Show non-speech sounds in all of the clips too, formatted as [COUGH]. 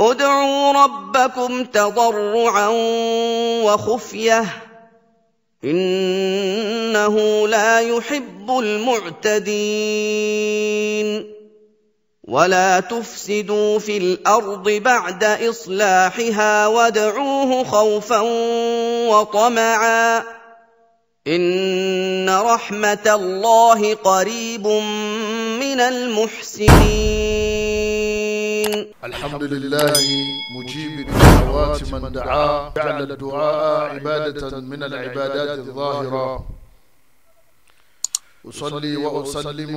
ادعوا ربكم تضرعا وخفيه انه لا يحب المعتدين ولا تفسدوا في الارض بعد اصلاحها وادعوه خوفا وطمعا ان رحمه الله قريب من المحسنين الحمد لله مجيب الدعوات من دعا جعل الدعاء عبادة من العبادات الظاهرة أصلي وأسلم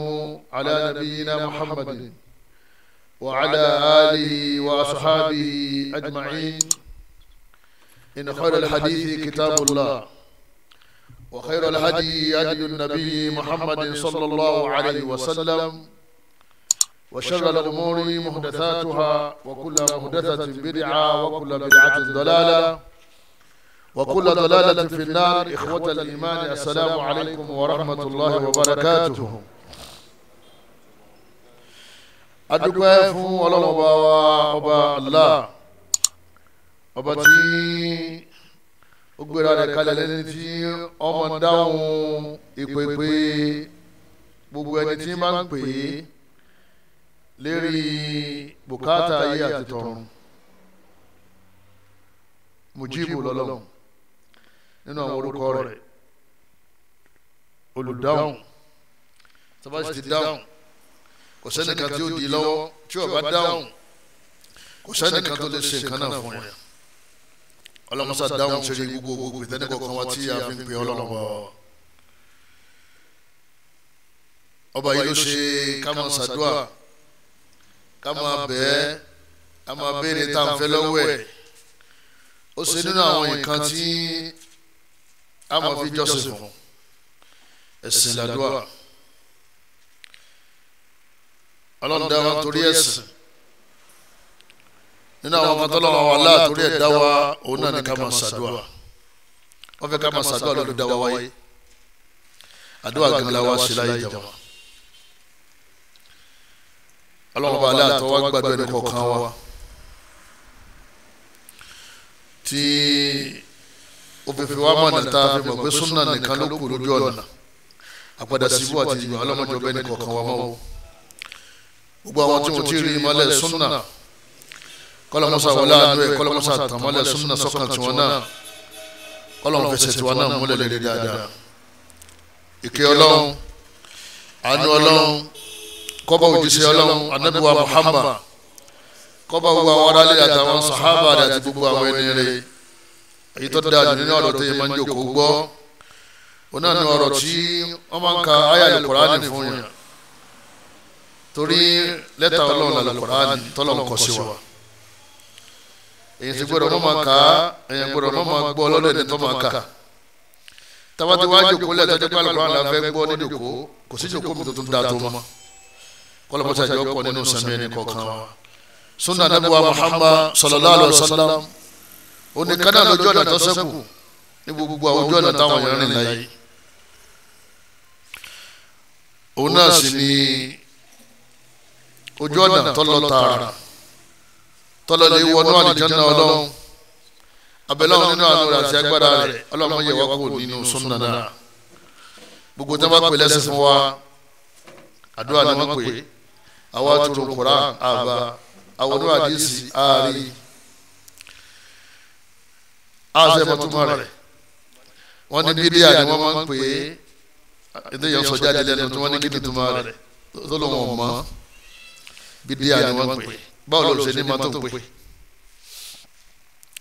على نبينا محمد وعلى آله وأصحابه أجمعين إن خير الحديث كتاب الله وخير الهدي هدي النبي محمد صلى الله عليه وسلم وشر الأمور محدثاتها وكل محدثة بدعة وكل بدعة ضلالة وكل ضلالة في النار إخوة الإيمان السلام عليكم ورحمة الله وبركاته adúpẹ́ fún ọlọ́run ọba wa ọba Allah ọba tí ó gbéra rẹ̀ kalẹ̀ lẹ́ni tí ọmọ dáhùn ìpèpè gbogbo ẹni tí máa ń pè lérí bùkátà ayé àti tọ̀run mujibu lọ́lọ́run nínú àwọn orúkọ rẹ̀ olùdáhùn sabasi ti dáhùn kò sẹ́nìkan tí ó di lọ́wọ́ tí ó bá dáhùn kò sẹ́nìkan tó lè ṣe nǹkan náà fún yẹn ọlọ́mọsá dáhùn ṣe gbogbo gbogbo ìtẹ́ni kọ̀ọ̀kan wa tí a fi ń pè ọlọ́mọba ọba yìí ló ṣe kámọ́ sàdúà. Kama máa bẹ́ẹ̀ ká máa béèrè tá à ń fẹ́ lọ́wọ́ ẹ̀ ó ṣe nínú àwọn nǹkan tí a máa fi jọ́sìn fún ẹ̀sìn làdúrà ọlọ́run dá wa torí ẹ̀sìn nínú àwọn ọmọ tọ́lọ́wọ́ wa láàtúrí ẹ̀dá wa òun náà ní ká máa ṣàdúrà wọ́n fẹ́ ká máa wa wáyé àdúrà gẹ́gẹ́ ọlọ́wọ́n bá aláàtọ̀ wá gbàdúrà ẹni kọ̀ọ̀kan wa tí òfìfì wa mọ̀nà tá a fi mọ̀ pé súnà nìkan ló kù lójú ọ̀nà àpadà síbú àti ìgbà ọlọ́mọdé ọbẹ̀ ẹni kọ̀ọ̀kan wa mọ́ o gbogbo àwọn tí wọ́n ti rí ìmọ̀lẹ̀ súnà kọ́lọ́mọ́sá wọlé àdúrà kọ́lọ́mọ́sá àtàmọ́lẹ̀ súnà sọ́kàn tiwọn náà kọ́lọ́mọ́ fẹsẹ̀ tiwọn náà kọ́bà òjíṣẹ́ ọlọ́run anábíwá muhammad kọ́bà gbogbo àwọn aráàlú àtàwọn sàhábà rẹ̀ àti gbogbo àwọn ẹni rẹ̀ èyí tó dáa jù nínú ọ̀rọ̀ tó yẹ máa ń jókòó gbọ́ òun náà ni ọ̀rọ̀ tí wọ́n máa ń ka àyà alukur'ani fún yàn torí lẹ́tà ọlọ́run alukur'ani tọ́lọ́run kọ sí wa èyí ti gbọ́dọ̀ máa ka èyí gbọ́dọ̀ máa gbọ́ ọlọ́dẹ̀ ní tó máa ka tabati wá jókòó lẹ́tà tó kọ́ alukur'ani la fẹ́ gbọ́ ní jókòó kò sí jókòó mi tuntun dáa tó mọ́ kọlọmọsá jọ kọ nínú sami ẹni kọ̀ọ̀kan wa sunna anabiwa muhammad sallallahu alayhi wa sallam òní kádà lójú ọ̀nà tó ṣẹ́kù ní gbogbo àwọn ojú ọ̀nà táwọn yẹn rìn láyé òun náà sì ni ojú ọ̀nà tọ́lọ́ tààrà tọ́lọ́ lè wọnú àlìjáná ọlọ́run abẹ́lẹ́wọ̀n nínú àánú rẹ̀ àti agbára rẹ̀ ọlọ́run yẹ wá kó nínú sunna náà gbogbo tí wọ́n bá pè lẹ́sìn fún wa àdúrà ni wọ́n pè é àwa tòrò Kùránì àbá àwọn onímọ̀ àdìsí àárí àzẹ̀mọ̀túmọ̀ rẹ̀ wọ́n ní bíbí àná wọ́n máa ń pè é ẹ̀dẹ́yàn sọ jáde lẹ́nu tí wọ́n ní kíni túmọ̀ rẹ̀ tó ló wọ̀n mọ́ bíbí àná wọ́n pè é báwo ló ṣe ní ma pè é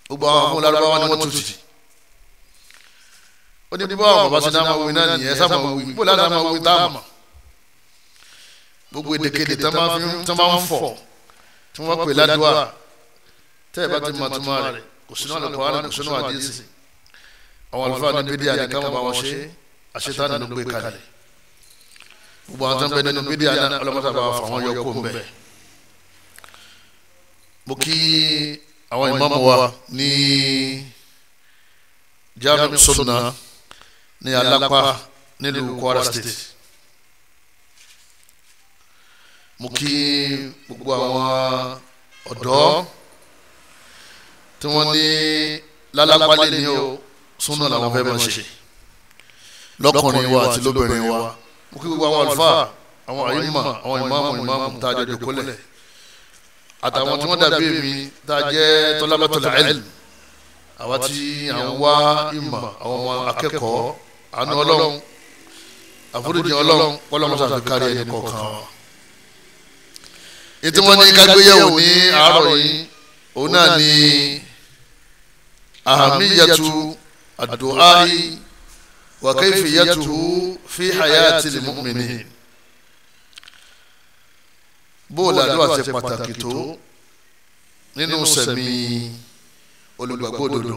gbogbo àwọn amúlárúbáwá ni wọ́n tutù ó ní bí báwọn bàbá ṣe dáhùn àwọn wí náà nìyẹn sábà wí bó láti àwọn wí táwọn gbogbo èdèkedè tí wọ́n bá ń fọ̀ tí wọ́n pè ládùúgbà tẹ́ ẹ bá ti mọ àtúmọ̀ rẹ̀ kò sínú Al-Qur'an kò sínú àdìsí àwọn àlùfáà ní bídíà ní káwọn bá wọn ṣe àṣetáni ló gbé kalẹ̀ gbogbo àwọn tó ń bẹ nínú bídíà náà ọlọ́mọta bá fà wọ́n yọ kó ń bẹ̀. mo kí àwọn ìmáàmù wa ní Jamiu Sunna ní Alápá nílùú Kwara State. mo kí gbogbo àwọn ọ̀dọ́ tí wọ́n ní lálápálẹ̀ ní o súnà làwọn fẹ́ máa ṣe lọ́kùnrin wa àti lóbìnrin wa mo kí gbogbo àwọn àlùfáà àwọn àyímà àwọn ìmáàmù ìmáàmù tá a jọ jòkólẹ̀ àtàwọn tí wọ́n dàbí èmi tá a jẹ́ tọ́lábàtọ́lá ẹ̀lì àwa tí à ń wá ìmọ̀ àwọn ọmọ akẹ́kọ̀ọ́ àánú ọlọ́run àforíjì ọlọ́run kọ́lọ́mọṣáfi kárí ẹni kọ̀ọ̀kan ètò wọn ní kágbéyàwó ní àárọ̀ yìí òun náà ní ahamiyatu adu'ai wa kaifiyatu fi hayati lmuminin bóòlù àdúrà ti pàtàkì tó nínú sẹ̀mí olùgbàgbọ́ òdodo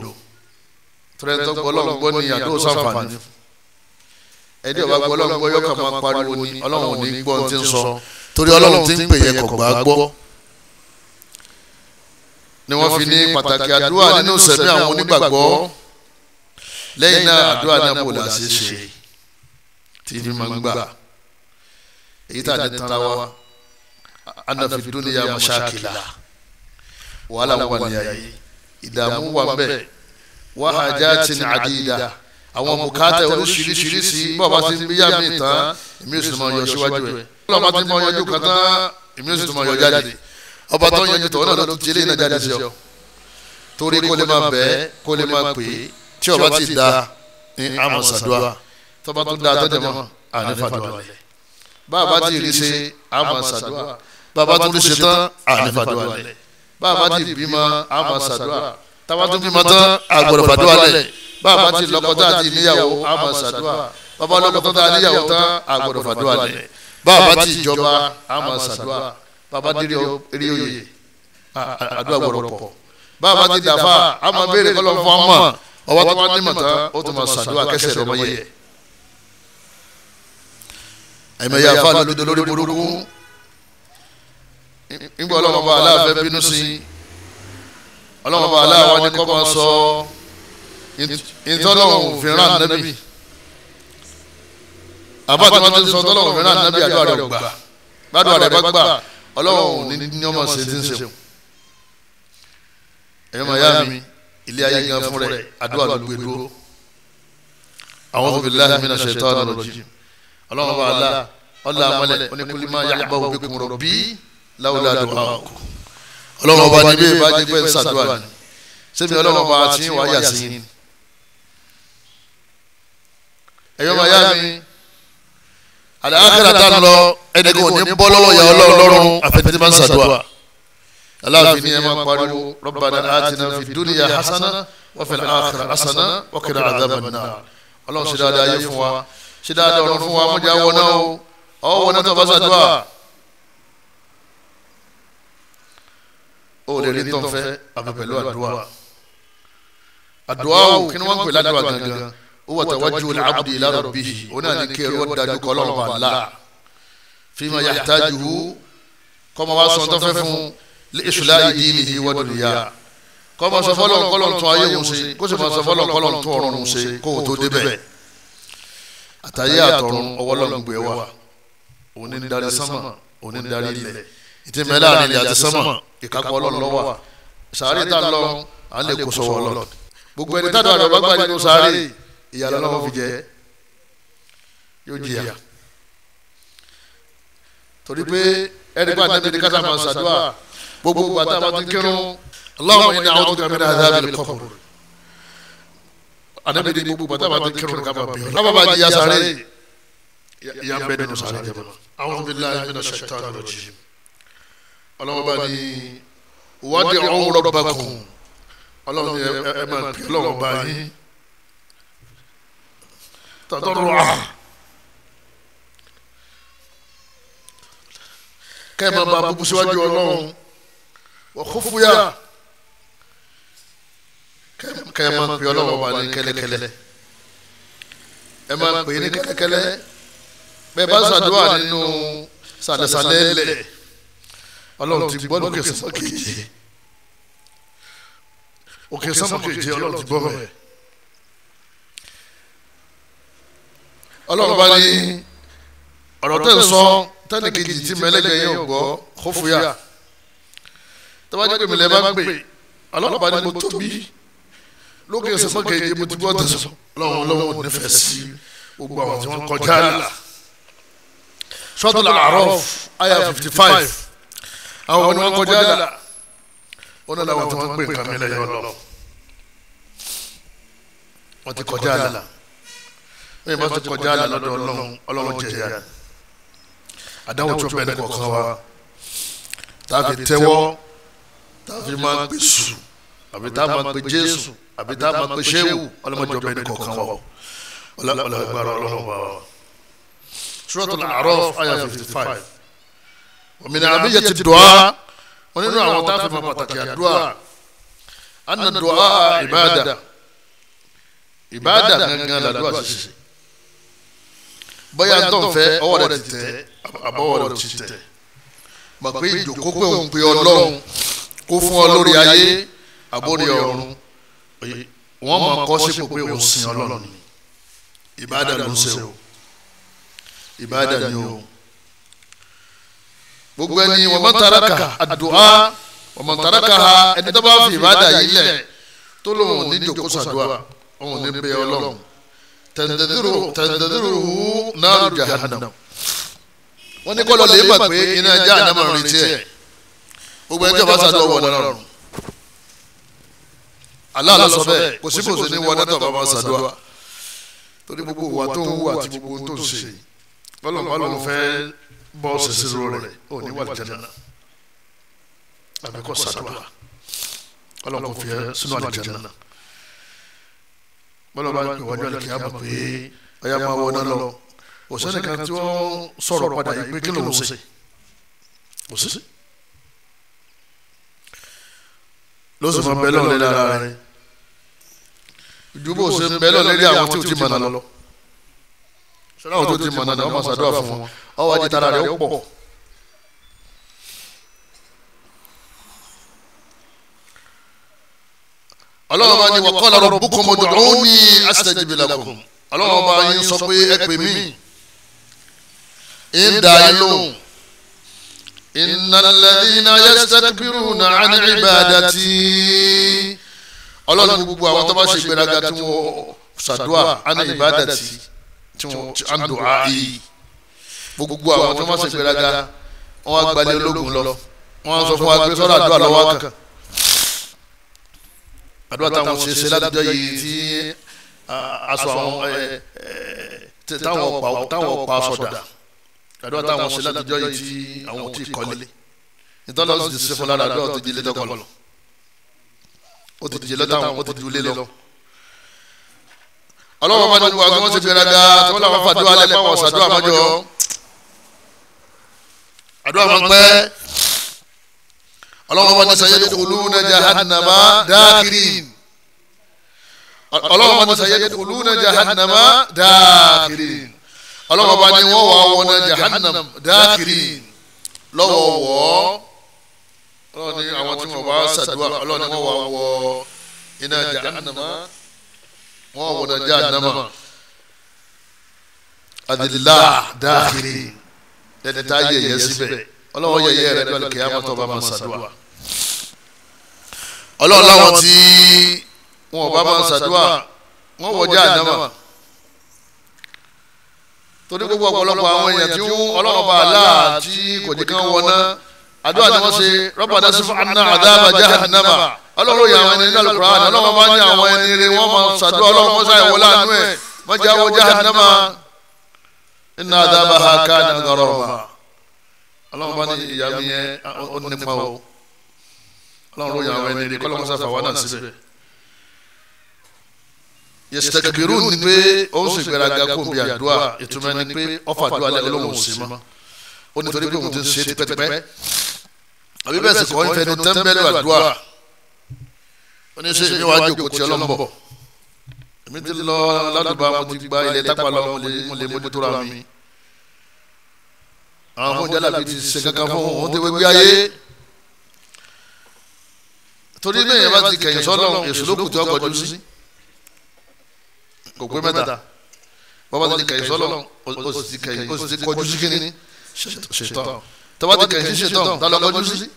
tẹ̀rẹ̀ntọ́ gbọ́ ọlọ́run gbọ́ ní àdúrà sàǹfààní ẹ̀dí ọ̀bá gbọ́ ọlọ́run máa pariwo ní ọlọ́run ò ní gbọ́ ohun tí ń sọ torí ọlọ́run ti ń pè yẹ kò gbà gbọ́ ni wọ́n fi ní pàtàkì àdúrà nínú sẹ̀mí àwọn onígbàgbọ́ lẹ́yìn náà àdúrà náà kò là ṣe ṣe tí ní máa ń gbà èyí tá ní tán wa ana fi dúnìyà mọ̀ṣáàkìlà wàhálà wà ní ayé ìdààmú wà bẹ́ẹ̀ wàhájà ti ní àdìyà àwọn bùkátà oríṣiríṣiríṣi bọ́ọ̀bá ti ń bí yá mi tán èmi ò sì mọ ọyọ síwájú ẹ̀ ọlọ́ọ̀bá ti mọ ọyọjú kan tán èmi ò sì mọ ọyọ jáde ọba tó ń yanjú tọ̀ náà lọ́dún tí eléyìí náà jáde sí ọ torí kó lè máa bẹ́ẹ̀ kó lè máa pè é tí ọba ti da ní amọ̀sàdúà tọ́ba tó da tọ́jà mọ́ ànífàdúà lẹ̀ bàbá ti rí ṣe amọ̀sàdúà bàbá tó rí ṣe tán ànífàdúà lẹ̀ bàbá ti bímọ amọ̀sàdúà tábà tó bímọ tán àgbọ̀dọ̀fàdúà bàbá ti lọ́kọ tá a ti níyàwó a máa ṣàdúrà bàbá lọ́kọ tá a níyàwó tán a gbọ́dọ̀ fàdúrà lẹ̀ bàbá ti jọba a máa ṣàdúrà bàbá délé eré oyè àdúrà gbọ́dọ̀ pọ̀ bàbá ti dàfà a máa béèrè kọ́lọ́ fún ọmọ ọwọ́ tó bá ní mọ̀tá ó tún máa ṣàdúrà kẹsẹ̀ rẹ̀ ọmọ yẹ ẹ̀mẹ̀ yà fà lódodo lórí burúkú ńgbọ́ ọlọ́mọba aláàfẹ́ bínú sí ọlọ́mọba aláàwọ̀ ni kọ́ máa sọ ìtọ́lọ́wọ̀n òfin rán ànábì àbá tí wọ́n ti sọ tọ́lọ́wọ̀n òfin rán ànábì àdúrà rẹ̀ gbà gbàdúrà rẹ̀ bá gbà ọlọ́wọ̀n ní ní ọmọ ṣe ti ń ṣe. ẹ̀yọ́ màá yá mi ilé ayé gan fún rẹ̀ àdúrà ló gbé dúró. a'udhu billahi minash shaitanir rajim ọlọ́wọ́n bá la ọ̀là àmọ́lẹ̀ oníkúlí máa yà bá òbí rọ̀ bí láwùlá àdúrà ọlọ́wọ́n bá níbẹ̀ bá jẹ́ pẹ́ sàdúrà ni sẹ́mi ọlọ́wọ́n bá ti wáyà sí i ẹ̀yọ́ màá yá mi àlàáfíà tá a lọ ẹnìkan ò ní bọ́ lọ́wọ́ ìyá ọlọ́run àfẹ́tí máa ń ṣàdúrà aláàfin ni ẹ máa pariwo rabbana atina fi dunya hasana wa fil akhirati hasana wa qina adhaban nar ọlọ́run ṣe dáadáa ayé fún wa ṣe dáadáa ọ̀run fún wa mọ́jà wọná o ọ̀ wọná tó bá ṣàdúrà o lè rí tó fẹ́ àbẹ̀pẹ̀lú àdúrà àdúrà o kí ni wọ́n ń pè ládùúrà gangan huwa tawajjuhul abdi ila rabbih òun náà ní kẹrù ó dájú kọ́ lọ́rùn bá ńlá fima yahtajuhu kọ́mọ wa sọ̀tọ́ fẹ́ fún islahi dinihi wa dunya kọ́mọ sọ fọlọ́ kọ́lọ́ tún ayé òun ṣe kó sì máa sọ fọlọ́ kọ́lọ́ tún ọ̀run òun ṣe kó o tó débẹ̀ àtàyé àtọ̀run ọwọ́ lọ́gbẹ̀ẹ́ wa òun ní darí sánmà òun ní darí ilẹ̀ ìtìmẹ́ láàrin ilẹ̀ àti sánmà ìkápọ̀ ọlọ́run ló wà sàárè tá a lọ à ń lè kó sọ̀wọ́ lọ gbogbo ẹni tá a dọ̀ àdọ̀ bá gbà nínú sàárè ìyá lọ́wọ́ fi jẹ yóò jìyà torí pé ẹni bá nàbí ní kásá máa ṣàdúrà gbogbo bàtà bá ti kírun Allahumma inni a'udhu bika min adhabil qabr anabi ni gbogbo bàtà bá ti kírun ká bá bẹ̀rù lábàbà jìyà sáré ìyá ń bẹ nínú sáré jẹba a'udhu billahi minash shaitani rajim Allahumma bá ní wádìí ọ̀hún rọ́bà kù Allahumma ẹ máa pè Allahumma bá yín tadarru'a kẹ́ẹ̀ máa bá búbu síwájú ọlọ́run wa khufiya kẹ́ẹ̀ máa pè ọlọ́run wà ní kẹ́lẹ́kẹ́lẹ́ ẹ máa pè ní kẹ́lẹ́kẹ́lẹ́ bẹ́ẹ̀ bá ṣàdúrà nínú sàlẹ̀sàlẹ̀ lẹ̀ ọlọ́run ti gbọ́ lókè sọ́kè òkè sọ́kè jẹ́ ọlọ́run ti gbọ́ rẹ̀. ọlọ́run bá ní ọ̀rọ̀ tẹ̀ ń sọ tẹ́lẹ̀ kejì tí mẹ́lẹ́gẹ̀ yẹn ò gbọ́ kófúyà tọ́bajẹ́ pé mẹ́lẹ́ bá ń pè ọlọ́run bá ní mo tóbi lókè ẹsẹ̀ mọ́kẹ́ yẹn mo ti gbọ́ tẹ̀ sọ ọlọ́run ọlọ́run nífẹ̀ẹ́ sí gbogbo àwọn tí wọ́n kọjá là Suratul A'raf aya fifty five àwọn ni wọ́n kọjá là wọn náà làwọn tí wọ́n pè kàmílẹ̀ yọ lọ wọ́n ti kọjá là bẹ́ẹ̀ bá ti kọjá àlà lọ́dọ̀ ọlọ́run ọlọ́run jẹ ìyá àdáwò tó bẹ́ẹ̀ kọ̀ọ̀kan wa tá a fi tẹ́wọ́ tá a fi sùn àbí tá a máa jésù àbí tá a máa pè ṣéwù ọlọ́mọdé bẹ́ẹ̀ kọ̀ọ̀kan wa ọlọ́gbàrá ọlọ́run wa. Suratul A'raf ayah fifty five ومن عمية الدعاء ونحن عوضات في مبتك الدعاء أن الدعاء عبادة عبادة نغنى الدعاء bóyá tó ń fẹ́ ọwọ́ rẹ̀ ti tẹ̀ àbọ̀wọ̀ rẹ̀ ti tẹ̀ mọ̀ pé ìjòkó pé òun pe ọlọ́run kó fún ọ lórí ayé àbórí ọ̀run wọ́n mọ̀ kọ́ sípò pé òun sin ọlọ́run ni ìbádà ló ń ṣe o ìbádà ni o gbogbo ẹni wọ́n mọ̀ taraka àdùá wọ́n mọ̀ taraka ha ẹni tó bá fi ìbádà yìí lẹ̀ tó lóun ò ní jòkó sàdúà òun ò ní pe ọlọ́run tẹ̀dẹ̀dẹ̀rù náàrù jahannam wọ́n ní kọ́lọ́ lè mọ̀ pé iná jahannam rìn tiẹ̀ gbogbo ẹjọ́ bá sàdúrà wọ̀ lọ́rùn Allah ló sọ bẹ́ẹ̀ kò sí kò sí ní wọ́n nẹ́tọ̀ bá máa sàdúrà torí gbogbo wa tó ń wù àti gbogbo tó ń ṣe bọ́lọ̀mọ́ ló fẹ́ bọ́ sẹ̀sẹ̀ rẹ̀ ò ní wà lìjẹ̀nà àbíkọ́ sàdúrà ọlọ́run fi ẹ́ sínú bọ́lá bá pè wájú àlè kíá mọ̀ pé ọyá máa wọ náà lọ òṣèlú kan tí wọ́n sọ̀rọ̀ padà yìí pé kí ló ń ṣe òṣìṣẹ́ ló sì máa bẹ́lọ̀ lé lára rẹ̀ ju bó ṣe ń bẹ́lọ̀ lé àwọn tí ò ti mọ̀nà lọ sọ́dọ̀ àwọn tó ti mọ̀nà náà wọ́n máa ṣàdúrà fún ọwọ́ àjẹtara rẹ̀ ó pọ̀. ọlọ́run bá ní wa qala rabbukum ud'uni astajib lakum ọlọ́run bá yín sọ pé ẹ pè mí ń da yín lóhùn. innal ladhina yastakbiruna an ibadati ọlọ́run gbogbo àwọn tó bá ṣe ìgbéraga tí wọ́n ṣàdúrà an ibadati tí wọ́n an du'a yìí gbogbo àwọn tó bá ṣe ìgbéraga wọ́n á gbalẹ̀ ológun lọ wọ́n á sọ fún wa pé sọ́dọ̀ àdúrà lọ́wọ́ kan àdúrà táwọn ṣe ṣe láti jọ yìí tí aṣọ àwọn táwọn ọ̀pá sọ̀dà àdúrà táwọn ṣe láti jọ yìí tí àwọn tí kọ́lé ìtọ́lọ́sì ti ṣe fún lára àdúrà tó di ilé dọ́kọ̀ lọ ó ti dìje lọ́tà àwọn ó ti dìje lọ. ọlọ́wọ́ máa ń wá gbọ́n ṣe fẹ́ra da tí wọ́n làwọn fàdúrà lẹ́pọ̀ àwọn ṣàdúrà àdúrà máa ń pẹ́ ọlọ́wọ́n bá ní sàyẹ́dì kùlú na jahannama dákìrín ọlọ́wọ́n bá ní sàyẹ́dì kùlú na jahannama dákìrín ọlọ́wọ́n bá ní wọ́n wà wọ́n na jahannama dákìrín lọ́wọ́wọ́ ọlọ́wọ́n ní àwọn tí wọ́n bá ṣàdúrà ọlọ́wọ́n ní wọ́n wà wọ́ iná jahannama wọ́n wọ́n na jahannama adìlá dákìrín tẹ́tẹ́ tá yẹ̀yẹ́ síbẹ̀ ọlọ́wọ́ yẹyẹ rẹ lọ́lẹ̀ kí á mọ̀ tó bá máa ṣàdúrà ọlọ́run láwọn tí wọn bá máa ṣàdúrà wọn wọjá àdámà torí gbogbo ọ̀pọ̀lọpọ̀ àwọn èèyàn tí ọlọ́run bá àlá tí kò ní kán wọná àdúrà tí wọ́n ṣe rabbana sif anna adhaba jahannama ọlọ́run yà wọn nínú Al-Qur'an ọlọ́run bá ní àwọn ẹni rẹ wọ́n máa ṣàdúrà ọlọ́run ọlọ́run bá ní ìyá mi yẹn ó nípa o ọlọ́run ló yà wọ́n ẹni rí kọ́lọ́ mọ́sá fàwọn náà síbẹ̀. yẹsitẹkiru ni pé ó ń sègbèrè agago bí àdúrà ìtumọ̀ ni pé ọ̀fà àdúrà lẹ́yìn olóhùn sí ma ó ní torí pé òun ti ṣe ti pẹ́pẹ́ àbí bẹ́ẹ̀ sì kọ́ ń fẹnu tẹ́ḿbẹ́lú àdúrà ó ní sè é wájú òkú tí ọlọ́mbọ̀ èmi ti lọ ládùúgbò àwọn ti gba ilẹ̀ tápá lọ mo lè mójútó ra mi àwọn fún jálàbí ti ṣe kankan fún òun tó wéwé ayé torí bẹ́ẹ̀ bá ti kẹ̀yìn sọ́nà èso ló kù tí ọkọ̀ jù sí kò pé mẹ́ta bàbá ti kẹ̀yìn sọ́nà o sì kẹ̀yìn o sì kọjú sí kínní ṣètàn tọ́ba ti kẹ̀yìn sí ṣètàn tá lọ kọjú sí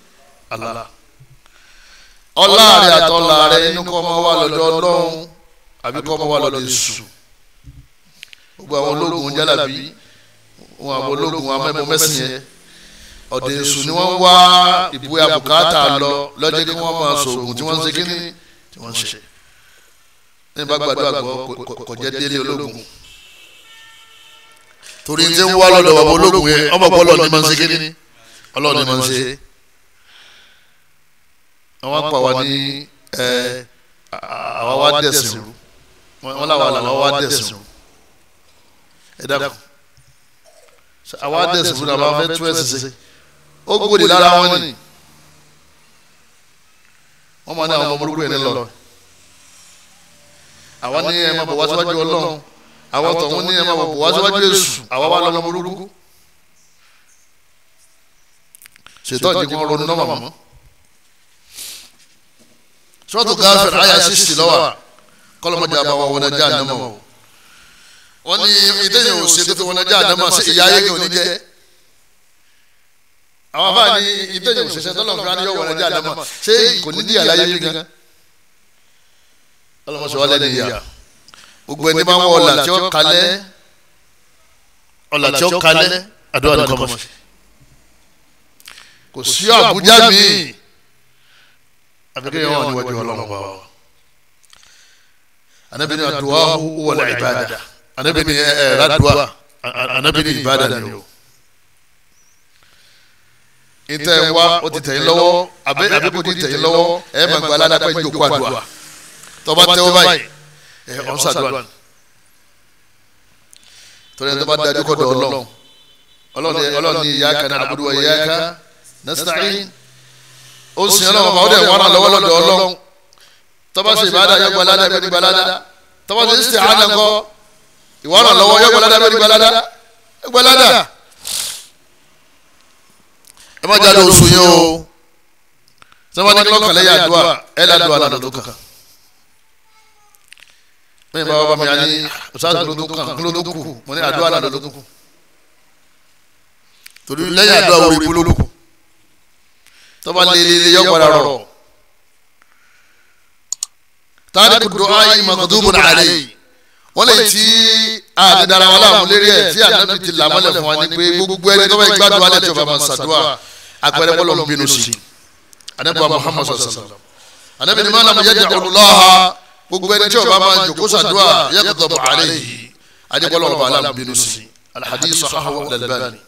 ọlá rẹ àtọ́lá rẹ inú kọ́ ọmọ wa lọ́dọ̀ ọlọ́run àbí kọ́ ọmọ wa lọ́dọ̀ èṣù gbogbo àwọn ológun jálàbí wọn àwọn ológun àwọn ẹbọ mẹsìn yẹn ọ̀dẹ̀ èṣù ni wọ́n wá ìbúwe àbùkátà lọ lọ́jọ́ kí wọ́n máa sòògùn tí wọ́n ń ṣe kíní tí wọ́n ń ṣe ní bá gbàdúrà gbọ́ kò jẹ́ délé ológun torí ń ṣe ń wá lọ́dọ̀ bàbá ológun yẹn ọmọ bọ́ ọlọ́ọ̀ni máa ń ṣe kíní ọlọ́ọ̀ni máa ń ṣe àwọn apá wa ní ẹ àwa wá dẹ̀sìn wọn làwọn àlàwà wá dẹ̀sìn ẹ dákun àwa dẹ̀ sùúrù àwa fẹ́ tú ẹ̀sìn sí ó gbòdì lára wọn ni wọ́n máa ní àwọn ọmọ burúkú yẹn lọ àwa ní ẹ̀ máa bọ̀ wá síwájú ọlọ́run àwa tọ̀hún ní ẹ̀ máa bọ̀ wá síwájú èṣù àwa wà lọ́mọ burúkú ṣètò ìdìbò ronú náà mọ̀ sọ́tò gáfẹ́ àyà sísì lọ́wọ́ kọ́lọ́mọdé àbáwọ̀ wọlé jáde náà mọ̀ wọ́n ní ìdẹ́yìn òsè tó fi wọn jẹ́ àdámà sí ìyá ayé òní jẹ́ àwọn afáà ní ìdẹ́yìn òsè tó lọ́n fún wa ní yọ̀wọ̀ jẹ́ àdámà ṣé kò ní díyà láyé bí gan. ọlọmọṣọ wa lẹni gbogbo ẹni máa ń wọ ọ̀là tí ó kalẹ̀ ọ̀là tí ó kalẹ̀ àdúrà ní kọ́mọ̀sí kò sí àbújá míì àfikún yẹn wà níwájú ọlọ́mọba wa. anábìrin anabi ni ẹ radua anabi ni ibada ni o ntẹ wa o ti tẹyin lọ́wọ́ abe abe ko ti tẹyin lọ́wọ́ ẹ ma gba alada pẹ joko adua tọba tẹwọ báyìí ẹ ọsàn adua torí ẹni tó bá dájú kọ dọ Ọlọ́run Ọlọ́run Ọlọ́run ni ìyá kan náà àbúrò ìyá kan nasta'in ó sì ń lọ́wọ́ ọdẹ wàrà lọ́wọ́ lọ́dọ̀ Ọlọ́run tọba sì ìbáda yẹ gba alada pẹ ní gba alada tọba sì ń sè ànàkọ ìwọ ràn lọ́wọ́ yọ gbalada lórí gbalada gbalada ẹ má jáde oṣù yẹn o sọ́wọ́n ní kílọ̀kàn lẹ́yìn àdúrà ẹ ládùúrà lọ́dọ̀ tó kàn mẹ́yìn bá wà bá mi àní ọ̀sáàdù ló tó kàn ló tó kù mo ní àdúrà lọ́dọ̀ tó kù torí lẹ́yìn àdúrà wò ibú ló tọ́ba lè yọ padà rọ̀ tàdíkù dùn áyì mọ̀kàdúbùn àlẹ́ wọ́n lè ti àti ah, ah, dara wa láàmú lérí ẹ̀ tí ànábì ti làmọ́lẹ̀ fún wa ní pé gbogbo ẹni tó bá gbádùn alẹ́ tí o bá máa ṣàdúrà àpẹẹrẹ bọ́lọ̀ ń bínú sí ànábì wa Muhammad sallam ànábì ni mọ́nà yẹ́jà olùlọ́ha gbogbo ẹni tí o bá máa jòkó ṣàdúrà yẹ́kọ̀tọ̀ bọ̀ àlẹ́ yìí adébọ́lọ̀ ọba aláàmú bínú sí alhadi sahahu alalbani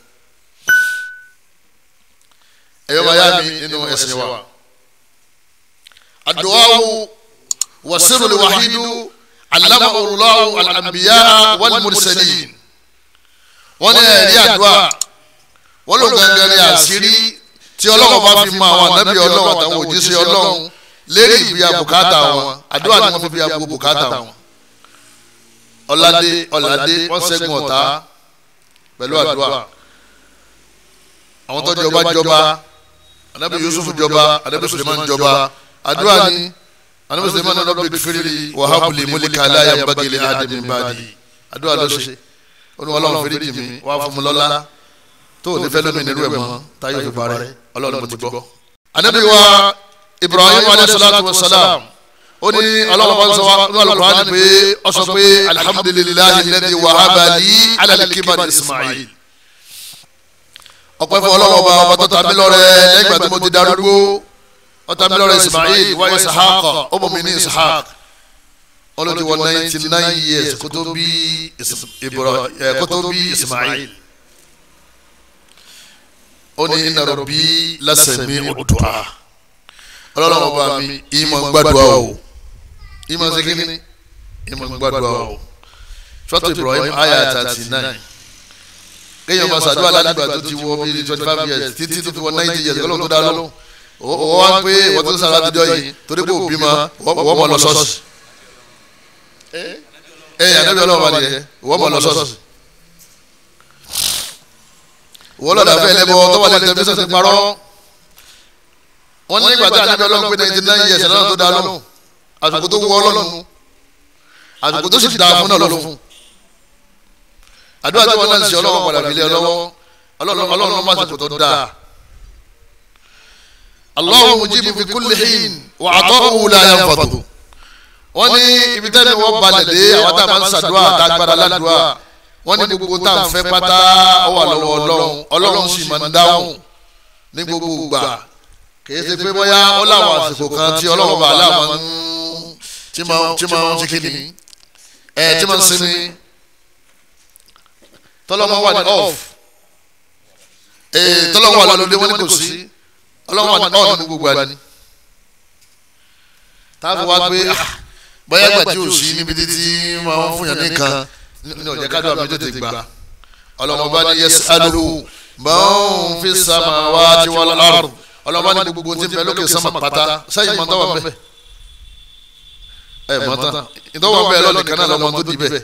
ẹ̀yọ́ bá yá mi nínú ẹ̀sìn wa àdúà wasiru liwahidu alama الله al والمرسلين wal mursalin wọ́n ní ẹ̀rí àdúrà wọ́n ló gangan ní àṣírí tí ọlọ́run bá fi mọ àwọn ànábì ọlọ́run àtàwọn òjíṣẹ́ ọlọ́run lérí ìbí abùkátà wọn àdúrà ni wọ́n fi bí abúgbò bùkátà wọn. ọ̀làdé ọ̀làdé wọ́n ṣẹ́gun ọ̀tá pẹ̀lú àdúrà àwọn tó jọba jọba ànábì Yusuf jọba ànábì Suleiman jọba àdúrà ni anabi sèmánà lọ́bẹ̀ kiri wàhábùlì múlíkà aláya bagilé adamu badi adúlá ló ṣe olùwàlọ́wọ́n fèrè jì mí wà fún mi lọ́lá tó o ní fẹ́ lómi nílùú ẹ̀ mọ́ wa ibrahim alayhisalaatu wa salaam ó ní ọlọ́run bá ń sọ wa ní alukóhánì pé ọ sọ pé alihamudulilayi lẹ́ni wàhábà ní alalikibani ismail ọpẹ́ fún ọlọ́run ọba ọba tó ọta ismail wa ishaq ọmọ mi ní ishaq ọlọ́dún wọ ninety nine years kó tó bí eh, kó tó bí ismail ó ní inna rabbi lásẹ̀mí ọ̀dùà ọlọ́run ọba mi ìmọ̀ gbàdúrà o ìmọ̀ sẹ́kìnì ìmọ̀ gbàdúrà o sọ́tò ibrahim ayah thirty nine kéèyàn máa ṣàdúrà ládùúgbà tó ti wọ bíi twenty five years títí tó ti wọ ninety years kọ́lọ́ tó dá lọ́wọ́ o wá pé wọ́n tó ń sara àtijọ́ yìí torí pé òbí ma wọ́n mọ̀ lọ sọ́ọ̀sì ẹ eh? eh, ànábì ọlọ́wọ́ bá nìyẹn wọ́n mọ̀ lọ sọ́ọ̀sì wọ́n lọ́dà fẹ́ lẹ́bọ̀ tó wà lẹ́tẹ̀ mísọ̀ ti parọ́ wọ́n ní ìgbà tí ànábì ọlọ́wọ́ pé ninety nine years náà tó dá lóhùn àsìkò tó wọ ọlọ́run àsìkò tó sì dáa fún náà lọ́lọ́ fún àdúrà tí wọ́n náà ń ṣe ọlọ́wọ́ padà fi lé ọlọ́wọ́ ọlọ́run ọlọ́run má ṣètò tó dáa Allahu mujibu fi kulli hin wa ata'uhu la yanfadu wọ́n ní ibi tẹ́lẹ̀ wọ́n balẹ̀ dé àwọn tá a máa ń ṣàdúrà tá a gbára ládùúrà wọ́n ní gbogbo tá a ń fẹ́ pátá ó wà lọ́wọ́ ọlọ́run ọlọ́run sì máa ń dáhùn ní gbogbo ìgbà kìí ṣe pé bóyá ó láwọn àsìkò kan tí ọlọ́run bá aláàmọ́ tí máa ń ṣe kí ni ẹ̀ tí máa ń sinmi tọ́lọ́mọ wà ní off tọ́lọ́mọ wà lọ́dẹ wọ́n ní kò sí ọlọ́run wà ní ọ̀nà gbogbo àní. táàbù wá pé ah, ah, bóyá ìgbà tí ò sí níbi títí máa ń fúnyàn nìkan ní ọ̀jẹ̀ kájọ àmì tètè gbà ọlọ́run bá ní yas'aluhu man fi samawati wal ard ọlọ́run bá ní gbogbo tí ń bẹ lókè sánmà pátá sẹ́yìn mọ́tà wà bẹ́ẹ̀ ẹ̀ mọ́tà ìdánwò bẹ́ẹ̀ lọ́ọ̀nì kan lọ́mọ tó di bẹ́ẹ̀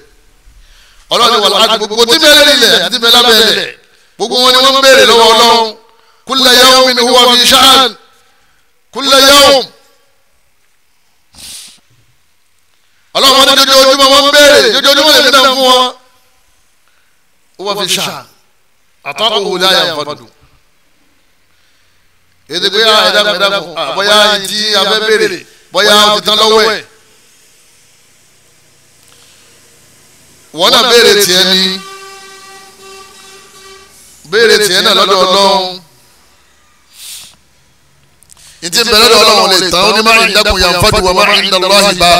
wà láti gbogbo tí bẹ́ẹ̀ lẹ́lẹ̀ àti bẹ́ẹ̀ lábẹ́ẹ̀lẹ̀ gbogbo wọn ni wọ́n ń béèrè lọ́wọ́ ọlọ́run كل يوم هو في شأن كل يوم ọlọ́run ní jojoojúmọ́ wọn béèrè jojoojúmọ́ lè dán fún wọn wọ́n fi ṣá àtọ́kù wòlé àyà ìfọdù èdè pé ẹ̀dá ẹ̀dá fún bóyá ìdí abẹ́ béèrè bóyá ó ti tán lọ́wọ́ ẹ̀ wọ́n náà béèrè tiẹ̀ ní béèrè tiẹ̀ náà lọ́dọ̀ ọlọ́run ntí bẹ̀rẹ̀ lọ́dọ̀ ọlọ́run lè tán ó ní máa ń dẹ́kun yàn fọ́dù wọ́n máa ń dọ̀rọ̀ ìbá.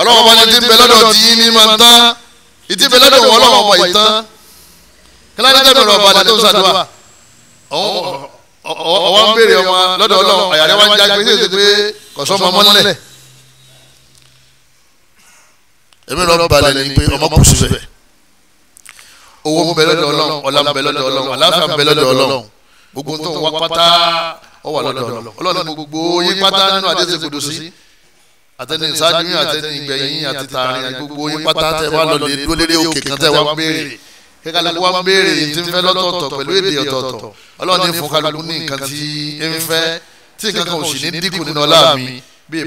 ọlọ́run bá ní ntí bẹ̀rẹ̀ lọ́dọ̀ tí ní máa ń tán ntí bẹ̀rẹ̀ lọ́dọ̀ wọ́n ọlọ́run ọmọ ìtàn. kíláàdì tẹ̀mí rọ̀ balẹ̀ tó sàdúrà. ọwọ́ ń béèrè ọmọ lọ́dọ̀ ọlọ́run àyàrá wa ń já gbé ṣèṣe pé kọ̀sọ́ ọmọ mọ́lẹ̀. èmi rọ̀ balẹ̀ ni pé ọmọ kù síbẹ̀ owó ń bẹ lọ́dọ̀ ọlọ́run ọlá ń bẹ lọ́dọ̀ ọlọ́run àlàáfíà ń bẹ lọ́dọ̀ ọlọ́run gbogbo tó ń wá pátá ọ wà lọ́dọ̀ ọlọ́run ní gbogbo yín pátá nínú àdéhùn kòdò sí àtẹni ìsáájú yín àtẹni ìgbẹ̀yìn àti tààrin gbogbo yín pátá tẹ wá lọ lè dúró lórí òkè kan tẹ wá ń béèrè kí kálukú wá ń béèrè yìí ti ń fẹ́ lọ́tọ̀ọ̀tọ̀ pẹ̀lú èdè ọ̀tọ̀ọ̀tọ̀ ọlọ́run ní fún kálukú ní nǹkan tí ń fẹ́ tí nǹkan kan ò sì ní dínkù nínú ọlá mi bí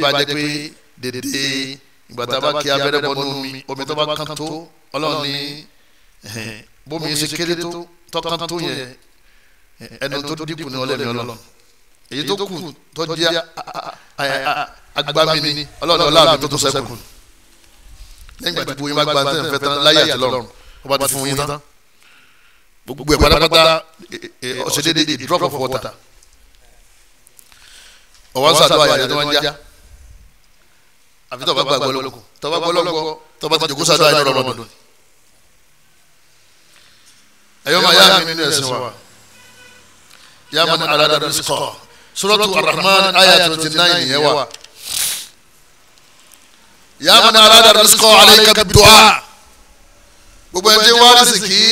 ìbá èyí tó kù tó di agbami ni ọlọ́run ọlọ́run tó tó sẹ́kù lẹ́yìn ìgbà tí bóyin gba tẹ́ ń fẹ́ tán láyé àti lọ́run wọ́n bá ti fún yín tán gbogbo ẹ̀ pátápátá ọ̀sẹ̀ déédéé di drop of water ọ̀wọ́n sàdúrà yẹn tó wọ́n já àfi tọ́ba gbàgbọ́ lọ́kọ̀ tọ́ba gbọ́ lọ́kọ̀ tọ́ba ti jòkó sàdúrà yẹn lọ́rọ̀ lọ́dún ẹ̀yọ́ máa yá mi nínú ẹ̀sìn wa yá mi ní aládàá bí sọ́ọ̀ suratu arahman aya twenty nine yẹn wa. ya man arada rizqo alayka bidu'a gbogbo ẹni tí wọ́n arísìkì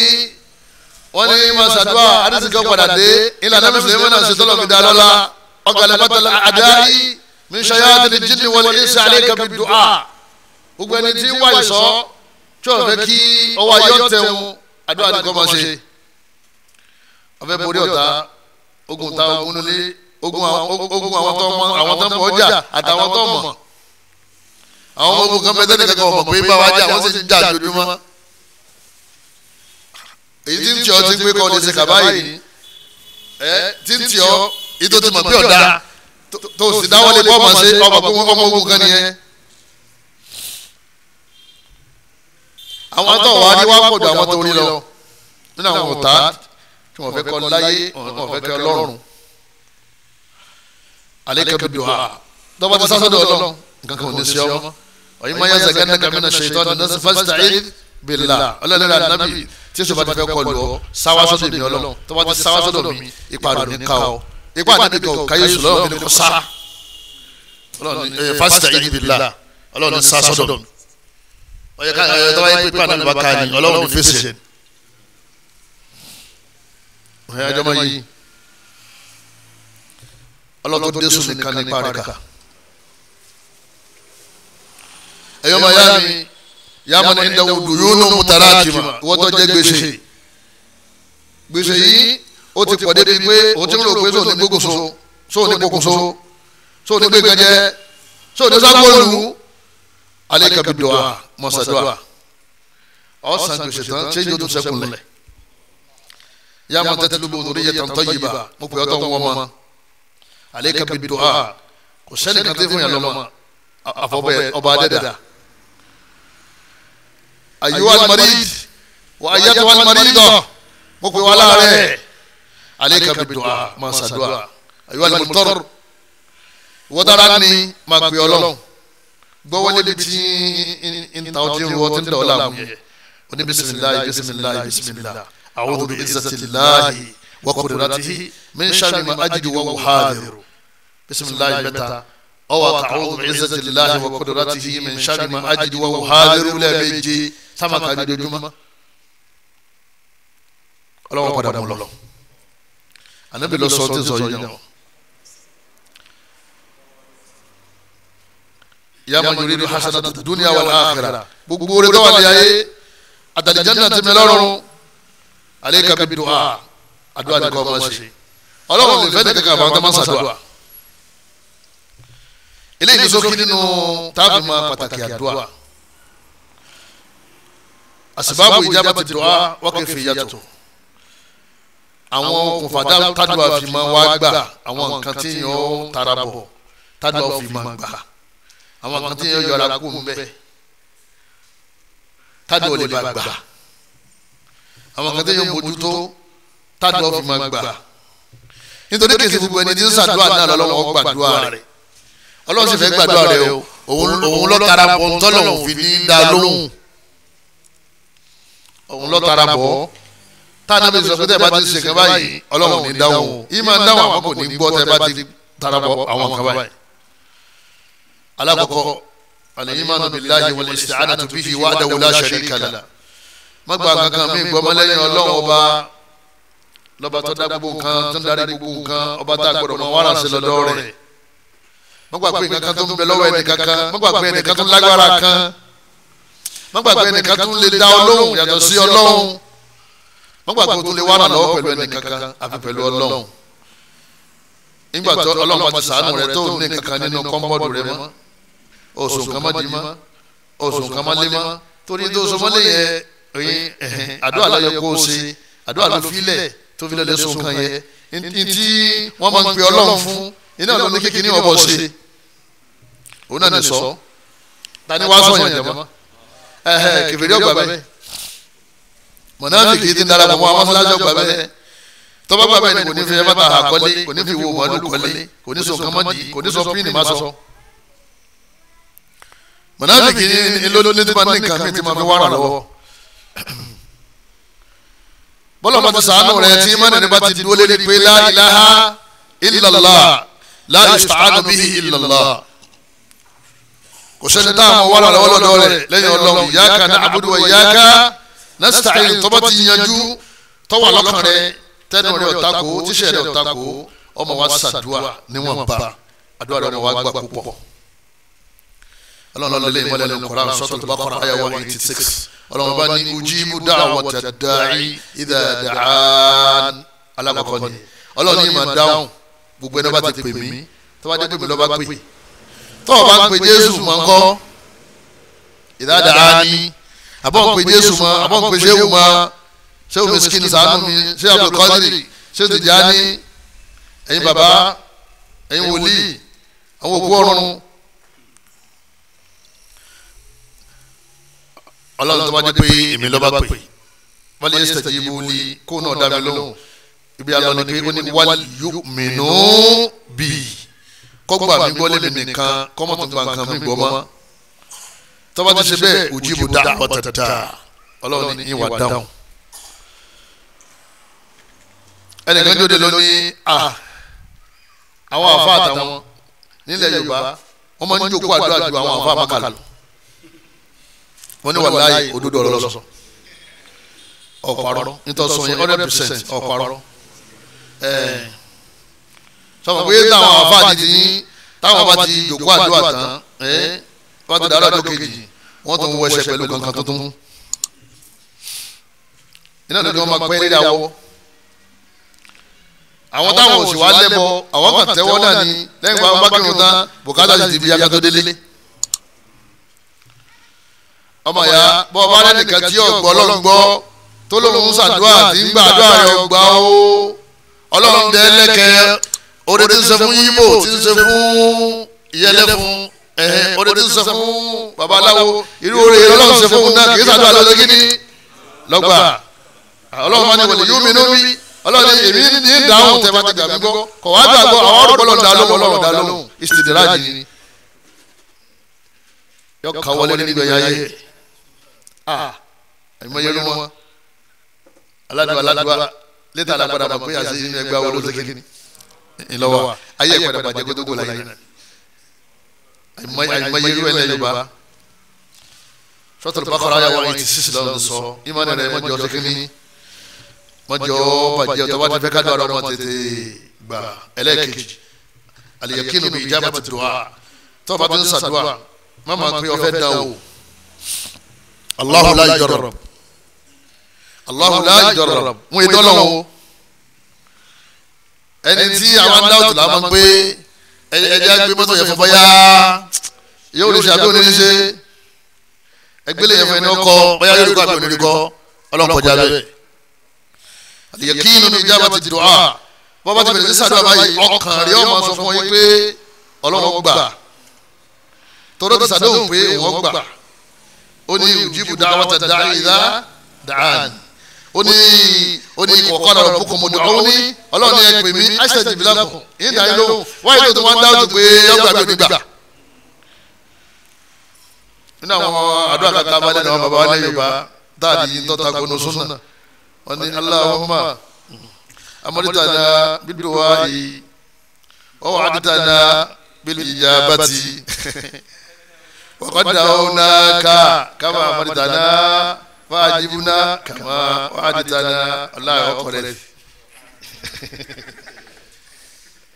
wọ́n ní ma ṣàdúrà arísìkì ọ̀padà dé ìlànà mùsùlùmí náà ṣe tọ́lọ̀ mi dá lọ́la ọ̀gàlẹ́bàtàlà àdáyé min shayatini jinni wal insi alayka bidu'a gbogbo ẹni tí wà ìsọ́ tí o fẹ́ kí ọwọ́ ayọ́ tẹun àdúrà nìkan máa ṣe ọ̀fẹ́ borí ọ̀tá ogun ta ogun nílé ogun àwọn tó mọ àwọn tó mọ ọjà àtàwọn tó mọ àwọn ogun kan bẹ tẹ́lẹ̀ kankan ọmọ pé bá wa jà wọ́n sì ń jà lójúmọ́ èyí tí ń tí ọ ti gbé kọ́ ọ́ lè ṣe kàbá yìí ẹ tí ń tí ọ ètò tí mọ̀ pé ọ̀dà tó sì dáwọ́lé pọ́ ọmọ sí ọmọ pé wọ́n ọmọ ogun kan nìyẹn. àwọn tó wà ní wá pọ̀ ju àwọn tó rí lọ nínú àwọn ọ̀tá tí wọ́n fẹ́ kọ́ láyé wọ́n fẹ́ kọ́ lọ́rùn aleka biduha dọba ti sasọ dọlọ nǹkan kan ò ní sọ ọmọ ọyìn máa yẹ zẹkẹ ní kàmínà ṣètò ní ní fásitì bila ọlọ́ọ̀lẹ́ ànábì tí èso bá ti fẹ́ kọlu ọ sáwásọ́dọ̀ mi ọlọ́ tó bá ti sáwásọ́dọ̀ mi ipa rẹ̀ ní ká ọ ipa ànábì kọ káyé sùn lọ́wọ́ mi ní kò sá fásitì bila ọlọ́ọ̀ni sásọ́dọ̀ mi ọyẹ ká ẹ tọ́wá yẹ pé ipa ànábì bá ni ọlọ́ọ̀ni fèsì ẹ̀ ọ̀hẹ́ ajọ́mọ́ yìí ọlọ́run tó désù nìkan nípa rẹ̀ ká. ẹ̀yọ́ máa yá mi yá máa ní ìdáwó dùn yóò ló mú tara àjìmá wọ́n tó jẹ́ gbèsè. gbèsè yìí ó ti pọ̀ débi pé ó ti ń rò pé sóò ní gbógun so sóò ní gbógun so sóò ní gbégbé jẹ sóò ní sábòlù alẹ́ kàbí ọ̀sán gbèsè tán ṣé yóò tún sẹ́kùn lẹ̀ yá máa tẹ́tẹ́ lóbo òdòdó yẹ tàǹtọ́ yìí bá mo pè ọ́ tó wọ́n mọ́ ale ka bi do a kò sẹ́ni kan tẹ́ fún yàrá lọ́mọ àfọ̀bẹ́ ọba adẹ́dà ayiwa alimarid wa ayatu alimaridọ mo pe wa laarẹ ale ka bi do a ma sa do a ayiwa alimutọr wọdara ni ma pe Ọlọ́run gbọwọlé bi ti ntaw ti wọ ti da la mu yẹ oní bisimilayi bisimilayi bisimilayi awudu bi izatilayi. وقدرته من شر ما أجد وأحاذر بسم الله متى أو أعوذ بعزة الله وقدرته من شر ما أجد وأحاذر لا بيجي سما كان يدوم ọlọ́wọ́ padà mọ́ lọ ànábì lọ sọ tí ń sọ yìí náà ya man yuridu hasanata dunya wal akhirah gbogbo orí tó wà ní ayé àtàlìjẹ́ náà ti mi lọ́rùn alayka bid du'a àdúrà ni kò máa ṣe ọlọ́run lè fẹ́ nìkan kan àbáwọn tó máa ṣàdúrà eléyìí tó kí nínú táàbì máa pàtàkì àdúrà àsìbáàbò ìjábàtì dùá wákè fi yàtọ̀ àwọn okùnfà tádùá fi máa wá gbà àwọn nǹkan tí yàn ó tara bọ̀ tádùá fi máa gbà àwọn nǹkan tí yàn ó yọra kú mbẹ tádùá lè bá gbà àwọn nǹkan tí yàn tádùá fi máa gbà nítorí kìí ṣe gbogbo ẹni tí ń ṣàdúrà náà lọ́lọ́wọ́ gbàdúrà rẹ̀ ọlọ́run sì fẹ́ gbàdúrà rẹ̀ o òun lọ́ tara bọ̀ tọ́lọ́hún fi ní dá lóhùn òun lọ́ tara bọ̀ táwọn ẹbí sọ pé tẹ́ ẹ bá ti ṣe kan báyìí ọlọ́run ní dáhùn yìí máa dáhùn àkókò ní gbọ́ tẹ́ ẹ bá ti tara bọ̀ àwọn kan báyìí. alákọ̀ọ́kọ́ al-imanu billahi wal-isti'anatu bihi wahdahu la sharika lah má gbàgbà kan mí gbọ́mọlẹ́yìn ọlọ́run ọba lọ́ba tó dá gbogbo nǹkan tó ń darí gbogbo nǹkan ọba tá a gbọ́dọ̀ mọ wàrà sí lọ́dọ̀ rẹ̀ mọ́gbàgbé nǹkan tó ń bẹ lọ́wọ́ ẹnìkan kan mọ́gbàgbé ẹnìkan tó ń lágbára kan mọ́gbàgbé ẹnìkan tó ń lè dá ọlọ́hun yàtọ̀ sí ọlọ́hun mọ́gbàgbé tó lè wàrà lọ́wọ́ pẹ̀lú ẹnìkan kan àfi pẹ̀lú ọlọ́hun nígbà tó ọlọ́hun ti sàánù rẹ tó ní kankan nínú kọ́ńbọ́ọ̀dù rẹ mọ́ oṣù kan tó fi lọ́lẹ̀ sùn kan yẹn ntí wọ́n máa ń pè ọlọ́run fún iná ló ní kékeré ní ọ̀bọ̀ ṣe òun náà ní sọ ta ni wá sọ yẹn jẹmọ ẹhẹ kẹfìrí ọgbà bẹ mọ̀nàmì kì í ti darapọ̀ mọ́ àwọn fúláṣọ ọgbà bẹ tọ́ba gbà bẹ́ẹ̀ ni kò ní fi ẹbá àkọ́lé kò ní fi wo mọ́lú kọ́lé kò ní sọ kọ́mọ́dì kò ní sọ píìnì má sọ mọ̀nàmì kì í ní bọ́lá ọmọ ti sàánú rẹ̀ tí mọ́nà nípa ti dúró lé pé la ilaha illallah la yusta'anu bihi illallah kò sẹ́ni táwọn wà lọ́wọ́ lọ́dọ̀ rẹ̀ lẹ́yìn ọlọ́run iyyaka na'budu wa iyyaka nasta'in tọ́ba ti yanjú tọ́wọ́ lọ́kàn rẹ̀ tẹ́nu rẹ̀ ọ̀tako tíṣẹ̀ rẹ̀ ọ̀tako ọmọ wa ṣàdúà níwọ̀nba àdúrà rẹ̀ ọmọ gbà púpọ̀ ọlọ́run lọ́lẹ́ ìmọ̀lẹ́ ní koran suratul baqara àyà one eighty six ọlọ́run bá ní ujibu da'wata da'i idha da'an alákọ̀ọ́kọ́ ni ọlọ́run yìí máa dáhùn gbogbo ẹni bá ti pè mí tó bá jẹ́ pè mí lọ́ bá pè tó o bá ń pè jésù mọ́ ńkọ́ idha da'ani àbọ̀ ń pè jésù mọ́ àbọ̀ ń pè sẹ́wù mọ́ sẹ́wù miskin sànú mi ṣé Abdul Qadir ṣé Tijani ẹ̀yin bàbá ẹ̀yin wòlíì àwọn òkú ọ̀run ọlọ́run tó bá jẹ́ pé èmi lọ́ba pè wọ́n lè ṣẹ̀jì ibu ni kó náà dá mi lóhùn ibi alọ́ ni pé ó ní wálé yóò mìíràn bì kọ́gbà mi gbọ́ lẹ́mi nìkan kọ́mọ̀tò gba nǹkan mi gbọ́ mọ́ tó bá ti ṣe bẹ́ẹ̀ ojú ibu dá ọ̀tẹ̀tà ọlọ́run ní ìwà dáhùn ẹnìkan jóde ló ní à àwọn àfa àtàwọn nílẹ̀ yorùbá wọ́n máa ń jókòó àdúrà ju àwọn àfa àmàkàlù wọ́n ní wàláyé òdodo ọ̀rọ̀ lọ́sọ ọ̀pọ̀rọ̀ nítorí sọ yẹn hundred percent ọ̀pọ̀rọ̀ sọmọ pé táwọn àfáà ti ní táwọn bá ti jòkó àdúrà tán wọ́n ti dára lókè jì wọ́n tún wọ ẹsẹ̀ pẹ̀lú kankan tuntun iná ló ní wọ́n máa pẹ́ nílẹ̀ àwọ̀ àwọn táwọn òṣìwà lẹ́bọ̀ àwọn kan tẹ́wọ́ náà ni lẹ́yìn bá wọn bá kírun tán bùkátà sì ti fi yàtọ̀ délé ọmọ ya bọ́ ọba lẹ́nìkan tí ọ̀gbọ́ ọlọ́run gbọ́ tó lóun ṣàdúrà tí ń gbàdúrà rẹ̀ ọgbà o ọlọ́run dẹ́ lẹ́kẹ́ orí ti ń ṣe fún yíbo ti ń ṣe fún ìyẹlẹ́fun ẹ̀hẹ́ orí ti ń ṣe fún babaláwo irú orí ọlọ́run ṣe fún náà kì í ṣàdúrà lọ́dọ̀ kí ni lọ́gbà ọlọ́run máa ní wọlé yóò mi ní omi èmi ní ìdáhùn tẹ́ bá ti gbà mí gbọ́ kọ̀ wá gbàgbọ́ àwọn ọ̀rọ̀ dá lóhùn ọlọ́run dá lóhùn ìsìtìdìrá yìí yọ kàwọlé nígbẹ̀yà yẹ Ah, ló wọn aládùá aládùá létà alágbádá mọ̀ pé àṣeyìn ní ẹgbẹ́ awolowó sékìní ìlọ́wọ́ ayé ẹ̀pẹ̀dà bàjẹ́ kó tó kó láyé àyìnbóyè ló ẹlẹ́ yorùbá sọ́tòlù bákọ́rọ́ ayáwó ayé ti sísè lọ́dún sọ ìmọ̀ nìyẹn mọ̀jọ́ sékìní mọ̀jọ́ bàjẹ́ ọ̀tọ̀ bá ti fẹ́ ká dọ̀ ọ̀rọ̀ mọ̀ tètè gbà ẹlẹ́ẹ̀kejì aliyakinu bi ijabati du'a tó bá tún ṣàdúà má máa pe ọfẹ dán o Allahu la yujarrab Allahu la yujarrab mú idọ́ lọ́wọ́ ẹni tí àwọn aláwọ̀ la máa ń gbé ẹja gbé mọ́tò yẹn fún bọ́yá yóò lè ṣe àbí òní ṣe ẹgbẹ́lẹ̀ yẹn fún ẹni ọkọ bọ́yá yóò rí kọ́ àbí òní rí kọ́ ọlọ́run kọjá bẹ́ẹ̀ àlìyẹ̀kínu ní ìjábá ti dùn áà bọ́bá ti bẹ̀rẹ̀ sí sàdúrà báyìí ọkàn rẹ̀ ọmọ sọ fún ọ yín pé ọlọ́run gbà torí ó ti sàdúrà pé wọ́n gbà ó ní ìjìbù dáwọ́ tẹ̀ dá ìdá dàn ó ní ó ní kọ̀ọ̀kan náà bùkún mo dùn ọ́n ní ọlọ́run ní ẹ pè mí àṣẹ ti bí lákùn ìdá yìí ló wáyé tó tó wọn dáhùn pé yọgbà mi ò ní gbà. nínú àwọn àdúrà kàkà bá lẹ́nu àwọn bàbá wa lẹ́yìn yorùbá dáàdi yìí tọ́ta gbóná súnà wọn ní aláwọ̀mà amọ̀dítàna bíbí wàkọ̀dáwọ́nàkà kàmá àmàdìtànà fàájìbùnà a àmàdìtànà ọ̀làyà ọkọ̀rẹ́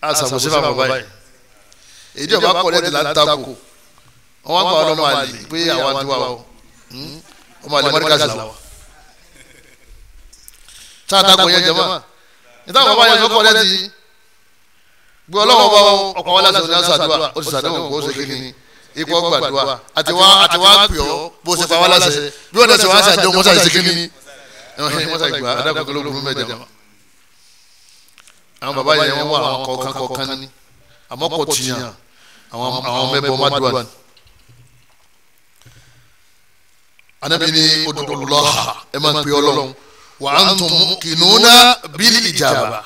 àṣàmùsí fàmà báyìí èyí ọba kọ̀rẹ́ ti là ń takò wọn gba ọlọmọ àlè pé àwọn àti wa o hmm? ọmọ àlè mọ́ríkà sí làwà sáà takò yẹn jẹ́mọ́ níta bàbá yẹn tó kọ̀rẹ́ ti gbé ọlọ́wọ́ bá ọkọ̀ wọn lásìkò ní àṣà àdúrà ó ti sàdéhùn kó o ṣe kí ni ikọ̀ gbàdúrà àti wá àti wá pè ọ́ bó ṣe fa wá láṣẹ bí wọ́n tẹ̀sí wá ṣàjọ wọ́n ṣàṣe kí ni wọ́n ṣàṣe gbà adákọ̀ọ́kọ́ ló burú mẹ́jọ. àwọn bàbá yẹn wọ́n wà àwọn kọ̀ọ̀kan kọ̀ọ̀kan ní àmọ́ kò tìyàn àwọn àwọn mẹ́bọ mádùúrà ni. anabi ni odòdòlọ́ha ẹ máa ń pè ọlọ́run wa antum muqinuna bil ijaba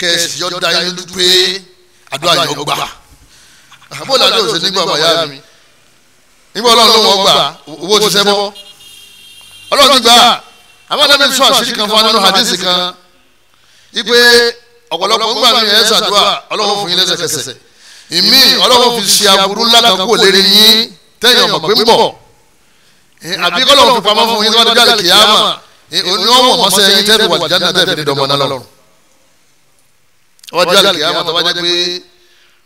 kẹ́sì yọ àbó làdó òsè nígbà bàyá mi nígbà ọlọ́run ló wọ́n gbà owó ti sẹ́bọ́ ọlọ́run gbà àbádọ́bí sọ àṣírí kan fún anínú hadisi kan ipe ọ̀pọ̀lọpọ̀ ńgbà mi ẹ̀ ṣàdúrà ọlọ́run fún yín lẹ́sẹ̀kẹsẹ̀ ìmí ọlọ́run fi ṣe aburú ńlá kan kó lérí yín tẹ́yìn ọmọ pé ń bọ̀ àbí kọ́lọ́run fi pamọ́ fún yín tó bá dé jáde kìyàmà òní ọmọ mọ́sẹ̀ yín tẹ́lẹ̀ wà jáde náà tẹ́lẹ̀ dọ́mọ náà lọ́rùn ọjọ́ àlùkìyàmà tó bá jẹ́ pé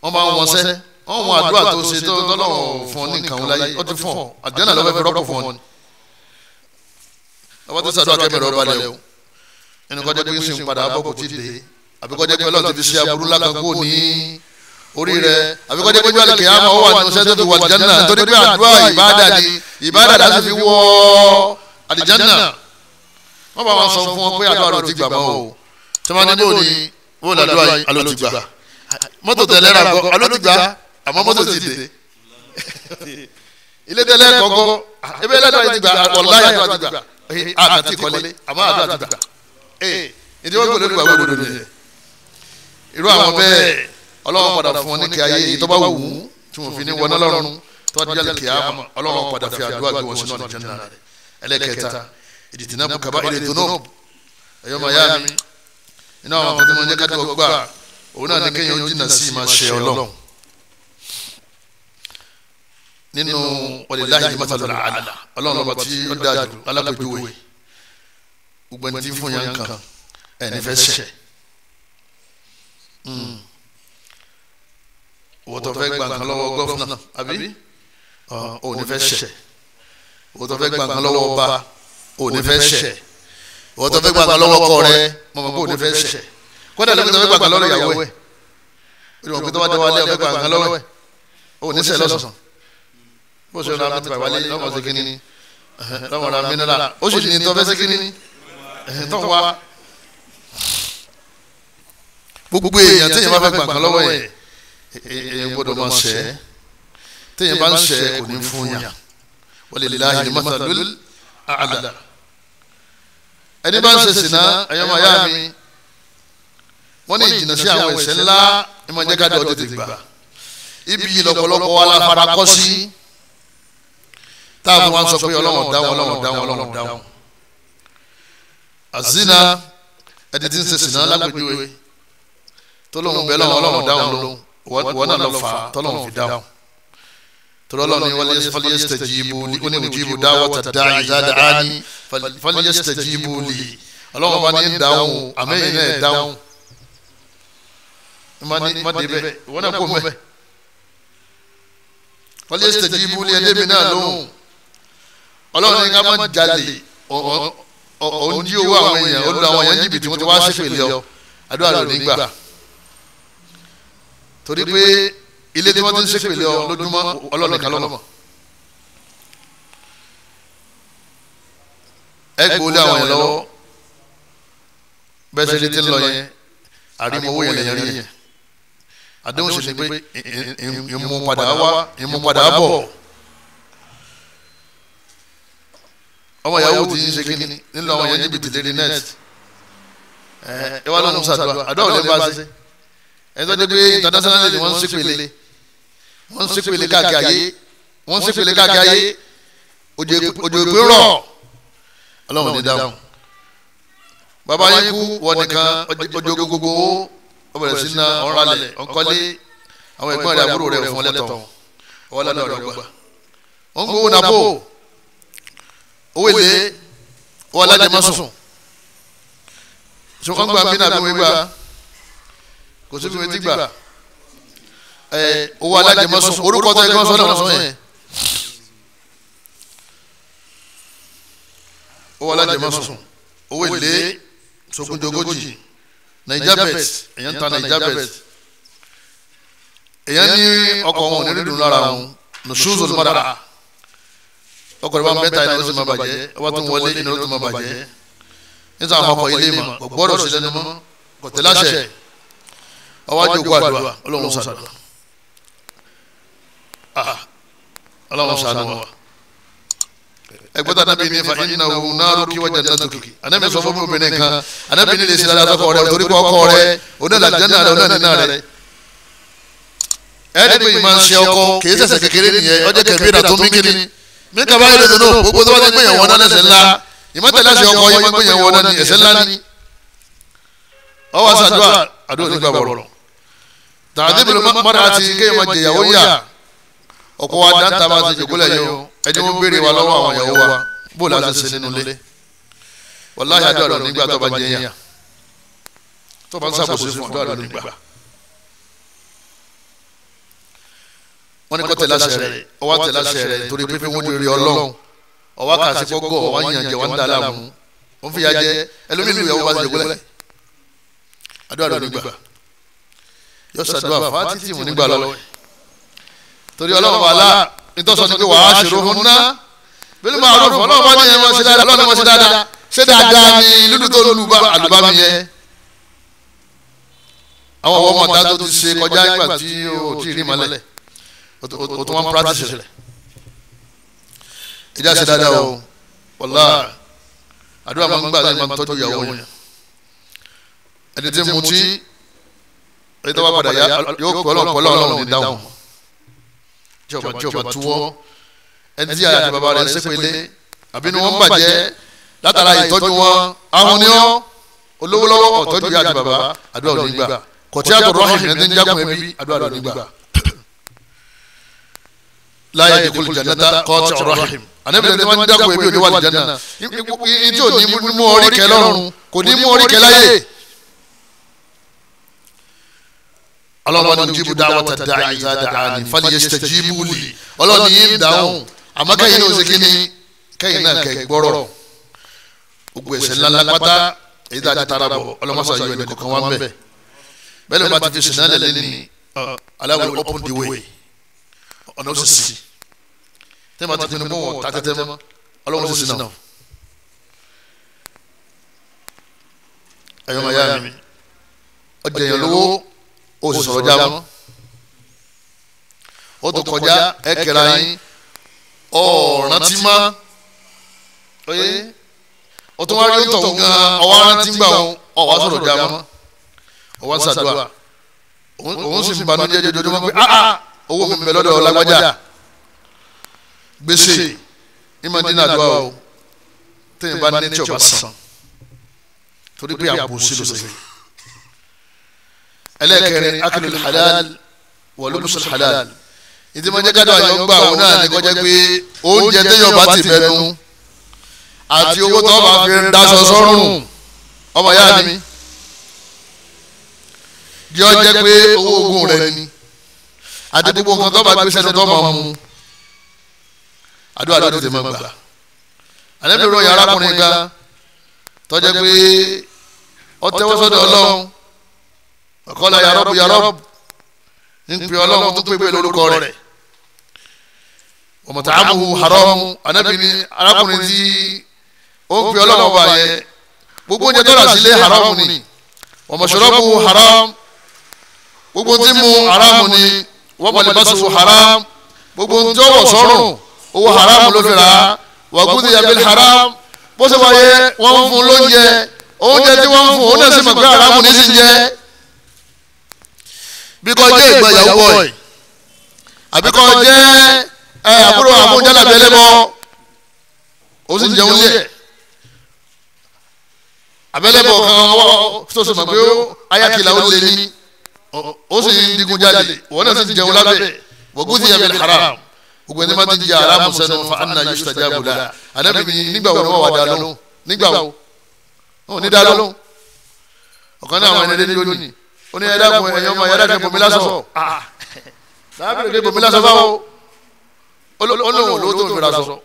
wọ́n bá wọn sẹ́ ọ̀hún àdúrà tó ṣe tó tọ́lọ́hún fún ọ ní nǹkan láyé ó ti fún ọ àjẹ́nà lọ́wọ́ fẹ́ rọ́pò fún ọ ni. ọba tó ṣàdúrà kẹ́mẹ̀rẹ̀ ọba lẹ̀ o ẹni kọjá pé sì ń padà bọ́ kò tí ì dé àbí kọjá pé ọlọ́run ti fi ṣe aburú lákan kó ní orí rẹ àbí kọjá pé bí wàlẹ̀ kìyàmọ́ ó wà nínú sẹ́tò tó wà àdìjánà torí pé àdúrà ìbáàdà ni ìbáàdà láti fi wọ àdìjánà wọ́n bá wọn sọ fún wọn pé àdúrà ló ti gbà mọ́ o tí wọ́n ní bóòlì bóòlì àdúrà aló ti gbà mọ́tò tẹ̀lé ra aló ti gbà àmọ́ mọ́tò ti dé ilé tẹ́lẹ̀ kọ́kọ́ ebe ilé tẹ́lẹ̀ ti gbà ọ̀láyà tó ti gbà àti ìkọ́lé àmọ́ àdó àti gbà ee ìdí wọn kò lórí ìgbà gbọdọ̀ nìyẹn irú àwọn bẹ́ẹ̀ ọlọ́wọ́ padà fún ọ ní kíá yé tó bá wù ú tí wọn fi ní wọná lọ́rùn tó wájú yàrá kíá ọlọ́wọ́ padà fi àdúrà gbé wọn sínú ọ̀nìjẹ́ náà rẹ̀ ẹlẹ́kẹta ìdìtìnà kaba ilé nínú ọ̀lẹ́láyìn mọ́tàlá àlà ọlọ́run ọba tí ó dáa jù alápèjúwe gbogbo ẹni tí fún yàn kan ẹni fẹ́ ṣẹ̀ wọ́tọ̀ fẹ́ gba nǹkan lọ́wọ́ gọ́fúnà àbí òní fẹ́ ṣẹ̀ wọ́tọ̀ fẹ́ gba nǹkan lọ́wọ́ ọba òní fẹ́ ṣẹ̀ wọ́tọ̀ fẹ́ gba nǹkan lọ́wọ́ ọkọ rẹ mọ̀mọ́ kó òní fẹ́ ṣẹ̀ kódà lóbi tó fẹ́ gba nǹkan lọ́wọ́ ìyàwó ẹ̀ ó ní mọ̀ pé tó bá òní ṣẹ̀ lọ́sàn bó ṣe ra mẹ́ta wálé lọ́wọ́ ṣe kínní lọ́wọ́ ra mínírà ó sì ní tọ́ fẹ́sẹ̀ kínní tọ́ wa gbogbo èèyàn téèyàn bá fẹ́ gbà kan lọ́wọ́ yẹn èèyàn gbọ́dọ̀ máa ṣẹ́ téèyàn bá ń ṣẹ́ kò ní fún yàn walilahi al-mathalul a'la ẹni bá ń ṣe sìnà ẹ̀yọ́mọ̀ ayá mi wọ́n ní ìjìnà sí àwọn ẹ̀ṣẹ̀ ńlá ìmọ̀ jẹ́ ká dọ̀ tètè gbà ibi ìlọ̀pọ̀lọpọ̀ aláfarakọ́sí táàbù wọn sọ pé ọlọ́wọ̀n dáhùn ọlọ́wọ̀n dáhùn ọlọ́wọ̀n dáhùn. àzínà ẹni tí ń ṣe sìnà lápèjúwe tọ́lọ́hún bẹ́ẹ̀ lọ́wọ́ ọlọ́wọ̀n dáhùn lóhùn wọ́n náà lọ fà á tọ́lọ́hún fi dáhùn. tọ́lọ́hún ni falyastajibu li ó ní ujibu da'wata da'i idha da'ani falyastajibu li ọlọ́wọ́n bá ní dáhùn àmẹ́yìn náà dáhùn. falyastajibu li ẹdẹ́mi náà lóhùn ọlọ́run ní ká má jalè òun jí owó àwọn èèyàn ó lu àwọn èèyàn jìbìtì wọn ti wá ṣèfè lé ọ àdúrà rẹ ò ní gbà torí pé ilé tí wọ́n ti ń ṣèfè lé ọ lójúmọ́ ọlọ́run nìkan lọ́mọ́ ẹ gbọ́ lé àwọn èèyàn lọ́wọ́ bẹ́ẹ̀ ṣe lè ti lọ yẹn àrímọ̀ owó yẹn lè yẹn rí yẹn àdéhùn sì ni pé ìmú padà wá bọ̀. ọmọ ìyàwó ti ń ṣe kí ni nílò àwọn yẹn níbi tìlérí net eh, ẹ wá lọ́nà ṣàdúrà àdúrà ò lè bá ṣe ẹ tó dé pé international ni wọ́n ń sípele wọ́n ń sípele káàkiri ayé wọ́n ń sípele káàkiri ayé òjò èpè rọ̀ ọlọ́run ní dáhùn bàbá yín kú wọ nìkan ọjọ́ gbogbo ó bẹ̀rẹ̀ sí ná ọ̀rọ̀ alẹ̀ àwọn ẹ̀gbọ́n rẹ̀ àbúrò rẹ̀ fún ọlẹ́tọ̀ ọ̀wọ́lẹ́dọ̀ ọ̀gbà wọ́n ń nàbó owó èlé owó alájẹ má sùn sọkàn gba mí nàbí wọ́n gbà kò sí fún mi ti gbà owó alájẹ má sùn orúkọ tó yẹ kí wọ́n sọ náà sọ yẹn owó alájẹ má sùn owó èlé sogunjogoji naija bet èyàn ta naija bet èyàn ní ọkọ̀ wọn ò ní dídùn lára wọn nùsùn zolomada ọkọ̀rẹ́ bá ń bẹ́ta iná ló sì máa bàjẹ́ ọba tó ń wọlé iná ló tó máa bàjẹ́ níta àwọn ọkọ̀ ilé mà kò gbọ́dọ̀ sí lẹ́nu mọ́ kò tẹ́ láṣẹ ọwájú òkú àdúrà ọlọ́run sàdúrà ọlọ́run sàdúrà ẹgbẹ́ta anabi ní fa iná wo náírà kí wọ́n jẹ́ta tókì anabi sọ fún mi obìnrin kan anabi ní lè ṣe dáadáa sọkọ rẹ torí pé ọkọ rẹ onílà jẹ́nà rẹ onílà nínà rẹ ẹni pé ìmọ̀ ṣe ọkọ kì í ṣẹ̀ṣẹ̀ kékeré nìyẹn ọjọ́ kẹ̀mí ìdàtọ́ mí kékeré mi kaba yẹn lè nù gbogbo tó bá ti gbìyànjú wọn náà lẹ́sẹ̀ ńlá ìmọ̀tẹ̀lá ṣe ọkọ yẹn gbìyànjú wọn náà ní ẹ̀ṣẹ̀ ńlá ni ọwọ́ àṣàdúrà àdúrà nígbà wọ̀rọ̀ tààdé bìrì mọ́ra ti kéèyàn máa jẹ̀yàwó yà ọkọ wa dáńtà máa ti jòkó lẹ́yìn o ẹni wọ́n béèrè wa lọ́wọ́ àwọn ìyàwó wa bó la ti ṣe nínú ilé wàláhì àdúrà nígbà tó bá jẹ̀yà tó bá ń ṣàkóso fún àdúrà nígbà wọ́n ní kó tẹ̀lé àṣẹ rẹ̀ ó wá tẹ̀lé àṣẹ rẹ̀ torí pé fífún wọn rí ọlọ́run ó wá kà sí gbogbo ó wá yànjẹ wọn dà láàmú ó ń fìyà jẹ ẹlòmínú ìyàwó bá ti dògbélẹ̀ àdúrà ló nígbà yóò ṣàdúrà fáti tì mú nígbà lọ́wọ́ torí ọlọ́run wà láà nítòsọ ni pé wàá ṣèrò fún ná bẹ́ẹ̀ máa rọ̀ fún ọlọ́run bá ní ẹ̀mọ́ sí dáadáa ọlọ́run àwọn ọmọ ọ̀tá tó ti ṣe kọjá nígbà tí ó ti rí malẹ̀ o tún wọn practice rẹ̀ ìjà ṣe dáadáa o wàlá àdúrà máa ń gbà láti máa ń tọ́jú ìyàwó yẹn ẹni tí mo ti ẹni tó bá padà yá yóò kọ́ ọlọ́run kọ́ ọlọ́run ní dáhùn jọba jọba túwọ́ ẹni tí àyàtọ̀ bàbá rẹ̀ ń sépele àbínú wọn bàjẹ́ látara ìtọ́jú wọn àwọn ni wọn olówó lọ́wọ́ ọ̀tọ́jú yá bàbá àdúrà òní gbà kọ̀tí àtọ̀rọ̀ ọ̀hìn ní jágun ẹbí àdúrà òní gbà láyé dìkú jannata kọ́ọ̀tì ọ̀rọ̀hìm anabila ní wọn dàgbò ebi òdiwà jana ìdí òní mú orí kẹ lọ́rùn kò ní mú orí kẹ láyé. ọlọ́wọ́ ni ojú ibùdó àwọn tàdá ìta dàá ni fani yẹn ṣe jí múlì ọlọ́wọ́ ni yín dáhùn àmọ́ kẹ́yìn náà ṣe kíni kẹ́yìn náà kẹ́ gbọ́rọ̀ gbogbo ẹ̀ṣẹ̀ ńláńlá pátá èyí dáa ti tara bọ̀ ọlọ́mọṣà ọ̀nà ó sì sí tẹ́lẹ̀ bá ti pinnu bọ́wọ̀ ta tẹ́tẹ́ mọ́ ọlọ́run sì sí náà. ẹ̀yọ́ màá yá mi ọjà èèyàn lówó ó sì sọ̀rọ̀ já mọ́ ó tó kọjá ẹ kẹra yín ọ̀ràn tí má oyè ó tó wá rí òtọ̀ gan ọwọ́ arántí gbà ọ̀ wá sọ̀rọ̀ já mọ́ ọwọ́ sàdúrà òun sì ń banú jẹ́jẹ́ dojúmọ́ pé áá owó mi bẹ lọ́dọ̀ lágbájá gbèsè ìmọ̀dínà àdúrà o tẹ̀yìn bá ní tí ọba san torí pé àbò sílò sí. ẹlẹ́kẹrin akílù halal wọlúmùsù halal ìdí mọ jẹ́ gádà yọ̀ gbà òun náà ní kọjá pé oúnjẹ tẹ̀yìn ọba ti bẹnu àti owó tó bá fi ń daṣọ sọ́rùn ọmọ yára mi yọ jẹ́ pé owó oògùn rẹ ni àti gbogbo nǹkan tó bá gbé sẹ́nu tó máa mú àdúrà ló tètè máa gbà àlẹ́bí rọ yàrá kùnrin ga tọ́jà pé ọ tẹ́wọ́ sọ́dọ̀ ọlọ́run ọ̀kọ́lá yàrá bu yàrá ń pè ọlọ́run tó pè pé lórúkọ rẹ̀ ọmọọ̀tà àmúhu haram ànábì ni arákùnrin tí ó ń pè ọlọ́run ọba yẹn gbogbo oúnjẹ tó rà sílé haram ni ọmọọ̀ṣọ́rọ́ bu haram gbogbo tí mu haram ni wọ́n mọ̀ lẹ́bàá sọ̀rọ̀ haram gbogbo ohun tí ó wọ̀ sọ́rùn owó haram ló fi rà wà gúdì yàbí haram bó ṣe wáyé wọ́n ń fún lóúnjẹ oúnjẹ tí wọ́n ń fún òun náà sì haram ní sí jẹ́ bí kò jẹ́ ìgbà ìyàwó ẹ̀ àbí kò jẹ́ àbúrò àbújálàbí ẹlẹ́bọ ó sì jẹun yẹ abẹ́lẹ́bọ̀ kan wọ́n tó ṣe pé ayakìlá ó lé ní ó sì ń digun jáde wọn náà sì ń jẹun lábẹ́ wọ́gbọ́n sì yàgbẹ́ haram gbogbo ẹni máa ti jẹ haram sẹ́nu fa anna yustajabu la anabi nígbà wo ni wọ́n wà dá lóhùn nígbà wo ó ní dá lóhùn ọ̀kan náà àwọn ẹni lónìí ó ní ẹ̀dá kun ẹ̀yọ́ máa yàrá kẹ́kọ̀ọ́ mi lásọ̀ láàbìrì kẹ́kọ̀ọ́ mi lásọ̀ báwo olóhùn ló tó fìlà sọ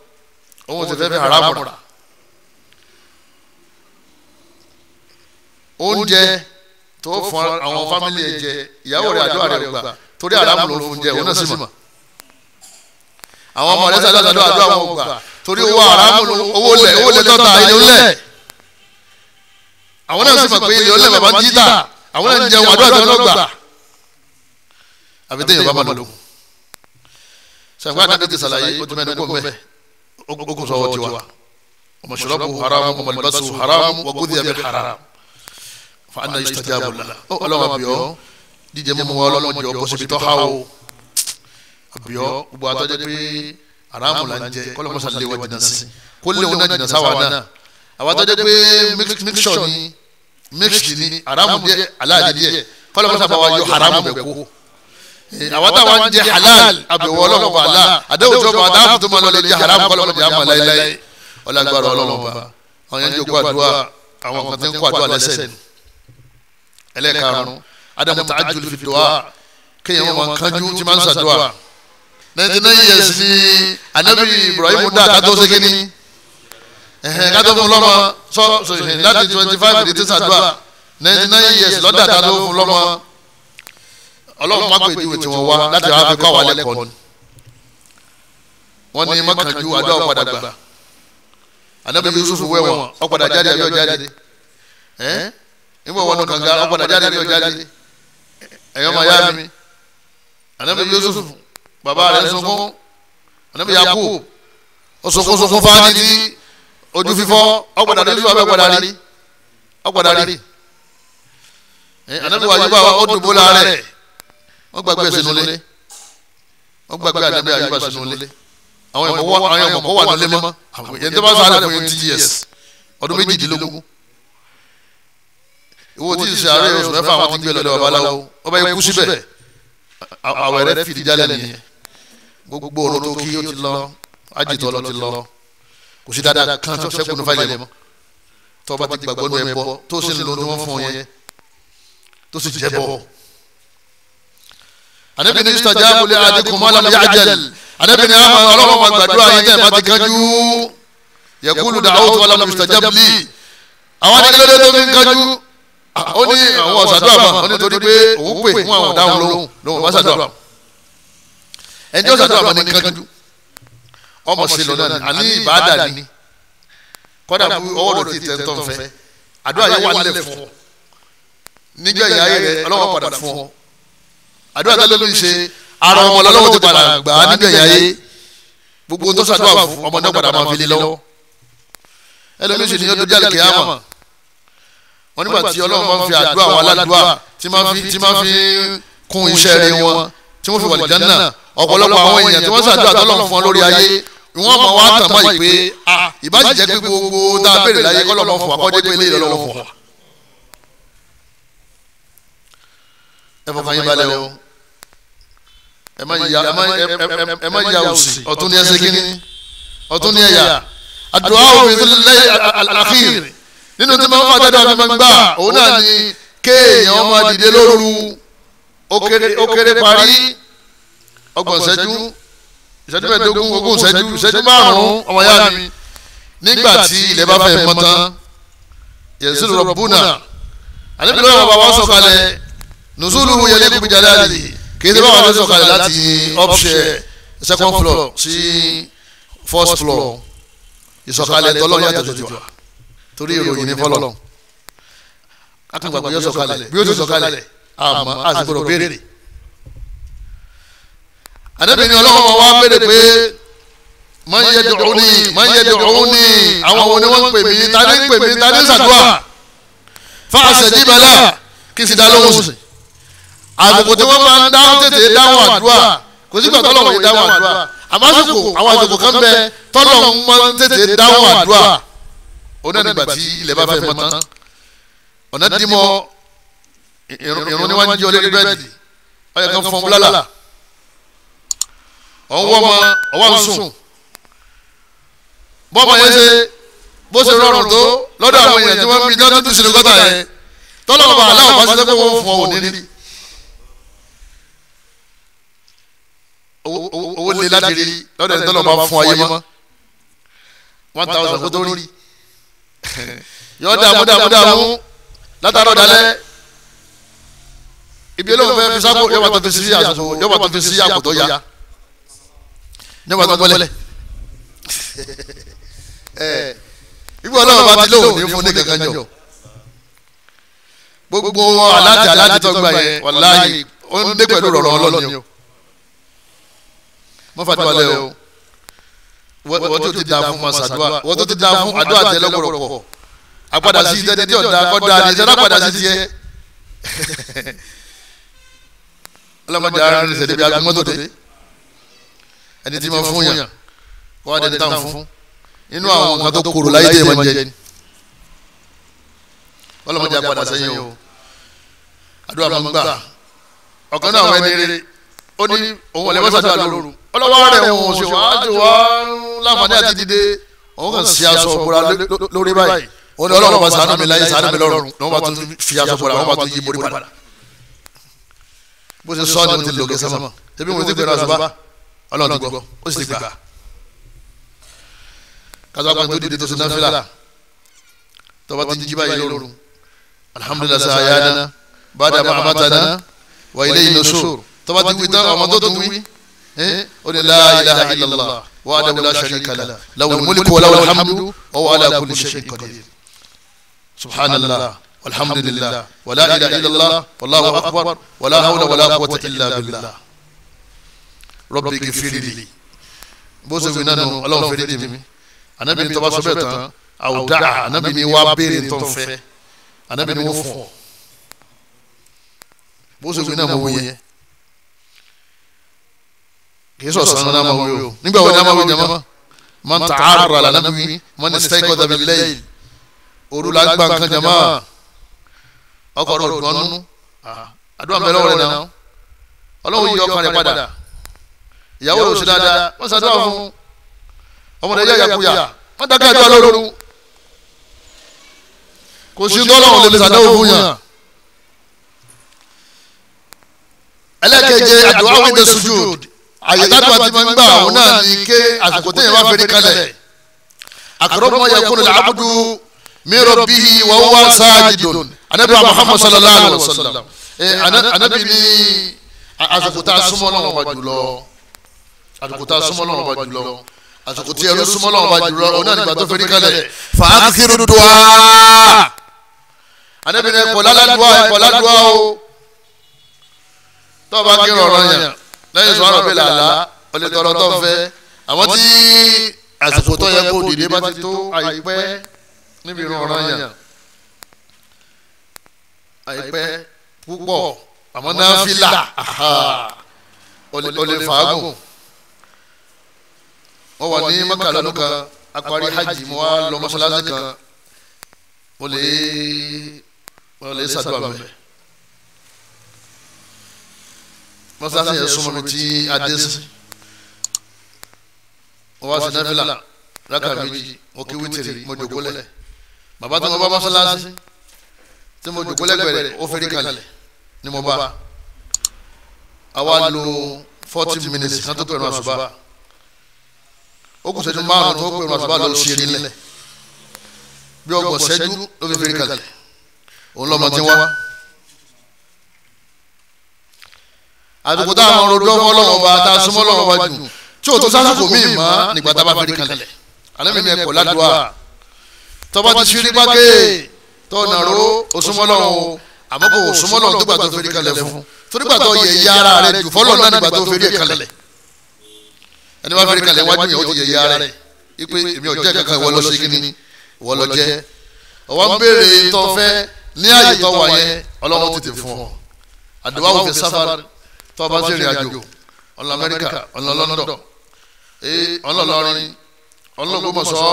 òun sì fẹ́ fi haram rà oúnjẹ tó fún àwọn fámìlì ẹ jẹ ìyàwó rẹ àdúrà rẹ gbà torí àràmù ló fún jẹ òun náà sì mọ̀ àwọn ọmọ rẹ sàdúrà sàdúrà àdúrà wọn gbà torí owó àràmù owó lẹ owó lẹ tọ́ta ilé olẹ àwọn náà sì mọ̀ pé ilé olẹ bàbá ń jí tà àwọn náà ń jẹun àdúrà tí wọn àbí téèyàn bá mọ̀ lókun sàgbà nàbí ti sàlàyé ó ti mẹ́nu mẹ́ ó sọ wọ́n ti wa ọmọ ṣọlọ́pù haram ọmọ ìbáṣu haram fa ana istajabu la ó ọlọ́wọ́ àbíọ́ jíjẹ mímu wa ọlọ́mọdé ọkọ síbi tọ́ha o àbíọ́ gbogbo àtọ́jẹ́ pé aráàmù là ń jẹ kọ́lọ́mọ́sá lé wa jìnnà sí kó lé wọn náà jìnnà sáwà náà àwọn àtọ́jẹ́ pé mixture ni mixed ni aráàmù díẹ̀ aláàdì díẹ̀ kọ́lọ́mọ́sá bá wa yọ aráàmù bẹ̀ kó eh, àwọn táwa ń jẹ halal àbẹ̀wò ọlọ́run bá la àdéhùn tó bá dáhùn tó máa lọ lè jẹ haram kọ́lọ́run jẹ àmọ́ láéláé ọlọ́gbàrọ̀ ọlọ́run bá ọ̀yẹ́njẹ́ kó àdúrà àwọn kan ti ń kó àdúrà ni ẹlẹ́karùn adamu ta'ajjul fi du'a kéèyàn máa kánjú tí máa ń ṣàdúà ninety nine years ni anabi ibrahim dá kátó ségi ni kátó fún lọ́mọ sọ láti twenty five di ti ṣàdúà ninety nine years lọ́dà kátó fún lọ́mọ ọlọ́run má pèjú ètò wọn wá láti wá fi kọ́ àwọn alẹ́ kọ́ wọ́n ní mọ́kànjú adó ọ̀padà gbà anabi yusuf wẹ̀wọ̀n ọ̀padà jáde àbí ọ̀jáde nígbà wọn nù kànga ọ̀padà jáde ní ọ̀jáde ẹ̀yọ́ máa yá mi anabi yusuf bàbá rẹ̀ sunkún anabi yakub ọ̀sunkún sunkún fáwọn ti ojú fífọ́ ọ̀padà ní yusuf abẹ́padà rí ọ̀padà rí anabi wàjú bá wa ó dùbò láàrẹ̀ wọ́n gbàgbé sínú lé wọ́n gbàgbé anabi ayúbà sínú lé àwọn ẹ̀mọ́ wà nílé mọ́ yẹn tó bá sọ àlẹ́ fún yẹn ti yẹs ọdún méjìdínlógún ìwọ tí ìṣe àárẹ̀ oṣù mẹ́fà àwọn ti gbé lọ́dọ̀ babaláwo ọba yẹn kú síbẹ̀ àwọ̀ rẹ̀ fìdí jálẹ̀ nìyẹn gbogbo ọ̀rọ̀ tó kí ó ti lọ ajitọ lọ ti lọ kò sí dáadáa kan tó sẹ́kùn nípa ilẹ̀ mọ́ tó bá ti gbàgbọ́ nù ẹ̀ bọ́ tó sì ń lo ní wọ́n fún yẹn tó sì jẹ́ bọ́. anabi ni istajabu li ahadikum ma lam ya'jal anabi ni ama ah, ọlọ́wọ́ ma gbàdúrà yẹn tẹ́ ẹ̀ bá ti kánjú yaqulu da'awtu wa lam yustajab li àwọn adékèlè tó fi ń kánjú ó ní àwọn ọ̀sàdúrà mọ̀ ó nítorí pé òun pè fún àwọn ọ̀daràn lóhùn lóhùn bá ṣàdúrà ẹni ọ̀sàdúrà mọ̀ ní kanjú ọmọ sí lọ náà àní ìbáàdà ni kọ́dà kú ọwọ́ ló ti tẹ̀ fẹ́ àdúrà yẹn wà lẹ̀ fún ọ nígbẹ̀yìn ayé rẹ ọlọ́wọ́ padà fún ọ àdúrà tẹ́lẹ̀ ló ń ṣe ara ọmọ ọlọ́wọ́ ti padà gbà á nígbẹ̀yìn ayé gbogbo tó ṣàdúrà fún ọmọ náà padà máa fi lé lọ́wọ́ ẹlòmíṣẹ́ ni yóò tó jálè kìá mọ̀ wọn nígbà tí ọlọ́run máa ń fi àdúrà wọn aládùúrà tí máa fi tí máa fi kún iṣẹ́ rẹ wọn tí wọ́n fi wà lìjánà ọ̀pọ̀lọpọ̀ àwọn èèyàn tí wọ́n ṣàdúrà tọ́lọ́run fún ọ lórí ayé wọ́n mọ̀ wá tàmọ́ ìpè ìbáṣìjẹ́ pé gbogbo tá a béèrè láyé kọ́lọ́run fún wa kọ́jẹ́ pé ilé ìlọ́lọ́ fún wa. ẹ fọkàn yín balẹ̀ o ẹ má ya òsì ọ̀tún ni ẹ ṣe kíní ọ̀tún ni ẹ yà àdúrà òfin lẹ́yìn àkíyèrè nínú tí máa ń fà jáde àbí máa ń gbà òun náà ni kéèyàn máa dìde lóru ó kéré parí ọgbọ̀n ṣẹ́jú ìṣẹ́jú mẹ́ẹ̀ẹ́dógún ogún ṣẹ́jú ṣẹ́jú márùn-ún ọmọ yára mi nígbà tí ilẹ̀ bá fẹ́ mọ́ tán yẹ̀sùn rọ̀bùnà àníbi lọ́wọ́ bàbá wa sọ̀kalẹ̀ nùsùlù yẹlẹ́ kúbi jáde àlè kì í ṣe báwa sọ̀kalẹ̀ láti upshare second floor sí first floor ìsọ̀kalẹ̀ tọ́lọ́ yàtọ̀ tó ti wà torí ìròyìn ní fọlọ́ akọ̀gbàgbà yóò sọ̀kalẹ̀ bí yóò sọ̀kalẹ̀ àmọ́ àsìkò béèrè àdébìnrin ọlọ́wọ́ wa béèrè pé máa ń yẹ dùn ní máa ń yẹ dùn ní àwọn wo ni wọ́n ń pè mí tani ń pè mí tani ń ṣàdúrà fáṣẹ̀ díbalá kí n sì dá lóhùn sí àsìkò tí wọ́n máa ń dá tètè dáhùn àdúrà kò sígbà tọ́lọ̀ wọ̀ ní dáhùn àdúrà àmọ́ àsìkò àwọn àsìkò kan bẹ tọ́lọ̀ ń máa ń tètè dáhùn àdúrà ọ̀nà nígbà tí ilẹ̀ bá fẹ́ mọ́ tán ọ̀nà dìímọ̀ irun níwájú ọlẹ́rìí bẹ́ẹ̀dì ọ̀yẹ̀ kan fọ́n búlálà ọ̀wọ́ ọmọ ọwọ́ ń sùn bọ́ọ̀mọ yẹn ṣe bó ṣe rọrùn tó lọ́dọ̀ àwọn èèyàn tí wọ́n ń bí dáná tó ṣẹlẹ̀ gọ́tà yẹn tọ́lọ́mọba aláwọ̀ bá ṣe pé wọ́n fọ òní ní. owó lé ládìrí lọ́dọ̀ ẹ̀ tọ́lọ́mọba fún ayé mọ́ one thousand kó tó rí. [LAUGHS] yọ dààmú dààmú dààmú látàrọ dalẹ́ ibi olóhùn fẹ́ fi sáko yọ bàtà tó sí àtò yọ bàtà tó sí àkótó ya yọ bàtà gbọ́lẹ̀ ẹ ibi olóhùn bá ti lóhùn ní fún ní kankan jọ gbogbo aláàtì aláàtì tó gbà yẹn wàláyé ó ń dé pẹ̀lú rọ̀rọ̀ ọlọ́ni o mọ́fàtí balẹ̀ o wọ́n tó ti da fún masadua wọ́n tó ti da fún adó àtẹlẹ́gbọ̀rọ̀ pọ̀ agbada sí tẹ́tẹ́ tí ọ̀dà kọ́dà ní sẹ́dá padà sí tiẹ̀ ọlọ́mọdé ara rẹ̀ sẹ́dẹ̀ bí agbọ́n tó dé ẹni tí ma fún yàn kó wá dẹni táwọn fún inú àwọn nǹkan tó kúrò láyé tẹ̀ máa jẹ ni ọlọ́mọdé agbada sẹ́yìn o adó àmọ́gbà ọ̀kan náà wọ́n ẹni rere ó ní òun ọ̀lẹ́mọ́sàdúrà lóru ọlọ́wọ́ rẹ̀ òun ò ṣe wàá jù wá ń láǹfààní àti dìde òun kàn sí aṣọ òbúra lórí báyìí òun ni ọlọ́run bá sànú mi láyé sànú mi lọ́rùn ni wọ́n bá tún fi aṣọ òbúra wọ́n bá tún yí mórí padà bó ṣe sọ ni mo ti lò gé sẹ́mọ̀ tẹ́bí mo ti gbẹ̀rọ àṣùbá ọlọ́run ti gbọ́ ó sì ti gbà kátó àpẹẹrẹ tó dìde tó ṣe náfìlà tó bá ti jí báyìí lórun alhamdulilayi sàyáná bàdà màmátàná wà ilé ìlọsọ tó bá ti wí tán ọmọ tó tó wí eh, ó ní la ilaha illallah. وحده لا شريك له له الملك وله الحمد وهو على كل شيء قدير سبحان الله والحمد لله ولا إله إلا الله والله أكبر ولا حول ولا قوة إلا بالله ربي اغفر لي bó ṣe fi nánu ọlọ́run fèrè dì mí anabi ní tọ́ba sọ́bẹ̀ tán àwùdá anabi ní wá béèrè tó ń fẹ́ anabi kì í sọ sanu náà máa wí o nígbà wo ni a máa wí jama man ta'arra ala nami man istayqadha bil layl òru la gba nǹkan jama ọkọ̀ rẹ̀ òdùn ọ̀nù àdúrà bẹ̀rẹ̀ ọ̀rẹ́ náà ọlọ́run yí ọkàn rẹ̀ padà ìyàwó rẹ̀ ò sí dáadáa wọ́n sàdúrà fún ọmọdé yá yakuya wọ́n dákẹ́ àdúrà lóru kò sí ńlọ́lọ́run lè sàdáwò fún yàn. ẹlẹ́kẹ̀jẹ̀ àdúrà wíńdẹ̀ sujúd àyẹ̀dá tó a ti máa ń gbà òun náà ni ké àsìkò téèyàn bá fẹ́ẹ́ kalẹ̀ àkàrọ̀mọ́ yakunu làbùdù mírọ̀ bíi wà wá sáàjìdùn anabi muhammad sallallahu alayhi wa sallam anabi eh, ni àsìkò tá a súnmọ́ náà wà jùlọ àsìkò tá a súnmọ́ náà wà jùlọ àsìkò tí ẹrú súnmọ́ náà wà jùlọ òun náà nígbà tó fẹ́ẹ́ kalẹ̀ fàákìrì dùwà anabi ni ẹ̀kọ́ ládùúwà ẹ̀kọ́ ládùúwà o tọ́ba kí n rọrọ yàn lẹ́yìn sọ àrọ̀ bẹ́ẹ̀ làlá ọ̀lẹ́ tọrọ tó ń fẹ́ àwọn tí àsìkò tó yẹ kó dìde bá ti tó àìpẹ́ níbi ìran ọ̀ràn yàn àìpẹ́ púpọ̀ àmọ́ náfìlà ọ̀lẹ́ fàágùn wọ́n wà ní Mẹ́kà lọ́dún kan apari hajj mo wá lọ mọ́ṣáláṣí kan mo lè mo lè ṣàdúrà mẹ́. mọ́sáàsì yẹn súnmọ́ mi tí adé sí wọ́n wá sí náfìlà rákà méjì wọ́n kí wítìrì mo jòkó lẹ̀ bàbá tó mo bá mọ́sálásí tí mo jòkó lẹ́gbẹ̀ẹ́ rẹ̀ ó fẹ́rí kalẹ̀ ni mo bá àwa lo forty minutes kan tó pẹ̀lú àṣùbà ó kù sẹ́jú márùn-ún tó pẹ̀lú àṣùbà lọ́ọ́ sí ilé bí ọgbọ̀n sẹ́jú ló fi fẹ́rí kalẹ̀ òun lọ́mọ wá. àdúgbò tá a mọ ọrọ̀ dọ́wọ́ lọ́wọ́ bá tá a súnmọ́ lọ́wọ́ bá jù tí o tó sásìkò míì mọ́ nígbà tá a bá fẹ́ kalẹ̀ alẹ́ mi ẹ̀kọ́ ládùúgbà tọ́ba ti ṣírí pàgé tọ́nà ro òsúnmọ́ lọ́wọ́ àmọ́ kò òsúnmọ́ lọ́wọ́ nígbà tó fẹ́ kalẹ̀ fún torígbà tó yẹ ya ara rẹ jù fọlọ́ náà nígbà tó fẹ́ kalẹ̀ ẹni bá fẹ́ kalẹ̀ wájú yẹn ó ti yẹ ya ara rẹ ipe èmi ọjọ́ kankan ìwọ lọ sí kíní ìwọ lọ jẹ́ ọwọ́ ń béèrè ìtọ́fẹ́ ní àyè ìtọ́wà yẹn ọlọ́run tètè fún ọ àdúrà tó o bá ń ṣe ìrìn àjò ọ̀nà amẹ́ríkà ọ̀nà london ọ̀nà lọrin ọ̀nà ògbómọ̀ṣọ́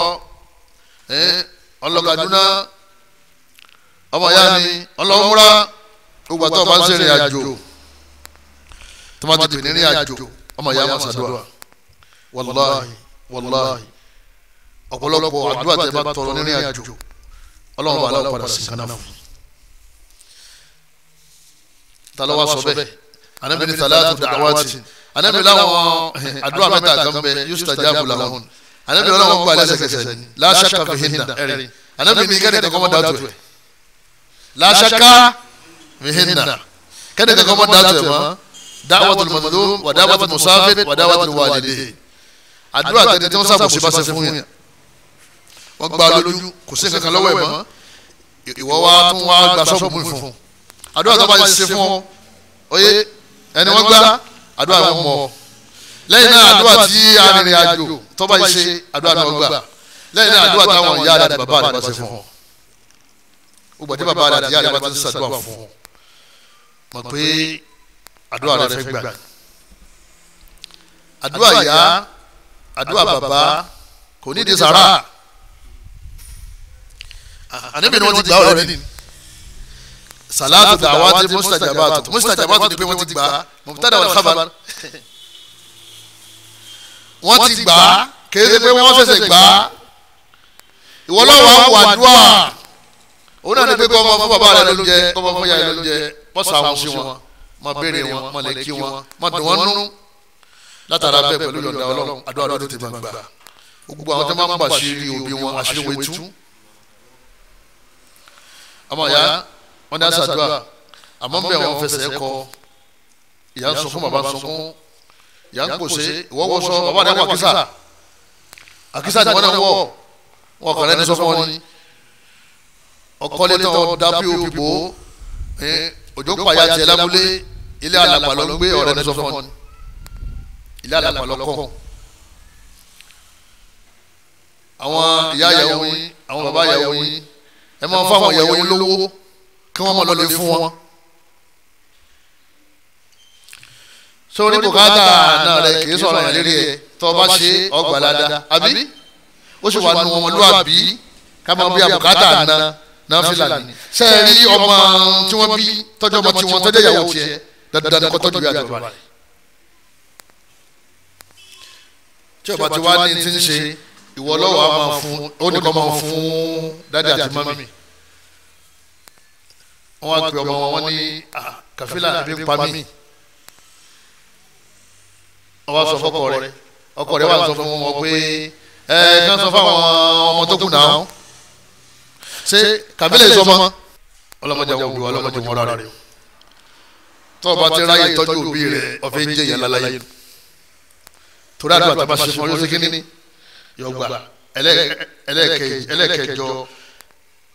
ọ̀nà kaduna ọmọ ya ni ọ̀nà ọmúra gbogbo àti ọba ń ṣe ìrìn àjò tó bá ti pè ní ìrìn àjò ọmọ ya máa ṣàdúrà wàláhì wàláhì ọ̀pọ̀lọpọ̀ àdúrà tẹ bá tọrọ nínú àjò ọlọ́run bá aláwọ̀ padà sí kanáà fún sọ bẹ́ẹ̀ anabi ni salatu da'awati anabi làwọn àdúrà mẹ́ta kan bẹ yustajabu lahun anabi làwọn gba lẹ́sẹ̀kẹsẹ̀ ni la shakka fihinna ẹ̀rí anabi ni kẹ́ni kankan mọ́ dàtú ẹ̀ la shakka fihinna kẹ́ni kankan mọ́ dàtú ẹ̀ mọ́ da'watul madlum wa da'watul musafir wa da'watul walidayhi àdúrà tẹ̀lé tí wọ́n sábà ṣe bá ṣe fún gba lójú kò sí kankan lọ́wọ́ ẹ̀ mọ́ ìwọ wa tún wá gba sọ́ọ̀bù fún àdúrà tó bá ṣe fún ọ oye ẹni wọ́n gbá àdúrà wọn mọ̀ lẹ́yìn náà àdúrà tí arìnrìn àjò tọ́ba yìí ṣe àdúrà náà gbà lẹ́yìn náà àdúrà táwọn ìyá rẹ̀ àti bàbá rẹ̀ bá ṣe fún ọ. ó gbọ́dọ̀ bàbá rẹ̀ àti ìyá rẹ̀ bá ti ń ṣàdúrà fún ọ mọ̀ pé àdúrà rẹ̀ fẹ́ gbà. àdúrà ìyá àdúrà bàbá kò ní di sàrà àníbi ni wọ́n ti gbà ọ̀rẹ́ nìyí salatu dawati mustajabatu mustajabatu ni pé wọ́n ti gbà á mubtada wal khabar [LAUGHS] wọ́n ti gbà á kéde pé wọ́n ṣẹ̀ṣẹ̀ gbà á ìwọlọ́wọ́ àwọn àdúrà òun náà ni pé kọ́mọ fún bàbá rẹ ló jẹ kọ́mọ fún yàrá ló jẹ pọ́sà àwọn sí wọn mọ béèrè wọn mọ lẹ́kí wọn mọ dùn wọn nú látara bẹ́ẹ̀ pẹ̀lú yọ̀ǹda ọlọ́run àdúrà ló ti máa gbà gbogbo àwọn tó máa ń gbà òbí wọn àṣírí wọn tú ọmọ yàrá wọ́n ní àṣàdúrà àmọ́ bẹ́ẹ̀ wọ́n fẹsẹ̀ kọ ìyá ń sunkún bàbá ń sunkún ìyá ń pòṣe ìwọ́ wọ́sọ bàbá rẹ̀ wọ àkísà àkísà ni wọ́n náà wọ̀ wọ́n kàn lẹ́ni sọ fún wọn ni ọkọlẹ́ tó da pop bò ya pàyà tiẹ̀ lábúlé ilé alàgbà ló gbé ọ̀rẹ́ ní sọ ni ilé alàgbà ló àwọn ìyá ìyàwó yín àwọn bàbá ìyàwó yín ẹ máa ń fáwọn ìyàwó yín lówó kí wọ́n mọ̀ lọ́lẹ̀ fún wọn. sórí bùkátà náà rẹ kì í sọ̀rọ̀ yẹn lérí ẹ̀ tó o bá ṣe ọgbà ládàá àbí ó sì wà nù wọn lù àbí ká máa bí àbùkátà náà náà fi lànà sẹ́ẹ̀rí ọmọ tí wọ́n bí tọ́jú ọmọ tí wọ́n tọ́jú ìyàwó tiẹ̀ dandan ni kó tọ́jú ìyàwó rẹ̀ tí o bá ti ní ti ń ṣe ìwọ lọ́wọ́ a máa fún ó ní kó máa fún dáadáa àti mọ́mí wọ́n wá pe ọmọ wọn wọ́n ní kàfílà àbí pa mí wọ́n wá sọ fọ́kọ rẹ̀ ọkọ rẹ̀ wá sọ fún wọn pé ẹ ẹ kí wọ́n sọ fún àwọn ọmọ tó kù náà ṣé kàfílà yìí sọmọ ọlọ́mọdé wọn wúlò ọlọ́mọdé wọn rárá rẹ tó o bá ti ráyè tọ́jú òbí rẹ ọ̀fẹ́ ń jẹ́ ìyàlá láyé torí àdúrà tó bá ṣe fún ọ yóò ṣe kí ni yóò gbà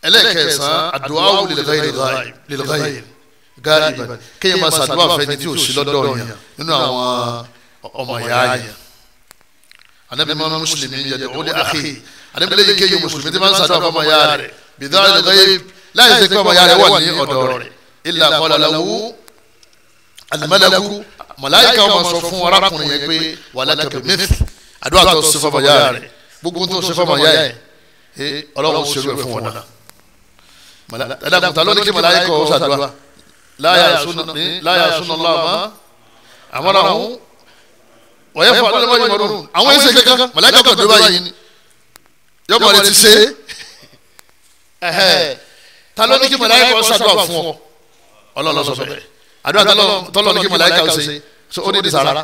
ẹlẹ́ẹ̀kẹsàn-án àdúà lil-ghayr gáàlìbà kéèyàn máa ṣàdúrà fẹ́ni tí ò sí lọ́dọ̀ yẹn nínú àwọn ọmọ ìyá yẹn anabi mama muslimi yad'u li akhi anabi lẹ́yìn kéèyàn mùsùlùmí tí máa ń ṣàdúrà fọmọ ìyá rẹ̀ bida'il ghayb láì ṣe pé ọmọ ìyá rẹ̀ wà ní ọ̀dọ̀ rẹ̀ illa qala lahu al-malaku màláìka ọmọ sọ fún arákùnrin yẹn pé walaka bimithli àdúrà tó ṣe fọmọ ìyá rẹ̀ gbogbo tó ṣe fọmọ ìyá rẹ̀ eh, ọlọ́run ṣerú ẹ̀ fún wọn náà ta ló ní kí màláyíkọ̀ ó ṣàdúrà láyà súnà lọ́wọ́ àwọn àwọn wọ̀nyẹ́ fún alóòmọ̀ yìí mọ̀rún àwọn ẹ̀sẹ̀ kankan màláyíkọ̀ kan dúró báyìí ni yọ̀bọ̀ rẹ̀ ti ṣe ta ló ní kí màláyíkọ̀ ó ṣàdúrà fún ọ ọlọ́lọ́ sọ bẹ́ẹ̀ àdúrà tọ́lọ́ ní kí màláyíkọ̀ ó ṣe so ó di sàrà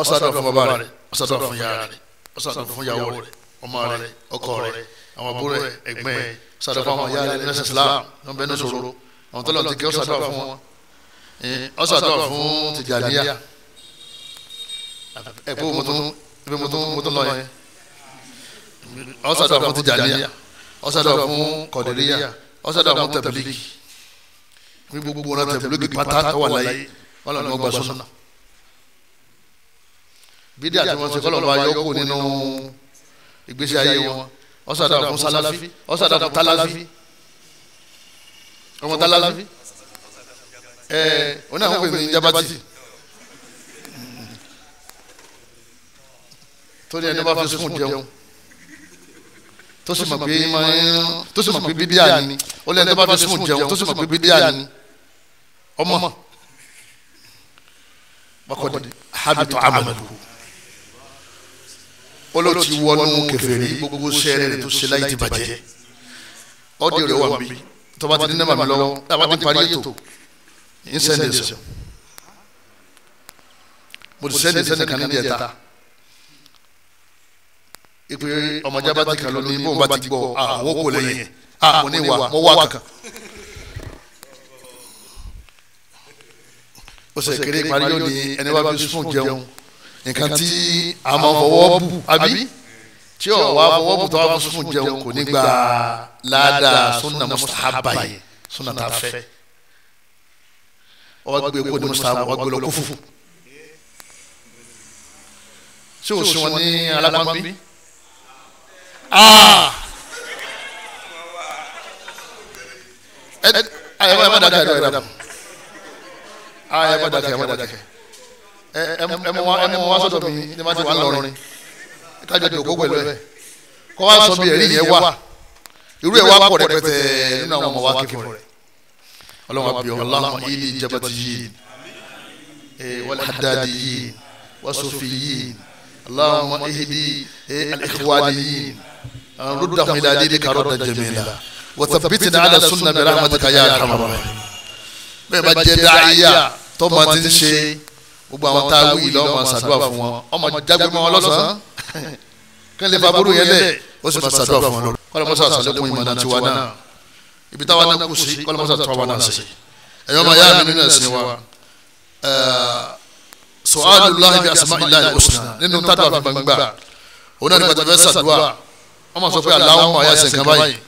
ọ̀sàdọ̀ fún bàbá rẹ̀ ọ̀sàdọ̀ fún yàrá rẹ̀ ọ̀sàdọ̀ yàwó rẹ̀ ọmọ rẹ ọkọ rẹ àwọn àbúrò rẹ ẹgbẹ́ ẹ sàdọ̀ fún Islam wọn bẹ ní sòrò àwọn tó lọ ti kí ọ sàdọ̀ fún wọn ọ sàdọ̀ fún Tìjàníyà ẹ pé mo tún ibi mo tún mo tún lọ yẹn ọ sàdọ̀ fún Tìjàníyà ọ sàdọ̀ fún Kọ̀dìríyà ọ sàdọ̀ fún Tẹ̀blígì ní gbogbo wọn Tẹ̀blígì pátá tó láyé wọn lọ ní wọn gba sọ́nà bídíà tí wọ́n ti kọ́ lọ́ba yọkù nínú ìgbésí ayé wọn ọ̀sàdà fún sálàfí ọ̀sàdà fún tálàfí ọmọ tálàfí ẹ ọ náà wọ́n pè ní jabati tó ní ẹni bá fi sùn jẹun tó sì mọ̀ pé tó sì mọ̀ pé ni ó lẹ́ni tó bá fi sùn jẹun tó sì mọ̀ pé bídíà ni ọmọ bakọ̀dé habitọ̀ amalu ó ló ti wọnú kèfèrí gbogbo sẹ́ẹ̀rẹ́ rẹ̀ tó ṣe láyé ti bàjẹ́ ọ́dìò rẹ̀ wà mí tó bá ti ní nàbàmí lọ́wọ́ tọ́ba ti parí ètò ń sẹ́ndì mo ti sẹ́ndì sẹ́ndì kan níbi ẹ̀ta ìpè ọmọdé bá ti kàn ló ní bóun bá ti gbọ́ ah, àwọn kò lẹ́yìn àwọn oníwà mọ́ wà kàn. ó sì kéré parí yóò ní ẹni wá fi sùn jẹun nǹkan tí a máa fọwọ́ bù àbí tí ọ̀ wá fọwọ́ bù tó wá fún sùn jẹun kò ní gba ládàá sunna mustahaba yẹn sunna tá a fẹ́ ọ gbé kó ní mustahaba ọ gbé lọ kó fufu ṣé o sùn wọn ní alágbàmbí ayé má dàkẹ́ ayé má dàkẹ́ ayé má dàkẹ́ ẹmu wá sọ́dọ̀ mi ní ma ti wà lọrin ìtajà tó kó pẹ̀lú ẹ kọ́ wa sọ bí ẹ̀rí yẹn wà irú ẹ̀ wà pọ̀ rẹpẹtẹ nínú àwọn ọmọ wa kí fún rẹ ọlọ́run àbí ọlọ́run ilé ìjẹbẹtì yìí wal haddadiyin wasufiyin اللهم اهدي الاخوانيين ردهم الى دينك ردا جميلا وثبتنا على السنه برحمتك يا ارحم الراحمين bẹ́ẹ̀ bá jẹ́ dáhìyà tó máa ti ń ṣe gbogbo àwọn tá a wí lọ ọmọ ṣàdúrà fún wọn ọmọ jágbe mọ́ ọlọ́sàn [LAUGHS] kí n lè fa burú yẹn lẹ̀ ó sì máa ṣàdúrà fún wọn lọ kọ́lọ́mọ́sá sàlékún ìmọ̀ náà ti wá náà ibi táwa náà kù sí kọ́lọ́mọ́sá tó wà náà sí ẹ̀yọ́ máa yá mi nínú ẹ̀sìn wa su'alullahi bi asma'illahi al-husna nínú tádùn àfi gbangba òun náà nígbà tó fẹ́ ṣàdúrà wọ́n sọ pé Allahumma ya ṣe nǹkan báyìí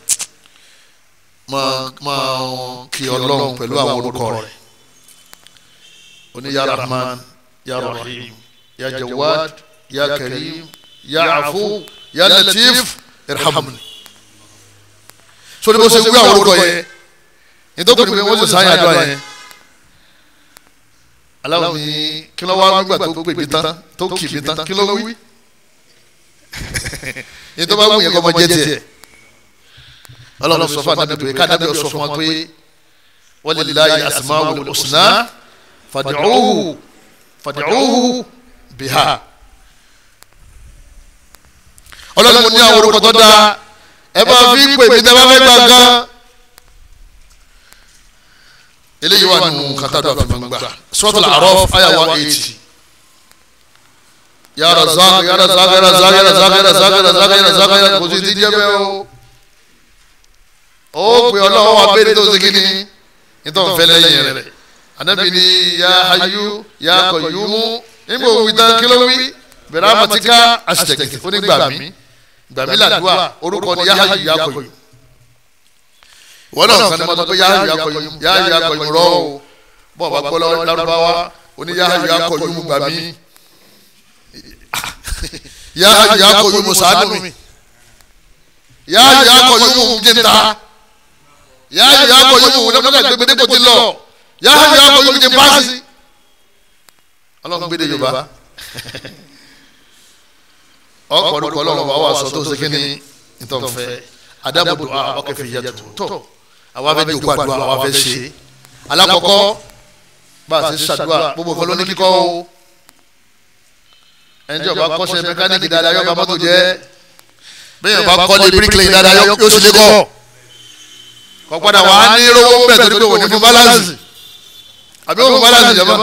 rahman يا رحيم يا جواد يا كريم يا عفو يا لطيف ارحمني sori bó ṣe wí àwọn orúkọ yẹn ìdókòwò ni wọ́n ṣe sáyà àdúrà yẹn aláwọ̀ ni kí ló wá gbà tó gbè mí tán tó kì mí tán kí ló wí ní [LAUGHS] tó bá wù yẹn kọ́ ọmọ jẹ́ tiẹ̀ ọlọ́run sọ fún anábì pé kánábì sọ fún wọn pé walillahi asmaul husna fad'uhu fàdíhùhù bìhà ọlọ́run mo ní àwọn orúkọ tó dáa ẹ bá fi pè mí tẹ́ bá fẹ́ gbà gan eléyìí wà nù kàtàdà fìmọ̀gbà suratul A'raf àyà wà eighty ya Razzaq ya Razzaq ya Razzaq ya Razzaq ya Razzaq ya Razzaq ya Razzaq ya Razzaq kò sí díjẹ́ bẹ́ẹ̀ o ó pè ọlọ́wọ́ abẹ́rẹ́ tó ṣe kí ni nítorí fẹ́ lẹ́yìn rẹ̀ anabi ni ya hayu ya kọyumu nígbà òwú idan kílówí bẹ̀rẹ̀ amatika asitẹ̀kì onígbàmí gbàmí làdúrà orúkọ ni ya hayu ya kọyumu wọn náà kan ní mọ́tò pé ya hayu ya kọyumu ya hayu ya kọyumu rọ o bọ́ọ̀ bá gbọ́ lárúbáwá oní ya hayu ya kọyumu gbàmí [LAUGHS] ya hayu ya kọyumu ṣàánú mi ya hayu ya kọyumu jẹta ya hayu ya kọyumu lọ́kọ̀ọ́kọ̀ gbẹgbẹdẹ́gbẹ̀ ti lọ yàrá yàrá kò yóò paasi ọlọ́run gbé de yorùbá ọkọ̀ orúkọ ọlọ́run wa wà sọ tó ṣe kí ni ìtọ̀nfẹ́ adábòdò ọkẹ́ fi yẹ tó tọ̀ àwa fẹ́ jòkó àdúrà àwa fẹ́ ṣe alákọ̀ọ́kọ́ bá a ṣe ṣàdúrà gbogbo nǹkan ló ní kíkọ́ o ẹni tí ọba kọ́ṣẹ́ mẹkáníìkì dáadáa yóò bá mọ́tò jẹ́ bẹ́ẹ̀ ọba kọ́lé bíríkìlì dáadáa yóò ṣe dé kọ́ kọ́ padà wà á ní rówó bẹ́ẹ̀ torí pé wò ní fún báláǹsì àbí wọn kò bá láti jẹba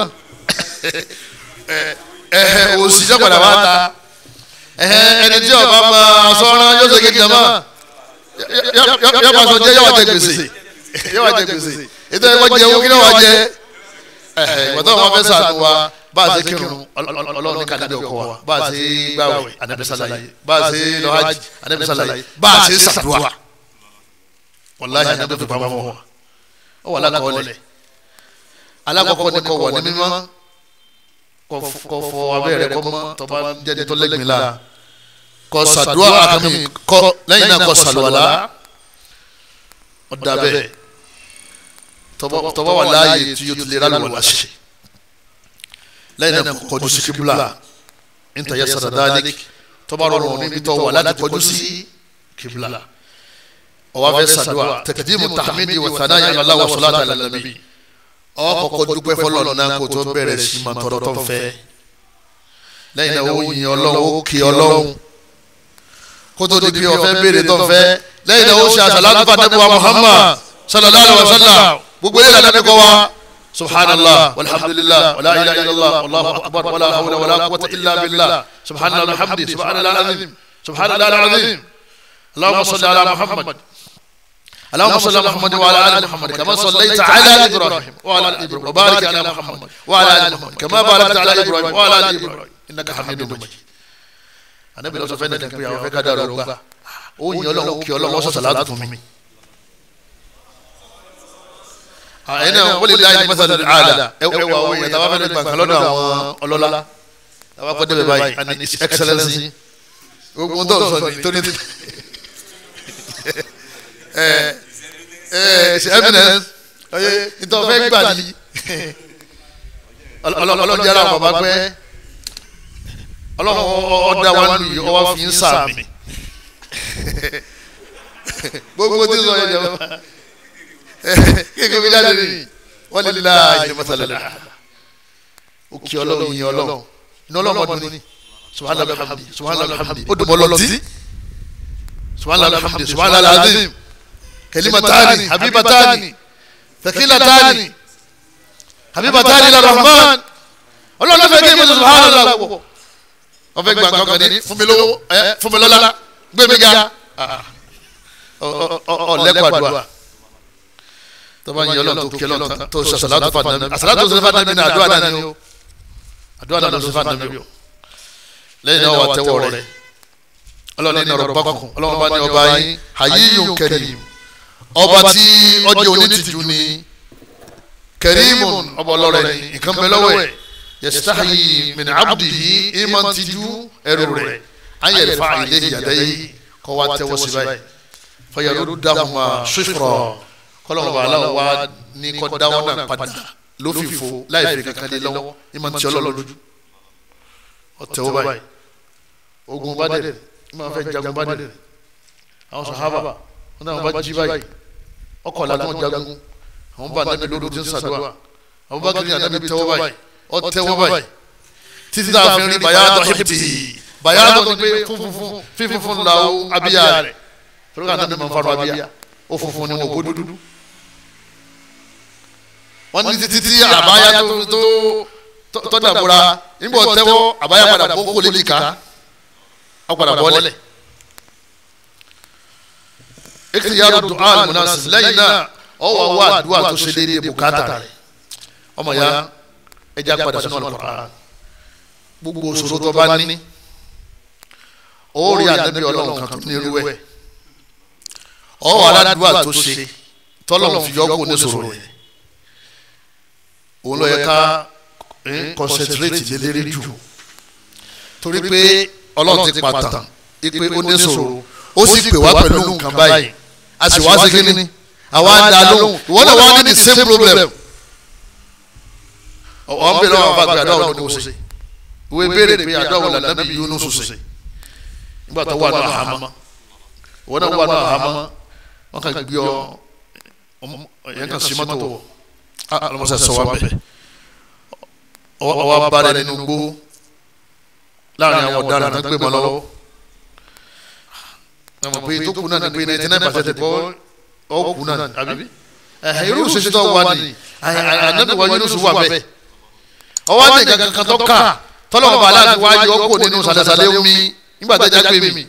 [LAUGHS] eh, eh, òṣìṣẹ́ padà wá ta eh, ẹni tí ọba ma sọ́ran yóò ṣe kékeré mọ́ yóò máa sọ jẹ́ yóò wá jẹ gbèsè yóò wá jẹ gbèsè ètò ẹ̀kọ́ jẹ owó kí ló wá jẹ ìgbàtà wọn fẹ́ sànù wa bá a ṣe kírun ọlọ́run ní kàdé ọkọ wa bá a ṣe gbàwé anabisalaye bá a ṣe lọ́hájì anabisalaye bá a ṣe sàdúà wàláyé anabisalaye bá a mọ̀ wọn wà lákọọ́lẹ̀ alákọ̀ọ́kọ́ ni kò wọ̀ ní mímọ́ kò fọ abẹ́rẹ́ kọ́ mọ́ tọ́ba jẹ́ni tó lẹ́gbìn la kò sàdúrà àkàmì kọ́ lẹ́yìn náà kò sàlùwàlá ọ̀dà bẹ́ẹ̀ tọ́ba wà láàyè tí yóò ti lè rálùwàlá ṣe lẹ́yìn náà kọjú sí kíbla ntẹ̀yẹ sàdádálik tọ́ba rọrùn níbi tọ́ wà láti kọjú sí kíbla ọ̀wá fẹ́ sàdúrà tẹ̀kídìmù tàmídìí wà sàdáyà ìlàlá wà sọ́lá ọ kọ́kọ́ dúpẹ́ fọlọ́run náà kó tó bẹ̀rẹ̀ sí máa tọrọ tó ń fẹ́ náà ó yin ọlọ́run ó kí ọlọ́run kó tó di bí béèrè tó fẹ́ lẹ́yìn náà ó ṣe àṣàlátù fún Muhammad sallallahu alaihi wa sallam gbogbo yẹn lànà kọ́ wa subhanallah walhamdulillah wala ilaha illallah wallahu akbar wala hawla wala quwwata illa billah subhanallah alhamdi subhanallah alazim subhanallah alazim allahumma salli ala muhammad اللهم صل على محمد وعلى ال محمد كما صليت على ابراهيم وعلى ال ابراهيم وبارك على محمد وعلى ال محمد كما باركت على ابراهيم وعلى ال ابراهيم انك حميد مجيد انا بلا صفين انك يا وفك دارك او يلو كي يلو صلاه فمي انا اقول لله مثل الاعلى او او يتوافق بين كلنا ولولا توافق بين ان اكسلنسي وكنت توني ẹ eh, ẹ eh, eh, evidence oye ntọ́fẹ́ gbà ní ọlọ́run yàrá bàbá pẹ́ ọlọ́run ọ̀dà wa nù yìí ọwọ́ fi ń sàmì gbogbo tí sọ yẹn jẹ kékeré jáde nìyí wọ́n lè la ìjọmọ́sálẹ̀ la ó kí ọlọ́run yìí ọlọ́run ní ọlọ́run ọdún ní subhanallah alhamdi subhanallah alhamdi ó dùn mọ́ lọ́tí subhanallah alhamdi subhanallah alhamdi kẹlímàtàni habibatani tẹkílàtàni habibatani larahman ọlọ́run fẹ́ kí mọ́tò sùhánà lọ́wọ́ wọ́n fẹ́ gba nǹkan kan ní fún mi lówó ẹ fún mi lọ́lá gbé mi ga ah, ah. ọ̀lẹ́kọ̀ àdúrà tọ́ba yìí ọlọ́run tó kí ọlọ́run tó sàṣàlátò fàdánù àṣàlátò sàṣàlátò náà àdúrà náà ni ó àdúrà náà ló sàṣàlátò náà ni ó lẹ́yìn náà wà tẹ́wọ́ rẹ̀ ọlọ́run ní ọ̀rọ̀ bákan ọlọ́run bá ní ọba yín àyíyún kẹrìm ọba tí ọjọ́ onítìjú ni kẹrìmùn ọba ọlọ́rẹ̀ nǹkan bẹ lọ́wọ́ ẹ̀ yastahi min abdihi iman tiju ẹrù rẹ̀ ayẹlẹ fa ilé yàdẹ́yì kọ́ wa tẹ́wọ́ sí báyìí fayọ̀rọ̀ dahuma sifra kọ́lọ́mọba aláwọ̀ wa ní kọ́ dáwọ́ náà padà lófìfo láì fi kankan lé lọ́wọ́ iman tí ọlọ́run lójú ọ̀tẹ̀wọ́ ogun bá dẹ̀ iman fẹ́ jagun bá dẹ̀ àwọn sàhábà wọn náà wọn bá jí báyìí ọkọ̀ọ̀la tí wọ́n jagun àwọn bá anabi lóru ti ń ṣàdúrà àwọn bá kiri anabi tẹ́wọ́ báyìí ọ tẹ́wọ́ báyìí títí tá a fi rí bayatọ̀ hipti bayatọ̀ ni pé funfun fífúnfún la o abíyá rẹ̀ torí ká anabi máa ń farò abíyá ó funfun ni wọn kò dúdú wọ́n ní títí tí àbáyá tó tọ́jà bóra nígbà tẹ́wọ́ àbáyá padà bó kò lè ká ọ padà bọ́lẹ̀ ìkìyàrá dùn án múnasì lẹ́yìn náà ọwọ́ àwọn àdúrà tó ṣe déédéé bùkátà rẹ̀ ọmọ ya ẹja padà sínú Al-Qur'an gbogbo òṣòro tó bá ní ó rí ànábì ọlọ́run kan tó ní irú ẹ̀ ọwọ́ aládùúgbò tó ṣe tọ́lọ́run fi yọ́kù ní sòrò yẹn òun ló yẹ ká concentrate lélẹ́rí jù torí pé ọlọ́run ti pàtàn ipe ó ní sòrò ó sì pè wá pẹ̀lú nǹkan báyìí. As sì wá sí kíni àwa da lóhùn ìwọ náà wá ní the same problem ọ̀hún bèrè wọn bá gbé àdáwọ̀ lóhùn ṣe ìwé béèrè de àdáwọ̀ lànà bí yóò lóṣù ṣe nígbà tó wà náà hàmá ìwọ náà wà náà hàmá wọn kàn gbé ọ yẹn kàn sí mọ́tò wọ alamọ́sá sọ wa bẹ́ẹ̀ ọwọ́ abá rẹ̀ nínú gbó láàrin àwọn ọ̀daràn tó gbé mọ́ lọ́wọ́ ọmọ pé tó kù náà ni pé ninety nine percent ni ànábì wa yunus wà bẹ́ẹ̀ ọwọ́ àti nǹkan kan tó kà tọ́lọ́wọ́ bàálà ti wá yọ kó nínú sàlẹ̀sàlẹ̀ omi nígbà tó jágbe mi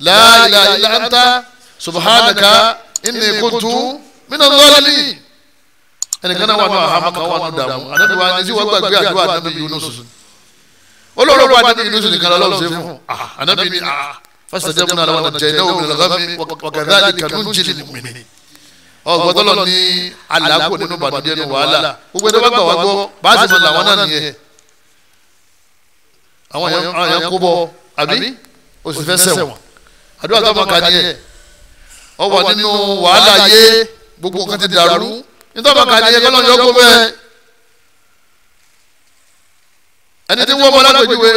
la anta subhanaka inni kuntu minaz zalimin ẹnìkan náà wà ní àhámọ́ kan wà ní dààmú ànábì wa ni sí wọ́n gbàgbé àdúrà ànábì yunus olóòrò wa ànábì yunus nìkan lọ́lọ́run ṣe fún ànábì ni àà. فاستجبنا له ونجيناه من الغم وكذلك ننجي المؤمنين ọgbọdọlọ ní aláàkó nínú ìbànújẹ́ nínú wàhálà gbogbo ẹni bá gbà wá gbọ́ báàsì mọ làwọn náà nìyẹn àwọn yẹn kó bọ àbí oṣù fẹ́ ṣẹ̀wọ̀n àdúrà tó máa kà nìyẹn ó wà nínú wàhálà yé gbogbo nǹkan ti dàrú nítorí máa kà nìyẹn kọ́lọ́ yọ kó bẹ́ẹ̀ ẹni tí wọ́n bọ́ lágbèjúwe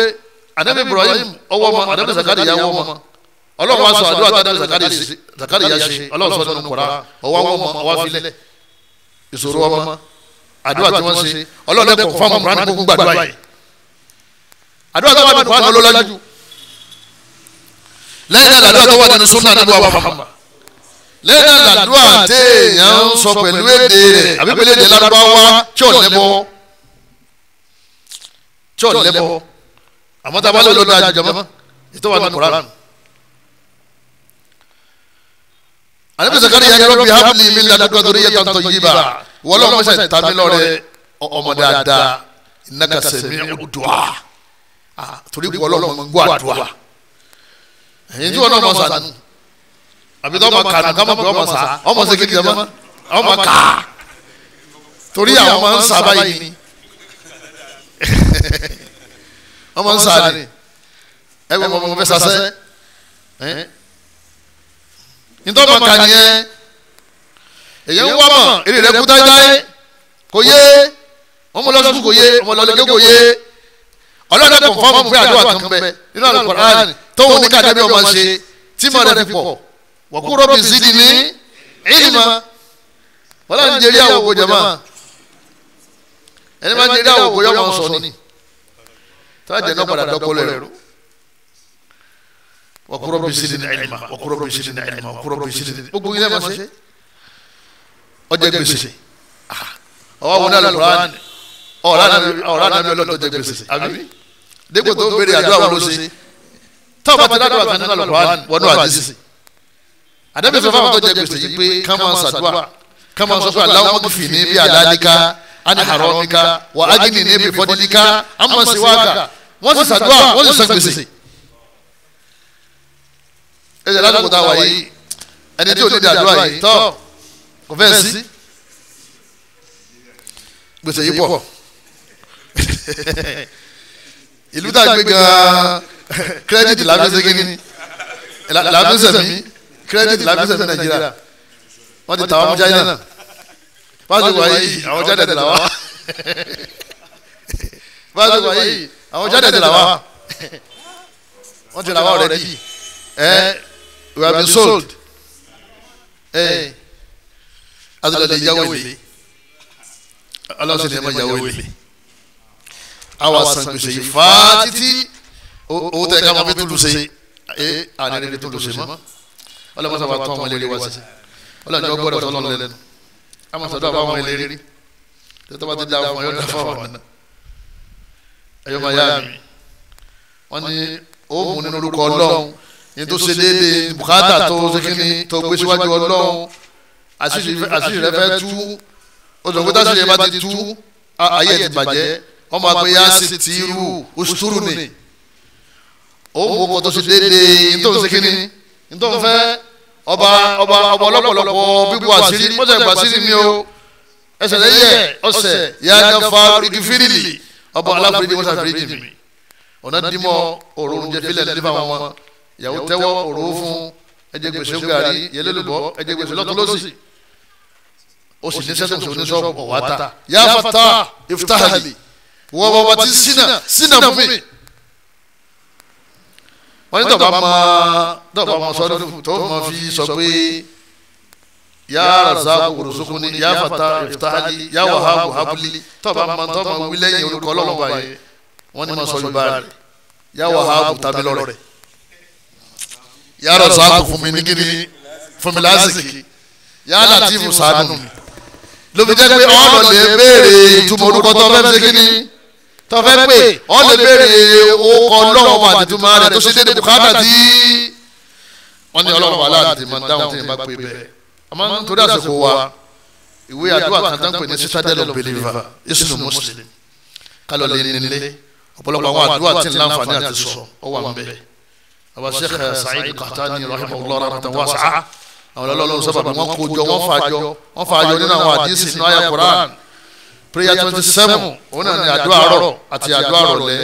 anabi ibrahim ọwọ́ ọmọ anabi zakari ya ọwọ́ ọmọ ọlọ́run aṣọ àdúrà tí anabi zakari ṣe zakari ya ṣe ọlọ́run sọ nínú kura ọwọ́ ọmọ ọwọ́ filẹ̀ ìṣòro ọmọ àdúrà tí wọ́n ṣe ọlọ́run lẹ́kọ̀ọ́ fún ọmọ kura ní gbogbo àdúrà yìí àdúrà tó wà nínú kura ní ọlọ́lájú lẹ́yìn náà àdúrà tó wà nínú sunna nínú àwọn àfàmà lẹ́yìn náà àdúrà téèyàn ń sọ pẹ̀lú èdè rẹ̀ àbí pẹ̀lú èdè lárúbáwá tí ò lẹ́bọ̀ tí ò lẹ́bọ̀ àmọ́ tá a bá lè lọ́dọ̀ àjọ jọmọ́ ètò wà ní koran. àníbi sàkárí yẹn rọ́bì hábìlì mi ládùúgbò torí yẹ tàǹtọ̀ yìí bá wọ́n lọ́wọ́ sẹ̀ tàbí lọ́rẹ́ ọmọ dáadáa innaka sami'u du'a torí wọ́n lọ́wọ́ ń gbọ́ àdúrà èyí tí wọ́n náà mọ̀ sànù àbí tó ọmọ kà ní kámọ́ pé ọmọ sà ọmọ sí kékeré mọ́ ọmọ kà torí àwọn ọmọ ń sàbáyé ni. [LAUGHS] ọmọ ń sáré ẹ wọ ọmọ fẹ́ sasẹ́ nítorí ọmọ kan yẹn èyí ń wá mọ̀ èrè rẹ̀ kú dáadáa kò yé ọmọ lọ́sọ̀tún kò yé ọmọ lọ́lẹ́gẹ́ kò yé ọlọ́dọ̀ kò fọ́ọ̀mù fún àdúrà kan bẹ nínú Al-Qur'an tóun ní kàdébí ọmọ ṣe tí mo rẹ̀ fi pọ̀ wa qul rabbi zidni ilma wọ́n láti jẹ́rí àwòkọ́ jẹ́ máa ẹni máa jẹ́rí àwòkọ́ yọ̀ mọ́ sọ ni tájà náà padà dọ́kọ́lẹ̀ rú wakuro bisiri ni ẹlima wakuro bisiri ni ẹlima wakuro bisiri ni gbogbo yìí lẹ́ẹ̀ma ṣe ọjọ́ gbèsè ọwọ́ wọn náà lọ́wọ́ ọ̀rá náà mi ọlọ́dọ̀ jẹ gbèsè àbí dípò tó béèrè àdúrà wọn ló ṣe táwọn bá ti dá àdúrà kan nínú àlọ́ wọnú àdìsí àdébẹ̀sọ̀ fáwọn tó jẹ gbèsè yìí pé ká máa ṣàdúrà ká máa sọ fún aláwọ̀ kìfì ní bí àdáníká ani haramika wa agini ne bi fọdilika ama siwaka wọn ti sàdúrà wọn ti sàgbèsè. ẹ jẹ́ ládùúgbò tá a wà yìí ẹni tí ò ní di àdúrà yìí tọ́ kò fẹ́ sí gbèsè yìí pọ̀ ìlú tá a gbé gan kírẹ́dìtì lábẹ́sẹ̀ kínní lábẹ́sẹ̀ mi kírẹ́dìtì lábẹ́sẹ̀ mi nàìjíríà wọ́n ti tàwọn mú jáde náà fásitì wáyé àwọn jáde tẹ̀lé wa [LAUGHS] fásitì wáyé àwọn jáde tẹ̀lé wa [LAUGHS] wọ́n tẹ̀lé wa already ẹ eh, we have been sold ẹ azọlẹ̀ ìyàwó ilé aláwọ̀sẹ̀ ni ẹ ma ìyàwó ilé àwọn asangbèsè yìí fa títí owó tẹ̀ ká ma fi tó lu se ee àná ni tó lu se mọ́ ọlọ́mọ sábà tó àwọn ilé wa sí ọlọ́mọ sábà gbọ́dọ̀ tó ọlọ́mọ lẹ́nu àmọ́ sọ̀dọ̀ àwọn ọmọ ìlérí tó tó bá ti da fún ọ yóò da fún àwọn náà ẹ̀yọ́ máa yá mi wọ́n ní òòmù nínú orúkọ ọlọ́run ní tó ṣe déédéé bùkátà tó ṣe kí ni tó gbé síwájú ọlọ́run àṣírí rẹ fẹ́ tú olùdókòtà ṣe yẹ bá ti tú ayé ẹ̀ ti bàjẹ́ wọ́n máa pe yá sí tìrú òṣùtúrù ni òòmù kò tó ṣe déédéé ní tó ṣe kí ni ní tó fẹ́ ọba ọba ọba ọlọ́pọ̀lọpọ̀ bíbu àṣírí mọ́sẹ̀ gbàṣírí mi o ẹsẹ̀ lẹ́yẹ ọ̀sẹ̀ yájá fa ìdífírìlì ọba aláfíríjì mọ́sẹ̀ àfíríjì mi ọ̀nà dímọ̀ òrùn jẹ fílẹ̀ nípa wọn ìyàwó tẹ́wọ́ òrùn fún ẹjẹ gbèsè gàrí yẹlẹ́lùbọ́ ẹjẹ gbèsè lọ́tọ́lọ́sì ó sì ní sẹ́sẹ̀ sọ ní sọ́ọ̀bù ọ̀wá ta yáfàtà ìfitahàlì wọ́n bọ̀ bọ̀ ti sínà sínà fún mi wọ́n ní tọ́ba ma tọ́ba ma sọ́dọ̀ tó ma fi sọ pé ya razaku rusukuni ya fata iftahali ya wahabu habuli tọ́ba ma tọ́ba wí lẹ́yìn orúkọ ọlọ́run báyìí wọ́n ní ma sọ yorùbá rẹ̀ ya wahabu tàbí lọ́rẹ̀ ya razaku fún mi ní kíni fún mi lásìkí ya latifu sànù lóbi jẹ́ pé ọ̀nà lè béèrè ìtumọ̀ orúkọ tó fẹ́ fi kíni tọ́fẹ́ pé ọ lè béèrè orúkọ ọlọ́run àti ìtumọ̀ rẹ̀ tó ṣe déédéé bùkátà tí wọ́n ní ọlọ́run wà láti mọ̀ dáhùn tí ìbá pé bẹ́ẹ̀ àmọ́ nítorí àsìkò wa ìwé àdúrà kan tán pè ní citadel of believer isnu muslim kálọ̀ lé nílé ọ̀pọ̀lọpọ̀ àwọn àdúrà tí ń láǹfààní àti sọ ọ wà ń bẹ̀ baba sheikh sa'id qahtani rahimahullah rahmatan wasi'a àwọn ọlọ́run sábà wọn kó jọ wọn fàájọ wọn fàájọ nínú àwọn àdìsí nínú àyà prayer twenty seven òun náà ni àdúrà àárọ̀ àti àdúrà àrọ̀lẹ́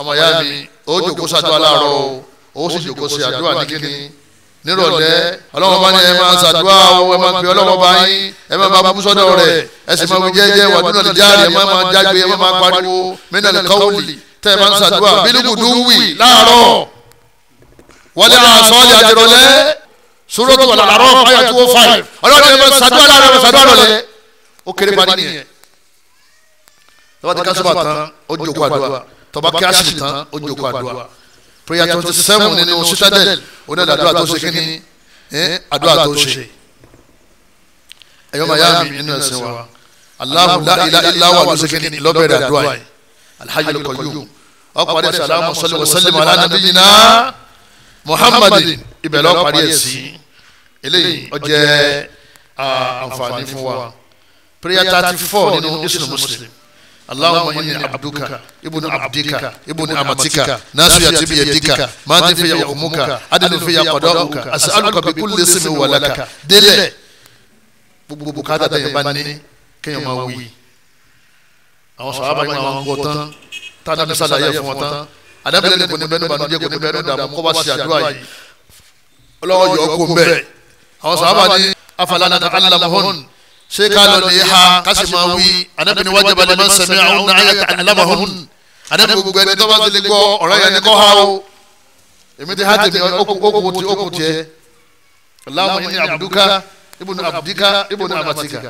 ọmọ ìyá mi ó jòkó sàdúrà láàárọ̀ ó sì jòkó sí àdúrà ní kíni nírọ̀lẹ́ ọlọ́wọ́n bá ní ẹ máa ṣàdúrà o ẹ máa pe ọlọ́wọ́n bá yín ẹ máa bá mú sọ́dọ̀ rẹ̀ ẹ sì máa wí jẹ́jẹ́ wà nínú ìjáde ẹ máa máa jágbe ẹ máa máa pariwo mẹ́nà lè kọ́wùlì tẹ́ ẹ máa ń ṣàdúrà bílíkù dúwì láàárọ̀ wọlé àṣọ́ọ̀lì àdìrọ̀lẹ́ sóròtò àlàrọ̀ fáyà tó fáyà ọlọ́wọ́n ẹ máa ṣàdúrà láàárọ̀ ṣàdúrà lọ́lẹ́ ó kéré bá tọ́ba ti kásùbà tán ó jòkó àdúrà tọ́ba kí àṣìlì tán ó jòkó àdúrà prayer twenty seven nínú citadel onídàá àdúrà tó ṣe kí ni àdúrà tó ṣe ẹ̀yọ́ màá yá mi nínú ẹ̀sìn wa Allahu la ilaha illa huwa ló ṣe kí ni lọ́bẹ̀rẹ̀ àdúrà yìí alhayyul qayyum ọ̀pọ̀ àdé sàlámù sọ́lẹ̀ wọ́n sẹ́lẹ̀ mọ́ aláàbí yìí ná muhammadin ibẹ̀ lọ́ọ́ parí wa prayer thirty four nínú islam muslim اللهم إني عبدك ابن عبدك ابن أمتك ناصيتي بيدك ماض في حكمك عدل في قضاؤك أسألك بكل اسم ولك délẹ̀ gbogbo bùkátà tẹ̀yẹ̀ bá ní kéèyàn máa wí àwọn sàhábà yìí máa ń gbọ́ tán tánà ní sàlàyé fún wọn tán àdábìlẹ̀ ní kò ní bẹ́ẹ̀ ní bànújẹ́ kò ní bẹ́ẹ̀ ní dààmú kọ́ bá ṣe àdúrà yìí ọlọ́wọ́ yọ̀ ọ́ kó bẹ́ẹ̀ àwọn sàhábà ní afalana alamahon ṣé ká lọ lè ha ká sì máa wí anábì ni wájú balẹ̀ máa ń sẹ̀mí àwọn náà ayé àlámà hùn anábì gbogbo ẹni tó bá ti lè gbọ́ ọ̀rọ̀ yẹn ni kò ha o èmi ti ha tèmi okùn ti okùn tiẹ̀ Allahumma inni abduka ibùnú abdika ibùnú abatika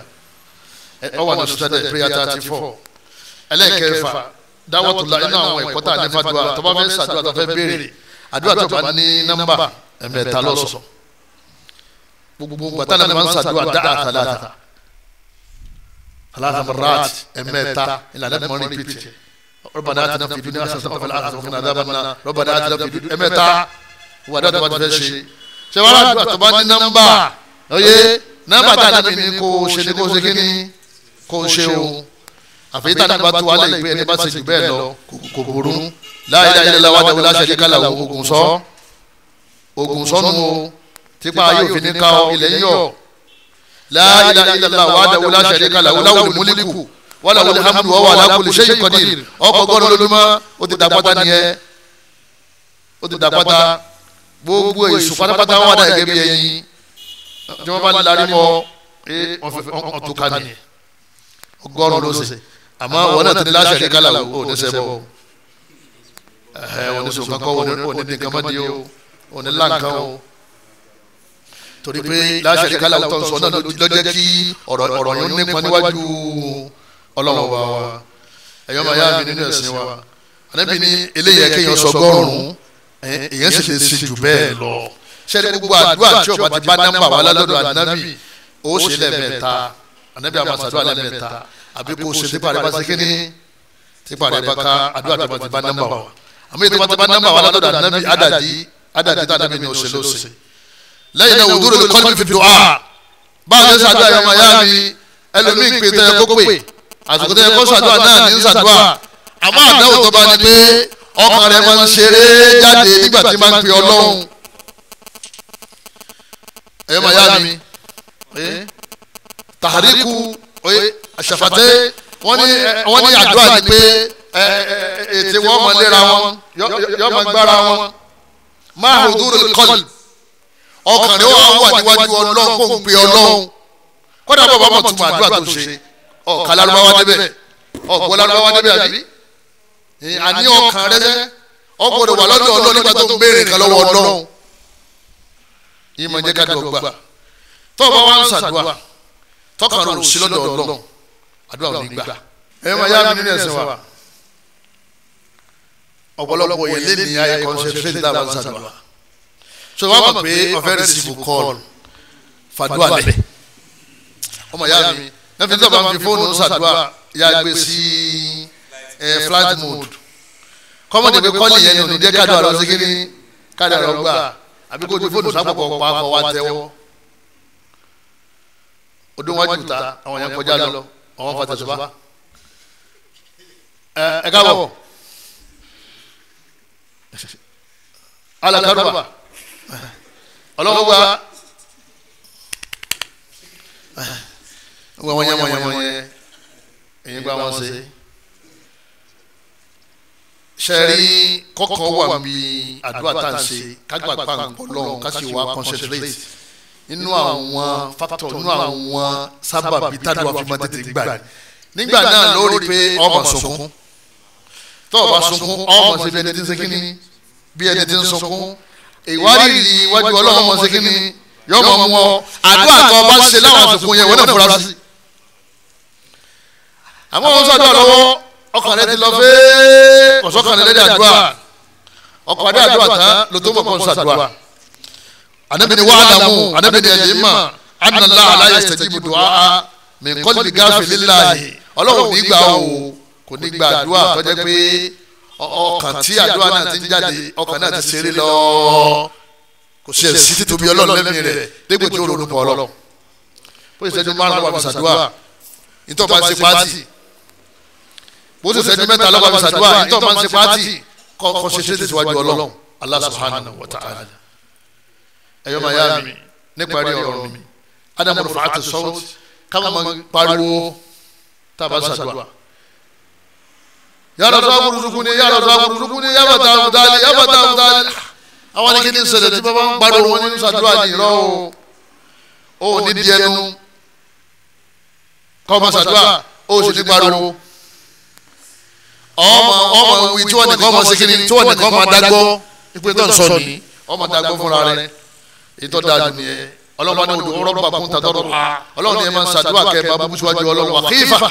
ọ wà ní sọ́tẹ́dẹ̀ prayer thirty four ẹlẹ́ẹ̀kẹfà dáwọ́tòlá inú àwọn ẹ̀kọ́ tá a ní fàdúrà tó bá fẹ́ sàdúrà tó fẹ́ béèrè àdúrà tó bá ní nọ́mbà ẹ̀mẹ̀ta lọ́sọ̀ gbogbo gbàtà náà máa ń sàdúrà dáa tàlátà. ثلاث مرات امتى الا لما ريبيت ربنا اتنا في الدنيا حسنه وفي الاخره وقنا عذاب النار ربنا اتنا في الدنيا امتى هو ده ما تفشي ṣé wàá gbà tó bá ní nọ́mbà oyè nọ́mbà tá a nàbì ní kò ṣe ní kò ṣe kí ni kò ṣe o àfi tá a nàbà tó wálé ìgbé ẹni bá ṣe jù bẹ́ẹ̀ lọ kò burú la ilaha illallah wahdahu la sharika lahu ogun sọ ogun sọ nù o tipa yóò fi ní ká ọ ilẹ̀ yíyọ la ilaha illallah wahdahu la sharika lahu lahul mulku wa lahul hamdu wa huwa ala kulli shay'in qadir ọkọ̀ gbọ́dọ̀ lójúmọ́ ó ti dàpátá nìyẹn ó ti dàpátá gbogbo èṣù pátápátá wà dà gẹ́gẹ́ bí ẹyin tí wọ́n bá larí mọ́ ọ̀tún kan ni ọgọ́rùn ló ṣe àmọ́ wọn náà ti ní la ní sẹ́bọ̀ ẹ̀ ẹ̀ ní sọ̀kan kọ́ wọn ní nǹkan ní láǹkan torí pé láṣẹrí kálá tó ń sọ náà lọ́jẹ́ kí ọ̀rọ̀ yẹn nípa níwájú ọlọ́run wa wa ẹ̀yọ́ máa yá mi nínú ẹ̀sìn wa ànábì ní eléyìí ẹ̀kẹ́ yẹn sọ gọ́rùn-ún èyàn sì lè ṣe jù bẹ́ẹ̀ lọ ṣẹ́ni gbogbo àdúrà tí ọba ti bá nọ́mbà wa lọ́dọ̀ ànábì ó ṣe lẹ́ẹ̀mẹ́ta ànábì àmàṣàdúrà lẹ́ẹ̀mẹ́ta àbí kò ṣe tipa rẹ̀ bá ṣe kíní tipa rẹ̀ bá ká àdúrà tí ọba ti bá nọ́mbà wa àmì ìtọ́ba ti bá nọ́mbà wa lọ́dọ̀ ànábì àdàdí àdàdí tá ànábì ni ó lẹ́yìn náà wùdúró lè kọ́lé fi dùn á báwo ni sàdúrà yẹn máa yá mi ẹlòmíì pé tẹ́yẹ kó pè àsìkò tẹ́yẹ kó sàdúrà náà ní sàdúrà àmọ́ àdáwò tó bá ní pé ọkàn rẹ̀ máa ń ṣeré jáde nígbà tí máa ń pè ọlọ́run ẹ̀yọ́ máa yá mi tàríkù àṣàfàtẹ́ wọ́n ní àdúrà ni pé ètè wọn mọ̀ lera wọn yọ mọ̀ gbára wọn máa hùdúró lè kọ́lé ọkàn rẹ wà wà níwájú ọlọ́run kó ń pe ọlọ́run kódà bàbá mọ̀ tún àdúrà tó ṣe ọ̀kà lárúbáwá débẹ̀ ọ̀gbọ́n lárúbáwá débẹ̀ àbí àní ọkàn rẹ sẹ́ ọgbọ́dọ̀ wà lọ́dọ̀ ọlọ́run nígbà tó ń béèrè nǹkan lọ́wọ́ ọlọ́run ìmọ̀ jẹ́ ká dùn gbà tọ́ba wa ń ṣàdúrà tọkàn rò sí lọ́dọ̀ ọlọ́run àdúrà ò ní gbà ẹ máa yá mi nínú ẹ̀sìn wa ọ̀pọ̀lọpọ̀ yẹn lé ní ayé concentrate dábàá ṣàdúrà so wọ́n mọ̀ pé ọ̀fẹ́ rìsìfù kọ́ọ̀lù fàdúrà lẹ̀ ọmọ ìyá mi lẹ́fẹ̀ẹ́ tí wọ́n bá fi fóònù ṣàdúrà ya gbé sí eh, eh, flight mode kọ́mọ̀dé pé kọ́ọ̀lù yẹn ni òdìdẹ́ kájọ àlọ́ sí kíní kájọ àlọ́ gbà àbí kó o ti fóònù sápọ̀pọ̀ pa ọkọ̀ wa tẹ́wọ́ odò wájú ta àwọn yẹn kọjá lọ àwọn fatasuba eh, ẹ káwọ alakaruba ọlọ́wọ́ wa wọ́n wọ́n yẹ wọ́n yẹ wọ́n yẹ èyí gba wọn ṣe sẹ́rí kọ́kọ́ wà mí àdúrà tá à ń ṣe kágbà pàǹkọ́ lọ́hùn ká sì wá concentrate nínú àwọn factor nínú àwọn sábàbí tádùá fi máa tètè gbà nígbà náà lórí pé ọmọ sunkún tó o bá sunkún ọmọ ṣe bí ẹni tí ń ṣe kínní bí ẹni tí ń sunkún ìwárìrì iwájú ọlọ́run mọ̀ sí kí ni yóò mọ̀ mọ́ àdúrà tó ọba ṣe láwọn àsìkò yẹn wọ́n náà fura sí. àmọ́ wọn sọ àdúrà lọ́wọ́ ọkàn rẹ ti lọ fẹ́ ọ̀sọ́kàn rẹ lẹ́dí àdúrà ọkàn rẹ àdúrà tán ló tó mọ̀ kọ́ sàdúrà. ànábì ni wàhálà mu ànábì ni ẹ̀jẹ̀ mà ànàlá aláyà ṣẹ̀jìbù dùá mi kọ́lì gáfì lílàyè ọlọ́run nígbà o kò ní gbà àdúrà tó jẹ́ pé ọkàn tí àdúrà náà ti ń jáde ọkàn náà ti ṣeré lọ kò ṣe sí títóbi ọlọ́run lẹ́mìí rẹ̀ dégbè tí ó ronú pọ̀ ọlọ́run bó ṣe ṣẹ́jú márùn-ún lọ́wọ́ àbísàdúrà ìtọ́ bá ń ṣe pàtì bó ṣe ṣẹ́jú mẹ́ta lọ́wọ́ àbísàdúrà ìtọ́ bá ń ṣe pàtì kọ́ ṣe ṣe tẹ̀síwájú ọlọ́run Allah subhanahu wa ta'ala ẹ̀yọ́ màyá mi níparí ọ̀rọ̀ mi adamu rufa'ati sọ́wọ́t káwọn máa pariwo tá a bá ṣàdúrà ya Razak ruzukuni ya Razak ruzukuni ya bàtà àbùdálì ya bàtà àbùdálì àwọn ní kí ni ṣẹlẹ̀ tí bàbá ń gbádùn wọn nínú sàdúrà yìí rọ o ò ní di ẹnu kọ́ ọmọ sàdúrà o ò sì ní pariwo ọmọ ọmọ wí tí wọ́n nìkan ọmọ sikiri tí wọ́n nìkan ọmọ dágbọ́ ìpè tó ń sọ ní ọmọ dágbọ́ fúnra rẹ ètò dáadùn yẹn ọlọ́run ní odò ọlọ́run bá kún tàdọ́rọ̀ ọlọ́run ní ẹ máa ń sàdúrà kẹ́ ẹ máa bú síwájú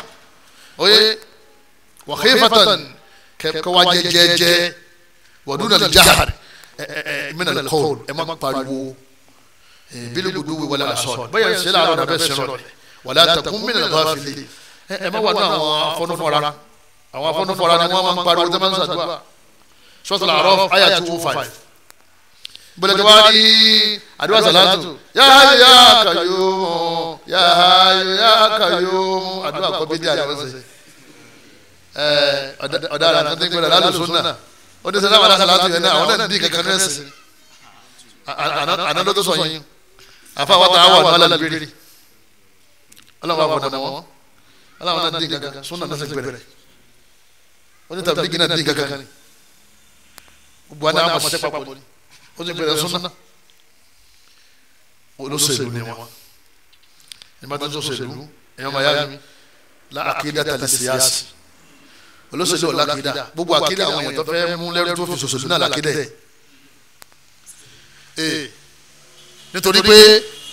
oye wa khifatan kẹ wá jẹ́jẹ́jẹ́ wa duna al-jahr min al-qawl ẹ má pariwo bil-ghuduwwi wal-asal bẹ́ẹ̀ ṣe láàárọ̀ náà bẹ́ẹ̀ ṣe rọ̀ wala takun min al-ghafilin ẹ má wà ní àwọn afọ́nufọ́ra àwọn afọ́nufọ́ra ni wọ́n máa ń pariwo tẹ́ máa ń ṣàdúrà suratul A'raf àyà two oh five bẹ̀rẹ̀ wá ní àdúrà sàlátù yáyọ yá kàyó mu yáyọ yá kàyó mu àdúrà kọ́ bí díẹ̀ àyẹ̀wò sẹ́yìn ọ̀daràn kan tó ń gbẹdọ̀ lálùsùn náà ó ní sẹ́dáwà lásàlátù yẹn náà àwọn náà dín kankan náà sí àná ló tó sọ yín àfa wa ta wà lọ́la lórí ọlọ́wọ́ àwọn ọ̀dọ̀ wọn ọlọ́wọ́ náà dín kankan súnà náà sẹ́gbẹ̀ rẹ̀ ó ní tàbí gíná dín kankan ni gbogbo àná àwọn ọmọọṣẹ́ papọ̀ ni ó ti bẹ̀rẹ̀ súnà olóṣèlú ni wọn ní bá ẹ̀yọ́ mayami la akidata li siyasi olóṣèlú ọ̀làkìdá gbogbo àkìdá àwọn èèyàn tó fẹ́ mú lẹ́rú tó fi ṣòṣèlú náà làkìdá ẹ̀ eh. eh. nítorí pé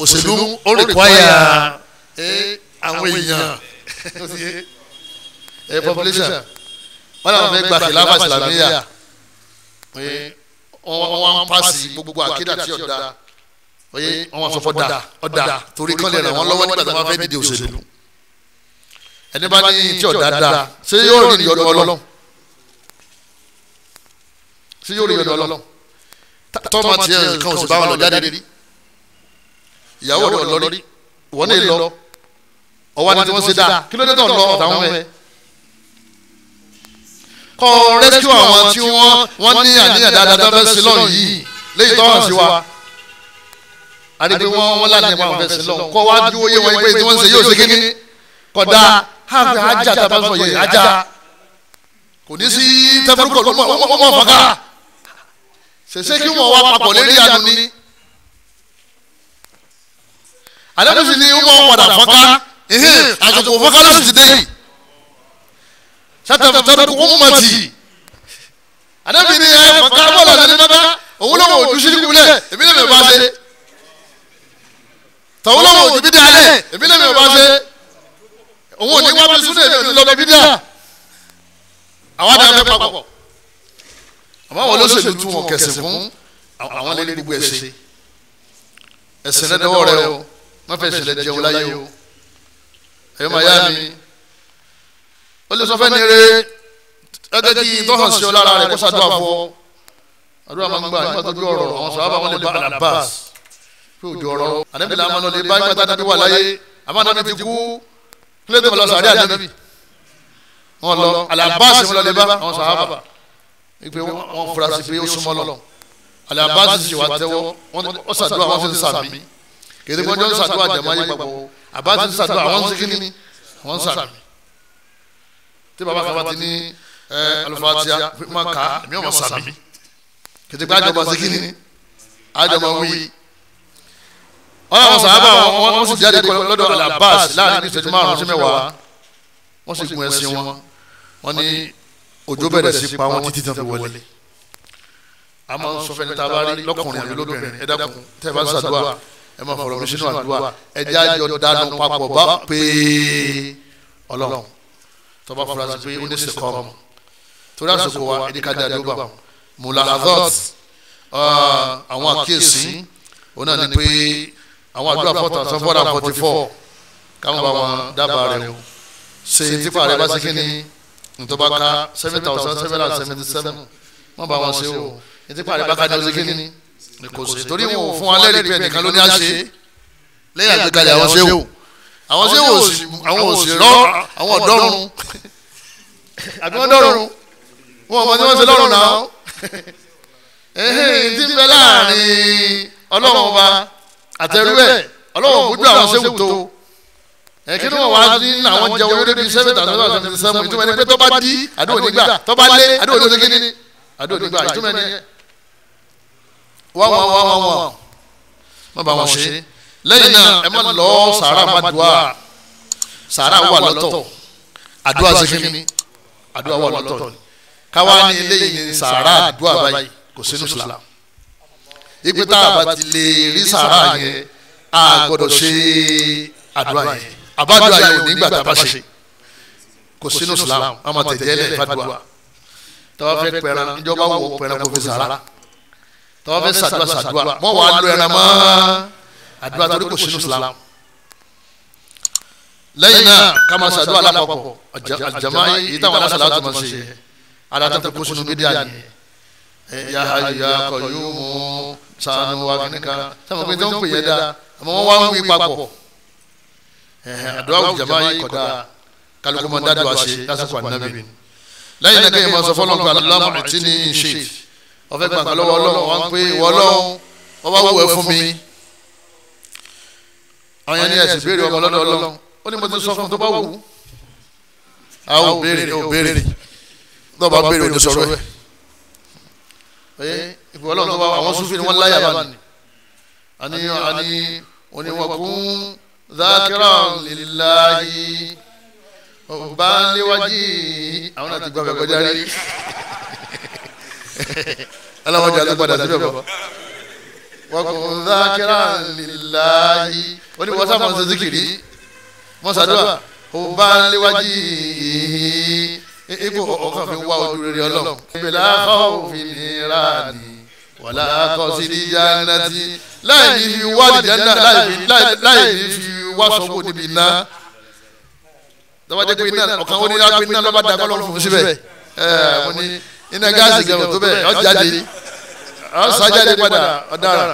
òṣèlú ó rìkwáyà eh. àwọn èèyàn [LAUGHS] population wọn làwọn fẹ́ gba kìláfà ìsìlámíyà wọn wọn paasi gbogbo àkìdá tí ọ̀dà wọn wọn sọ fọ́ da ọ̀dà torí kọ́lẹ̀ rẹ̀ wọn lọ́wọ́ nígbà tí wọn fẹ́ dìde òṣèlú ẹni bá ní tí ọ̀dà da ṣé yóò rí ìyọnu ọlọ́run ṣé yóò rí ìyọnu ọlọ́run tọ́mọ tiẹ̀ nǹkan oṣù báwọn lọ jáde rí ìyàwó rẹ̀ lọ rí wọ́n lè lọ ọwọ́ ni tí wọ́n ṣe dáa kí ló dé tọ̀ lọ ọ̀tàwọn ẹ̀ kọ́ rẹ́síkú àwọn tí wọ́n ní àníyàn dáadáa tó fẹ́ sí lọ́run yìí léyìí tó hàn sí wa àdìgbò wọn wọn lànà ìpamọ́ fẹ́ sí lọ́run kọ́ wájú oyé wọn yìí pé tí wọ́n ń ṣe yóò ṣe kíní kọ́ dáa hàgà aja tàbá sọ aja ajá kò ní sí tẹfurukọ ló mọ fọgá ṣèṣe kí wọn wá papọ̀ lérí àánú ni àdébùsì ni wọn padà fọgá àgbàdo fọgá ló sì dé yìí sátẹ̀fẹ̀ tẹ́lẹ̀ kó mọ̀ tì àdébùsì ni ẹ fọgá bọ́ọ̀lù àti ẹni bàbá òun lọ́wọ́ ojú sí kúlẹ̀ èmi lè mi bá ṣe tọ́wọ́ lọ́wọ́ ojú bí dáa lẹ̀ èmi lè mi bá òun ò ní wá bí súnà èmi ò ní lọ bẹ bídíà àwọn àdàbẹ papọ̀ àmọ́ àwọn olóṣèlú tún wọn kẹsì fún àwọn lé gbogbo ẹ̀ṣẹ̀ ẹ̀ṣẹ̀ lẹ́dọ̀wọ́ rẹ o má fẹ́ ṣẹlẹ̀ jẹun láyé o ẹ̀yọ́ màá yá mi ó lè sọ fẹ́ ni eré ẹgbẹ́ kí tọ́hàn sí ọ lára rẹ̀ kó ṣàdúrà fún ọ àdúrà máa ń gbà nígbà tó bí ọ̀rọ̀ àwọn sọ̀rọ̀ àbáwọn lè bá àlàbàs pé òjò ọ̀rọ̀ àdébìlà àmọ́ lè bá ìgbà tá kílẹ̀ tó lọ sàárẹ̀ ànábì wọn lọ alabasi wọn lọ leba wọn sàábà ipe wọn fura sí pé ó súnmọ́ lọ alabasi sì wà tẹ́wọ́ wọn sàdúrà wọn sì ń sàmì kéde kí wọn jọ ń sàdúrà jẹ̀mọ́ ayé papọ̀ abasi ń sàdúrà wọn sì kíni wọn sàmì tí baba kan bá ti ní alufatiya máa kà á èmi ò máa sàmì kéde kí wọn jọba sí kíni àjọba wí ọlọ́run sàábà wọ́n sì jáde lọ́dọ̀ alabas láàrin bíi ìṣẹ́jú márùn-ún sí mẹ́wàá wọ́n sì gun ẹṣin wọn wọ́n ní òjò bẹ̀rẹ̀ sí pa wọn títí tán fi wọlé a máa ń sọ fẹ́ni tá a bá rí lọ́kùnrin àbí lóbìnrin ẹ dákun tẹ́ ẹ bá ṣàdúrà ẹ máa fọ̀rọ̀ mi sínú àdúrà ẹ já yọ dánú papọ̀ bá pé ọlọ́run tó bá fura sí pé ó ní sèkọ́ ọmọ torí àsìkò wa ìdíkadà àdúgbò mulahazot àwọn àkíyèsí òun náà ni pé àwọn àdúrà four thousand four hundred and forty four káwọn bá wọn dábàá rẹ o ṣe tipa rẹ bá ṣe kí ni ntọ́ba ká seven thousand seven hundred and seventy seven wọ́n bá wọn ṣe o tipa rẹ bá ká ní ọ̀sẹ̀ kí ni kò sí torí wọn ò fún wa lẹ́rìí pé nìkan ló ní àṣẹ lẹ́yìn àgbékalẹ̀ àwọn ṣe o àwọn ṣe o àwọn rọ àwọn ọ̀dọ́run àbí wọ́n wọn ò mọ tí wọ́n ṣe lọ́rùn náà ẹ̀hìn tí ń bẹ láàrin ọlọ́run ọba àtẹrú ẹ ọlọ́wọ́ gbójú àwọn sẹ́wù tó ẹ̀kí ni wọ́n wá ní àwọn jẹ olórí bíi sẹ́fẹ̀ tàbí wọ́n sẹ́fẹ̀ sẹ́mu ìtumọ̀ ẹni pé tó bá di àdúgbò nígbà tó bá lé àdúgbò tó kíni àdúgbò nígbà ìtumọ̀ ẹni wọ́n wọ́n wọ́n wọ́n wọ́n má bá wọn ṣe lẹ́yìn náà ẹ má lọ sàárà má dùá sàárà wà lọ́tọ̀ àdúrà sí kíni àdúrà wà lọ́tọ̀ káwá ní eléyìí sàárà àdúrà báyìí kò sínú Islam ipe tá a bá ti lè rí sàrà yẹn a gbọ́dọ̀ ṣe àdúrà yẹn àbádùá yẹn ò ní gbà tá a bá ṣe kò sínú Islam a máa tẹ̀jẹ́ lẹ̀ fàdùá tọ́wọ́ fẹ́ pẹ̀ràn ìjọba wò pẹ̀ràn kò fi sàrà tọ́wọ́ fẹ́ sàdúrà sàdúrà mọ́ wàá lo ẹran mọ́ àdúrà torí kò sínú Islam lẹ́yìn náà ká máa sàdúrà lápapọ̀ àjàmá yìí táwọn aláṣàlá tó máa ṣe yẹn aláta tó sínú bídíà yẹn ya hayyu ya qayyum sànù wa kìnìkan sábà pé tó ń pè yẹn dá àmọ́ wọ́n wá ń wí papọ̀ àdúrà òjàmá yìí kọ̀dá kálukú máa dájú àṣe lásìkò ànábì lẹ́yìn náà kéèyàn máa sọ fọ́lọ́n pé aláàmù tí ní í ṣe ọ̀fẹ́ gbàgbà lọ́wọ́ ọlọ́run wọn pé ìwọ ọlọ́run wọn bá wù ẹ fún mi àwọn yẹn ní ẹ̀sìn béèrè ọmọ lọ́dọ̀ ọlọ́run ó ní mo ti sọ fún tó bá wù àwọn ò ìpè ọlọ́run tó bá wà àwọn sùfin wọn láyà bá ní. àní àní oníwàkún zakiran lillahi ọba níwájú àwọn àti gbàgbẹ́ kọjá rí aláwọ̀ jẹ́ àtúgbàdà síbẹ̀ bọ̀ wakun zakiran lillahi oníwàsá mọ̀ sí zikiri mọ̀ sàdúrà ọba níwájú ipò ọkàn fi wá ojú rere ọlọ́run ìbílẹ̀ akọ́ òfin nira ni wàlá kọ́sídì jannati láì ní fi wá àlìjáná láì ní fi wá sọ́kò níbi iná dọ́bàjẹ́ pé iná ọ̀kan ó ní lápé iná lọ́ba dá kọ́ lọ́rùn fún síbẹ̀ ẹ̀ mo ní iná gáàsì gẹ̀rọ tó bẹ́ẹ̀ ọ̀jáde ọ̀sájáde padà ọ̀daràn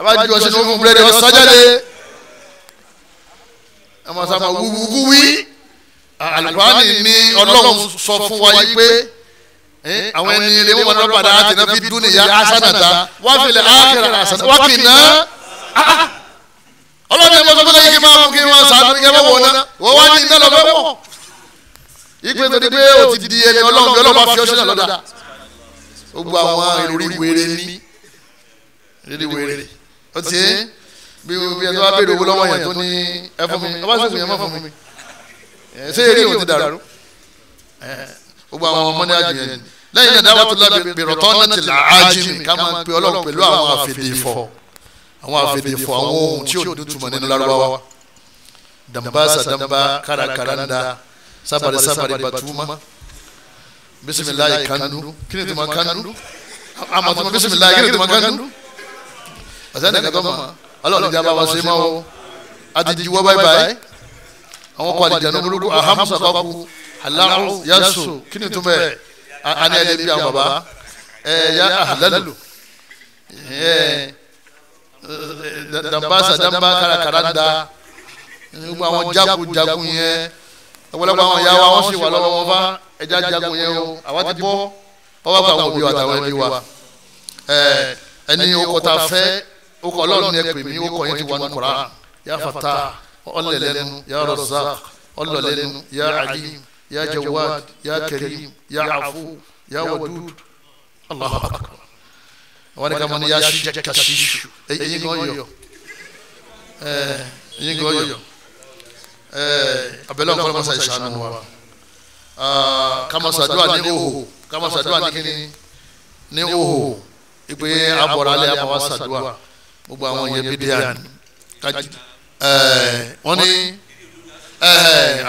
abájú ọ̀sẹ̀ ní ogun búrẹ́dì ọ̀sájáde ọmọ sábà wúwúwí Al-Qur'ani ni Ọlọ́run sọ fún wa yí pé. Eh, eh, àwọn ẹni ilé wọn máa rọ́bà dáhà tìǹà fi dún níyà asanata wà fìlẹ̀ ákẹ́rẹ́ asanata wà kìnà ọlọ́run ẹ̀ mọ́tò fúnlẹ̀ yìí máa mú kí wọ́n sàánú kí wọ́n wọ̀ náà wọ́n wá ní iná lọ ìpè tó di pé o ti di ẹni ọlọ́run bí ọlọ́run bá fi ọ́ṣẹ́ lọ́dà ó gba àwọn ìròrí wéré ní ìròrí wéré ó ti bí bí ẹni wá béèrè owó lọ́wọ́ yẹn tó ní ẹ mi ọba sọ̀rọ̀ àwọn ọmọ ní àjùyẹn ni lẹ́yìn náà dáwọ́ tó lọ bẹ̀rẹ̀ tọ́ náà ti là ájìmì ká máa pe ọlọ́run pẹ̀lú àwọn àfẹ̀dẹ̀fọ̀ àwọn àfẹ̀dẹ̀fọ̀ àwọn ohun tí ò dùtùmọ̀ nínú lárúbáwá dàmbá sàdàmbá kárakaranda sábàrì sábàrì bàtúmọ̀ bisimilayi kandu kí ni tuma kandu amatuma bisimilayi kí ni tuma kandu ọ̀sẹ̀ ní kàtọ́ ma ọlọ́run ìjà bá wa ṣe máa wọ adidi wọ́ báyìí báyìí àwọn kọ́ àdìjànú burúkú ahamusa kọ́kú aláhùn yasu kí ni tuma yẹ ani ẹ lè bí àwọn baba ẹ ya ahlalu ẹ eh, dambasa damba karakara da gbogbo àwọn jagun jagun yẹn ọ̀pọ̀lọpọ̀ àwọn ìyá wa wọ́n sì wà lọ́wọ́ wọn bá ẹja jagun yẹn o àwa ti bọ́ ọwọ́ pa àwọn òbí wa àtàwọn ẹbí wa ẹni okò ta fẹ́ okò ọlọ́run ni ẹ pè mí okò yẹn ti wà ní kura ya fata ọlọ́lẹ́nu ya razaq ọlọ́lẹ́nu ya alim. يا جواد يا كريم يا عفو يا ودود الله أكبر وانا كمان يا شجع كشيش اي غويو اي غويو abẹ́lẹ́ ọ̀kọ́ lọ́mọ́sá ìṣàánú wa ah, kama ṣàdúrà ní òhò kama ṣàdúrà ní kíni ní òhò ìpè abọ̀rálẹ̀ àmàwá ṣàdúrà gbogbo àwọn yẹn bí díà eh, eh, wọ́n ní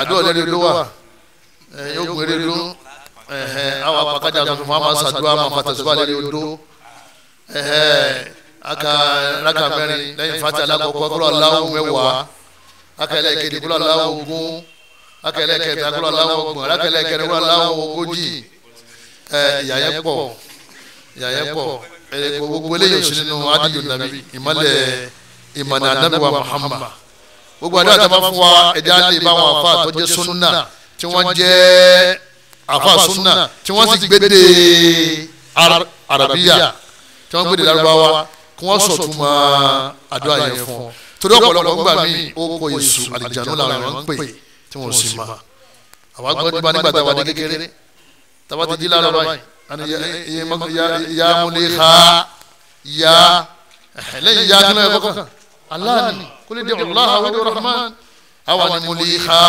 àdúrà lórí ló wà. Eh, yóò gbére dúró àwọn apakaja tuntun fún àwọn aṣàdúrà àwọn afatẹ̀síwá lórí odó aka raka mẹ́rin lẹ́yìn fati alakọkọ kúrò aláwọ mẹ́wàá akẹlẹ kejì kúrò aláwọ ogún akẹlẹ kẹta kúrò aláwọ ọgbọ̀n akẹlẹ kẹrin kúrò aláwọ ogójì ìyàyẹ pọ̀ ìyàyẹ pọ̀ gbogbo eléyìí sí nínú adiyo nabi ìmọ̀lẹ̀ ìmọ̀nà anabiwa muhammad gbogbo adé àtàwọn fún wa ẹ̀dá lè bá wọn àfa àtọ́jẹ́ sunna tí wọ́n jẹ́ àfa sunna tí wọ́n sì gbédè arabiya tí wọ́n gbédè larubawa kí wọ́n sọ túmọ̀ àdúrà yẹn fún ọ torí ọ̀pọ̀lọpọ̀ gbà mí ó kọ àlìjánu làwọn èèyàn ń pè tí wọ́n sì máa àwọn agbọ́n nípa nígbà tá a wà ní kékeré tá ti di lára báyìí ya múlẹ̀ ha ya lẹ́yìn ya kí kọ́kọ́ aláàánú kúlẹ̀ dẹ̀ rahman awa ni muliha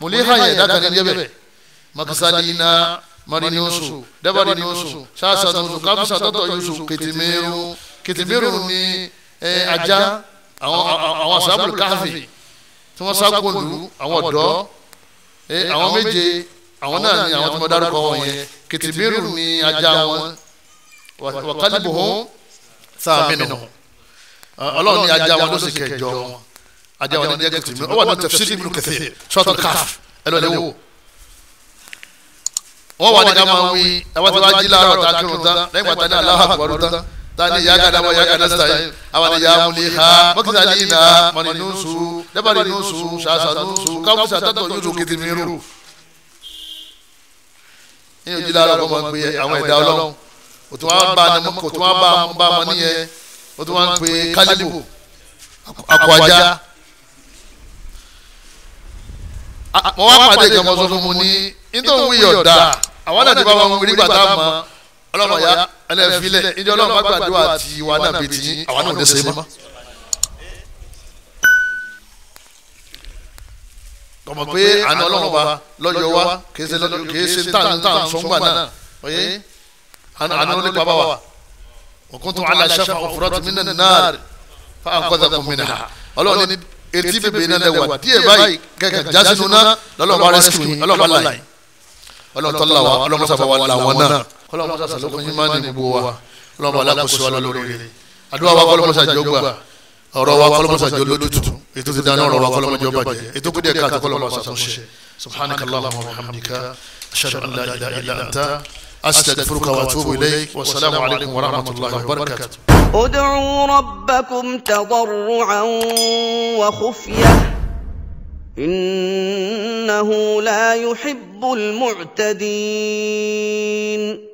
muliha yẹ dakari jẹbẹ makisadina mariniusu dabariniusu sasanusu kakusa tọtọ yusu kitimeru kitimeru ni ẹ eh, eh, ajá eh, àwọn àwọn sábúrú káfí tí wọn sákòlù àwọn ọ̀dọ́ ẹ àwọn méje àwọn náà ni àwọn tí wọn dárúkọ wọn yẹn kitimeru ni ajá wọn wakalibuhu sàmìnà Ọlọ́run ni ajá wọn ló sì kẹjọ wọn ajá wọn ní jẹ́ kùtùmí ó wà ní tafsir ibn kathir sọ́tún káf ẹ lọ́ọ́ lè wò. wọ́n wà ní ká máa wí àwọn tí wọ́n á jí láàárọ̀ tá a kírun tán lẹ́yìn pàtàkì ní Allahu akbar tán tani yaaka dama yaaka nasta'in awani yaamuli ha bakita diina mani nusu dabari nusu sasa nusu kawusa tato yusu kitimiru. ní ojú lára ọkọ máa ń pe àwọn ẹ̀dá ọlọ́run kò tún wá bá ọmọ nìyẹn kò tún wá ń pe kálíbù akọ ajá mo wá pàdé kan mo sọ fún mu ní nítorí wí ọ̀dà àwọn náà ti bá wọn rí gbàtà mọ́ ọlọ́run ya ẹlẹ́ filẹ̀ ìjọ ọlọ́run bá gbàdúrà ti wà náà bí ti àwọn náà ò ní ṣe mọ́. tọmọ pé àná ọlọ́run wa lọ́yọ̀ wa kì í ṣe lọ́yọ̀ kì í ṣe tàǹtà sọ́ngbà náà oye àná ló ní bàbá wa òkun tó aláṣà fún ọ̀fọ̀rọ̀ tó mí náà náà fún àǹkọ́ta kò mí náà ọlọ́run ní etí bèbè náà lẹ wà díẹ̀ báyìí kẹkẹ jásínú náà lọlọmọ arẹsikù yìí ọlọmọ aláì ọlọmọ tọ́lá wa ọlọmọ sábà wà láwọn náà ọlọmọ sábà lókun yìí máa ń ní gbogbo wa ọlọmọ alákòóso wa lórí rẹ àdúrà wa kọlọmọ sàjọ gbà ọ̀rọ̀ wa kọlọmọ sàjọ lójútu ètò ti dáná ọ̀rọ̀ wa kọlọmọ jọ bàjẹ́ ètò kúndé ká àtọkọlọmọ sàtúnṣe subhanakallahumma wa bihamdika ashhadu an la ilaha illa anta astaghfiruka wa atubu ilayk wa salaamu alaykum wa rahmatullahi wa barakatuh. ادعوا ربكم تضرعا وخفيه انه لا يحب المعتدين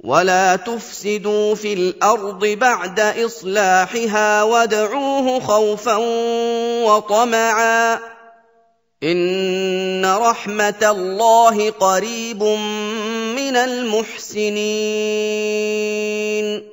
ولا تفسدوا في الارض بعد اصلاحها وادعوه خوفا وطمعا ان رحمه الله قريب من المحسنين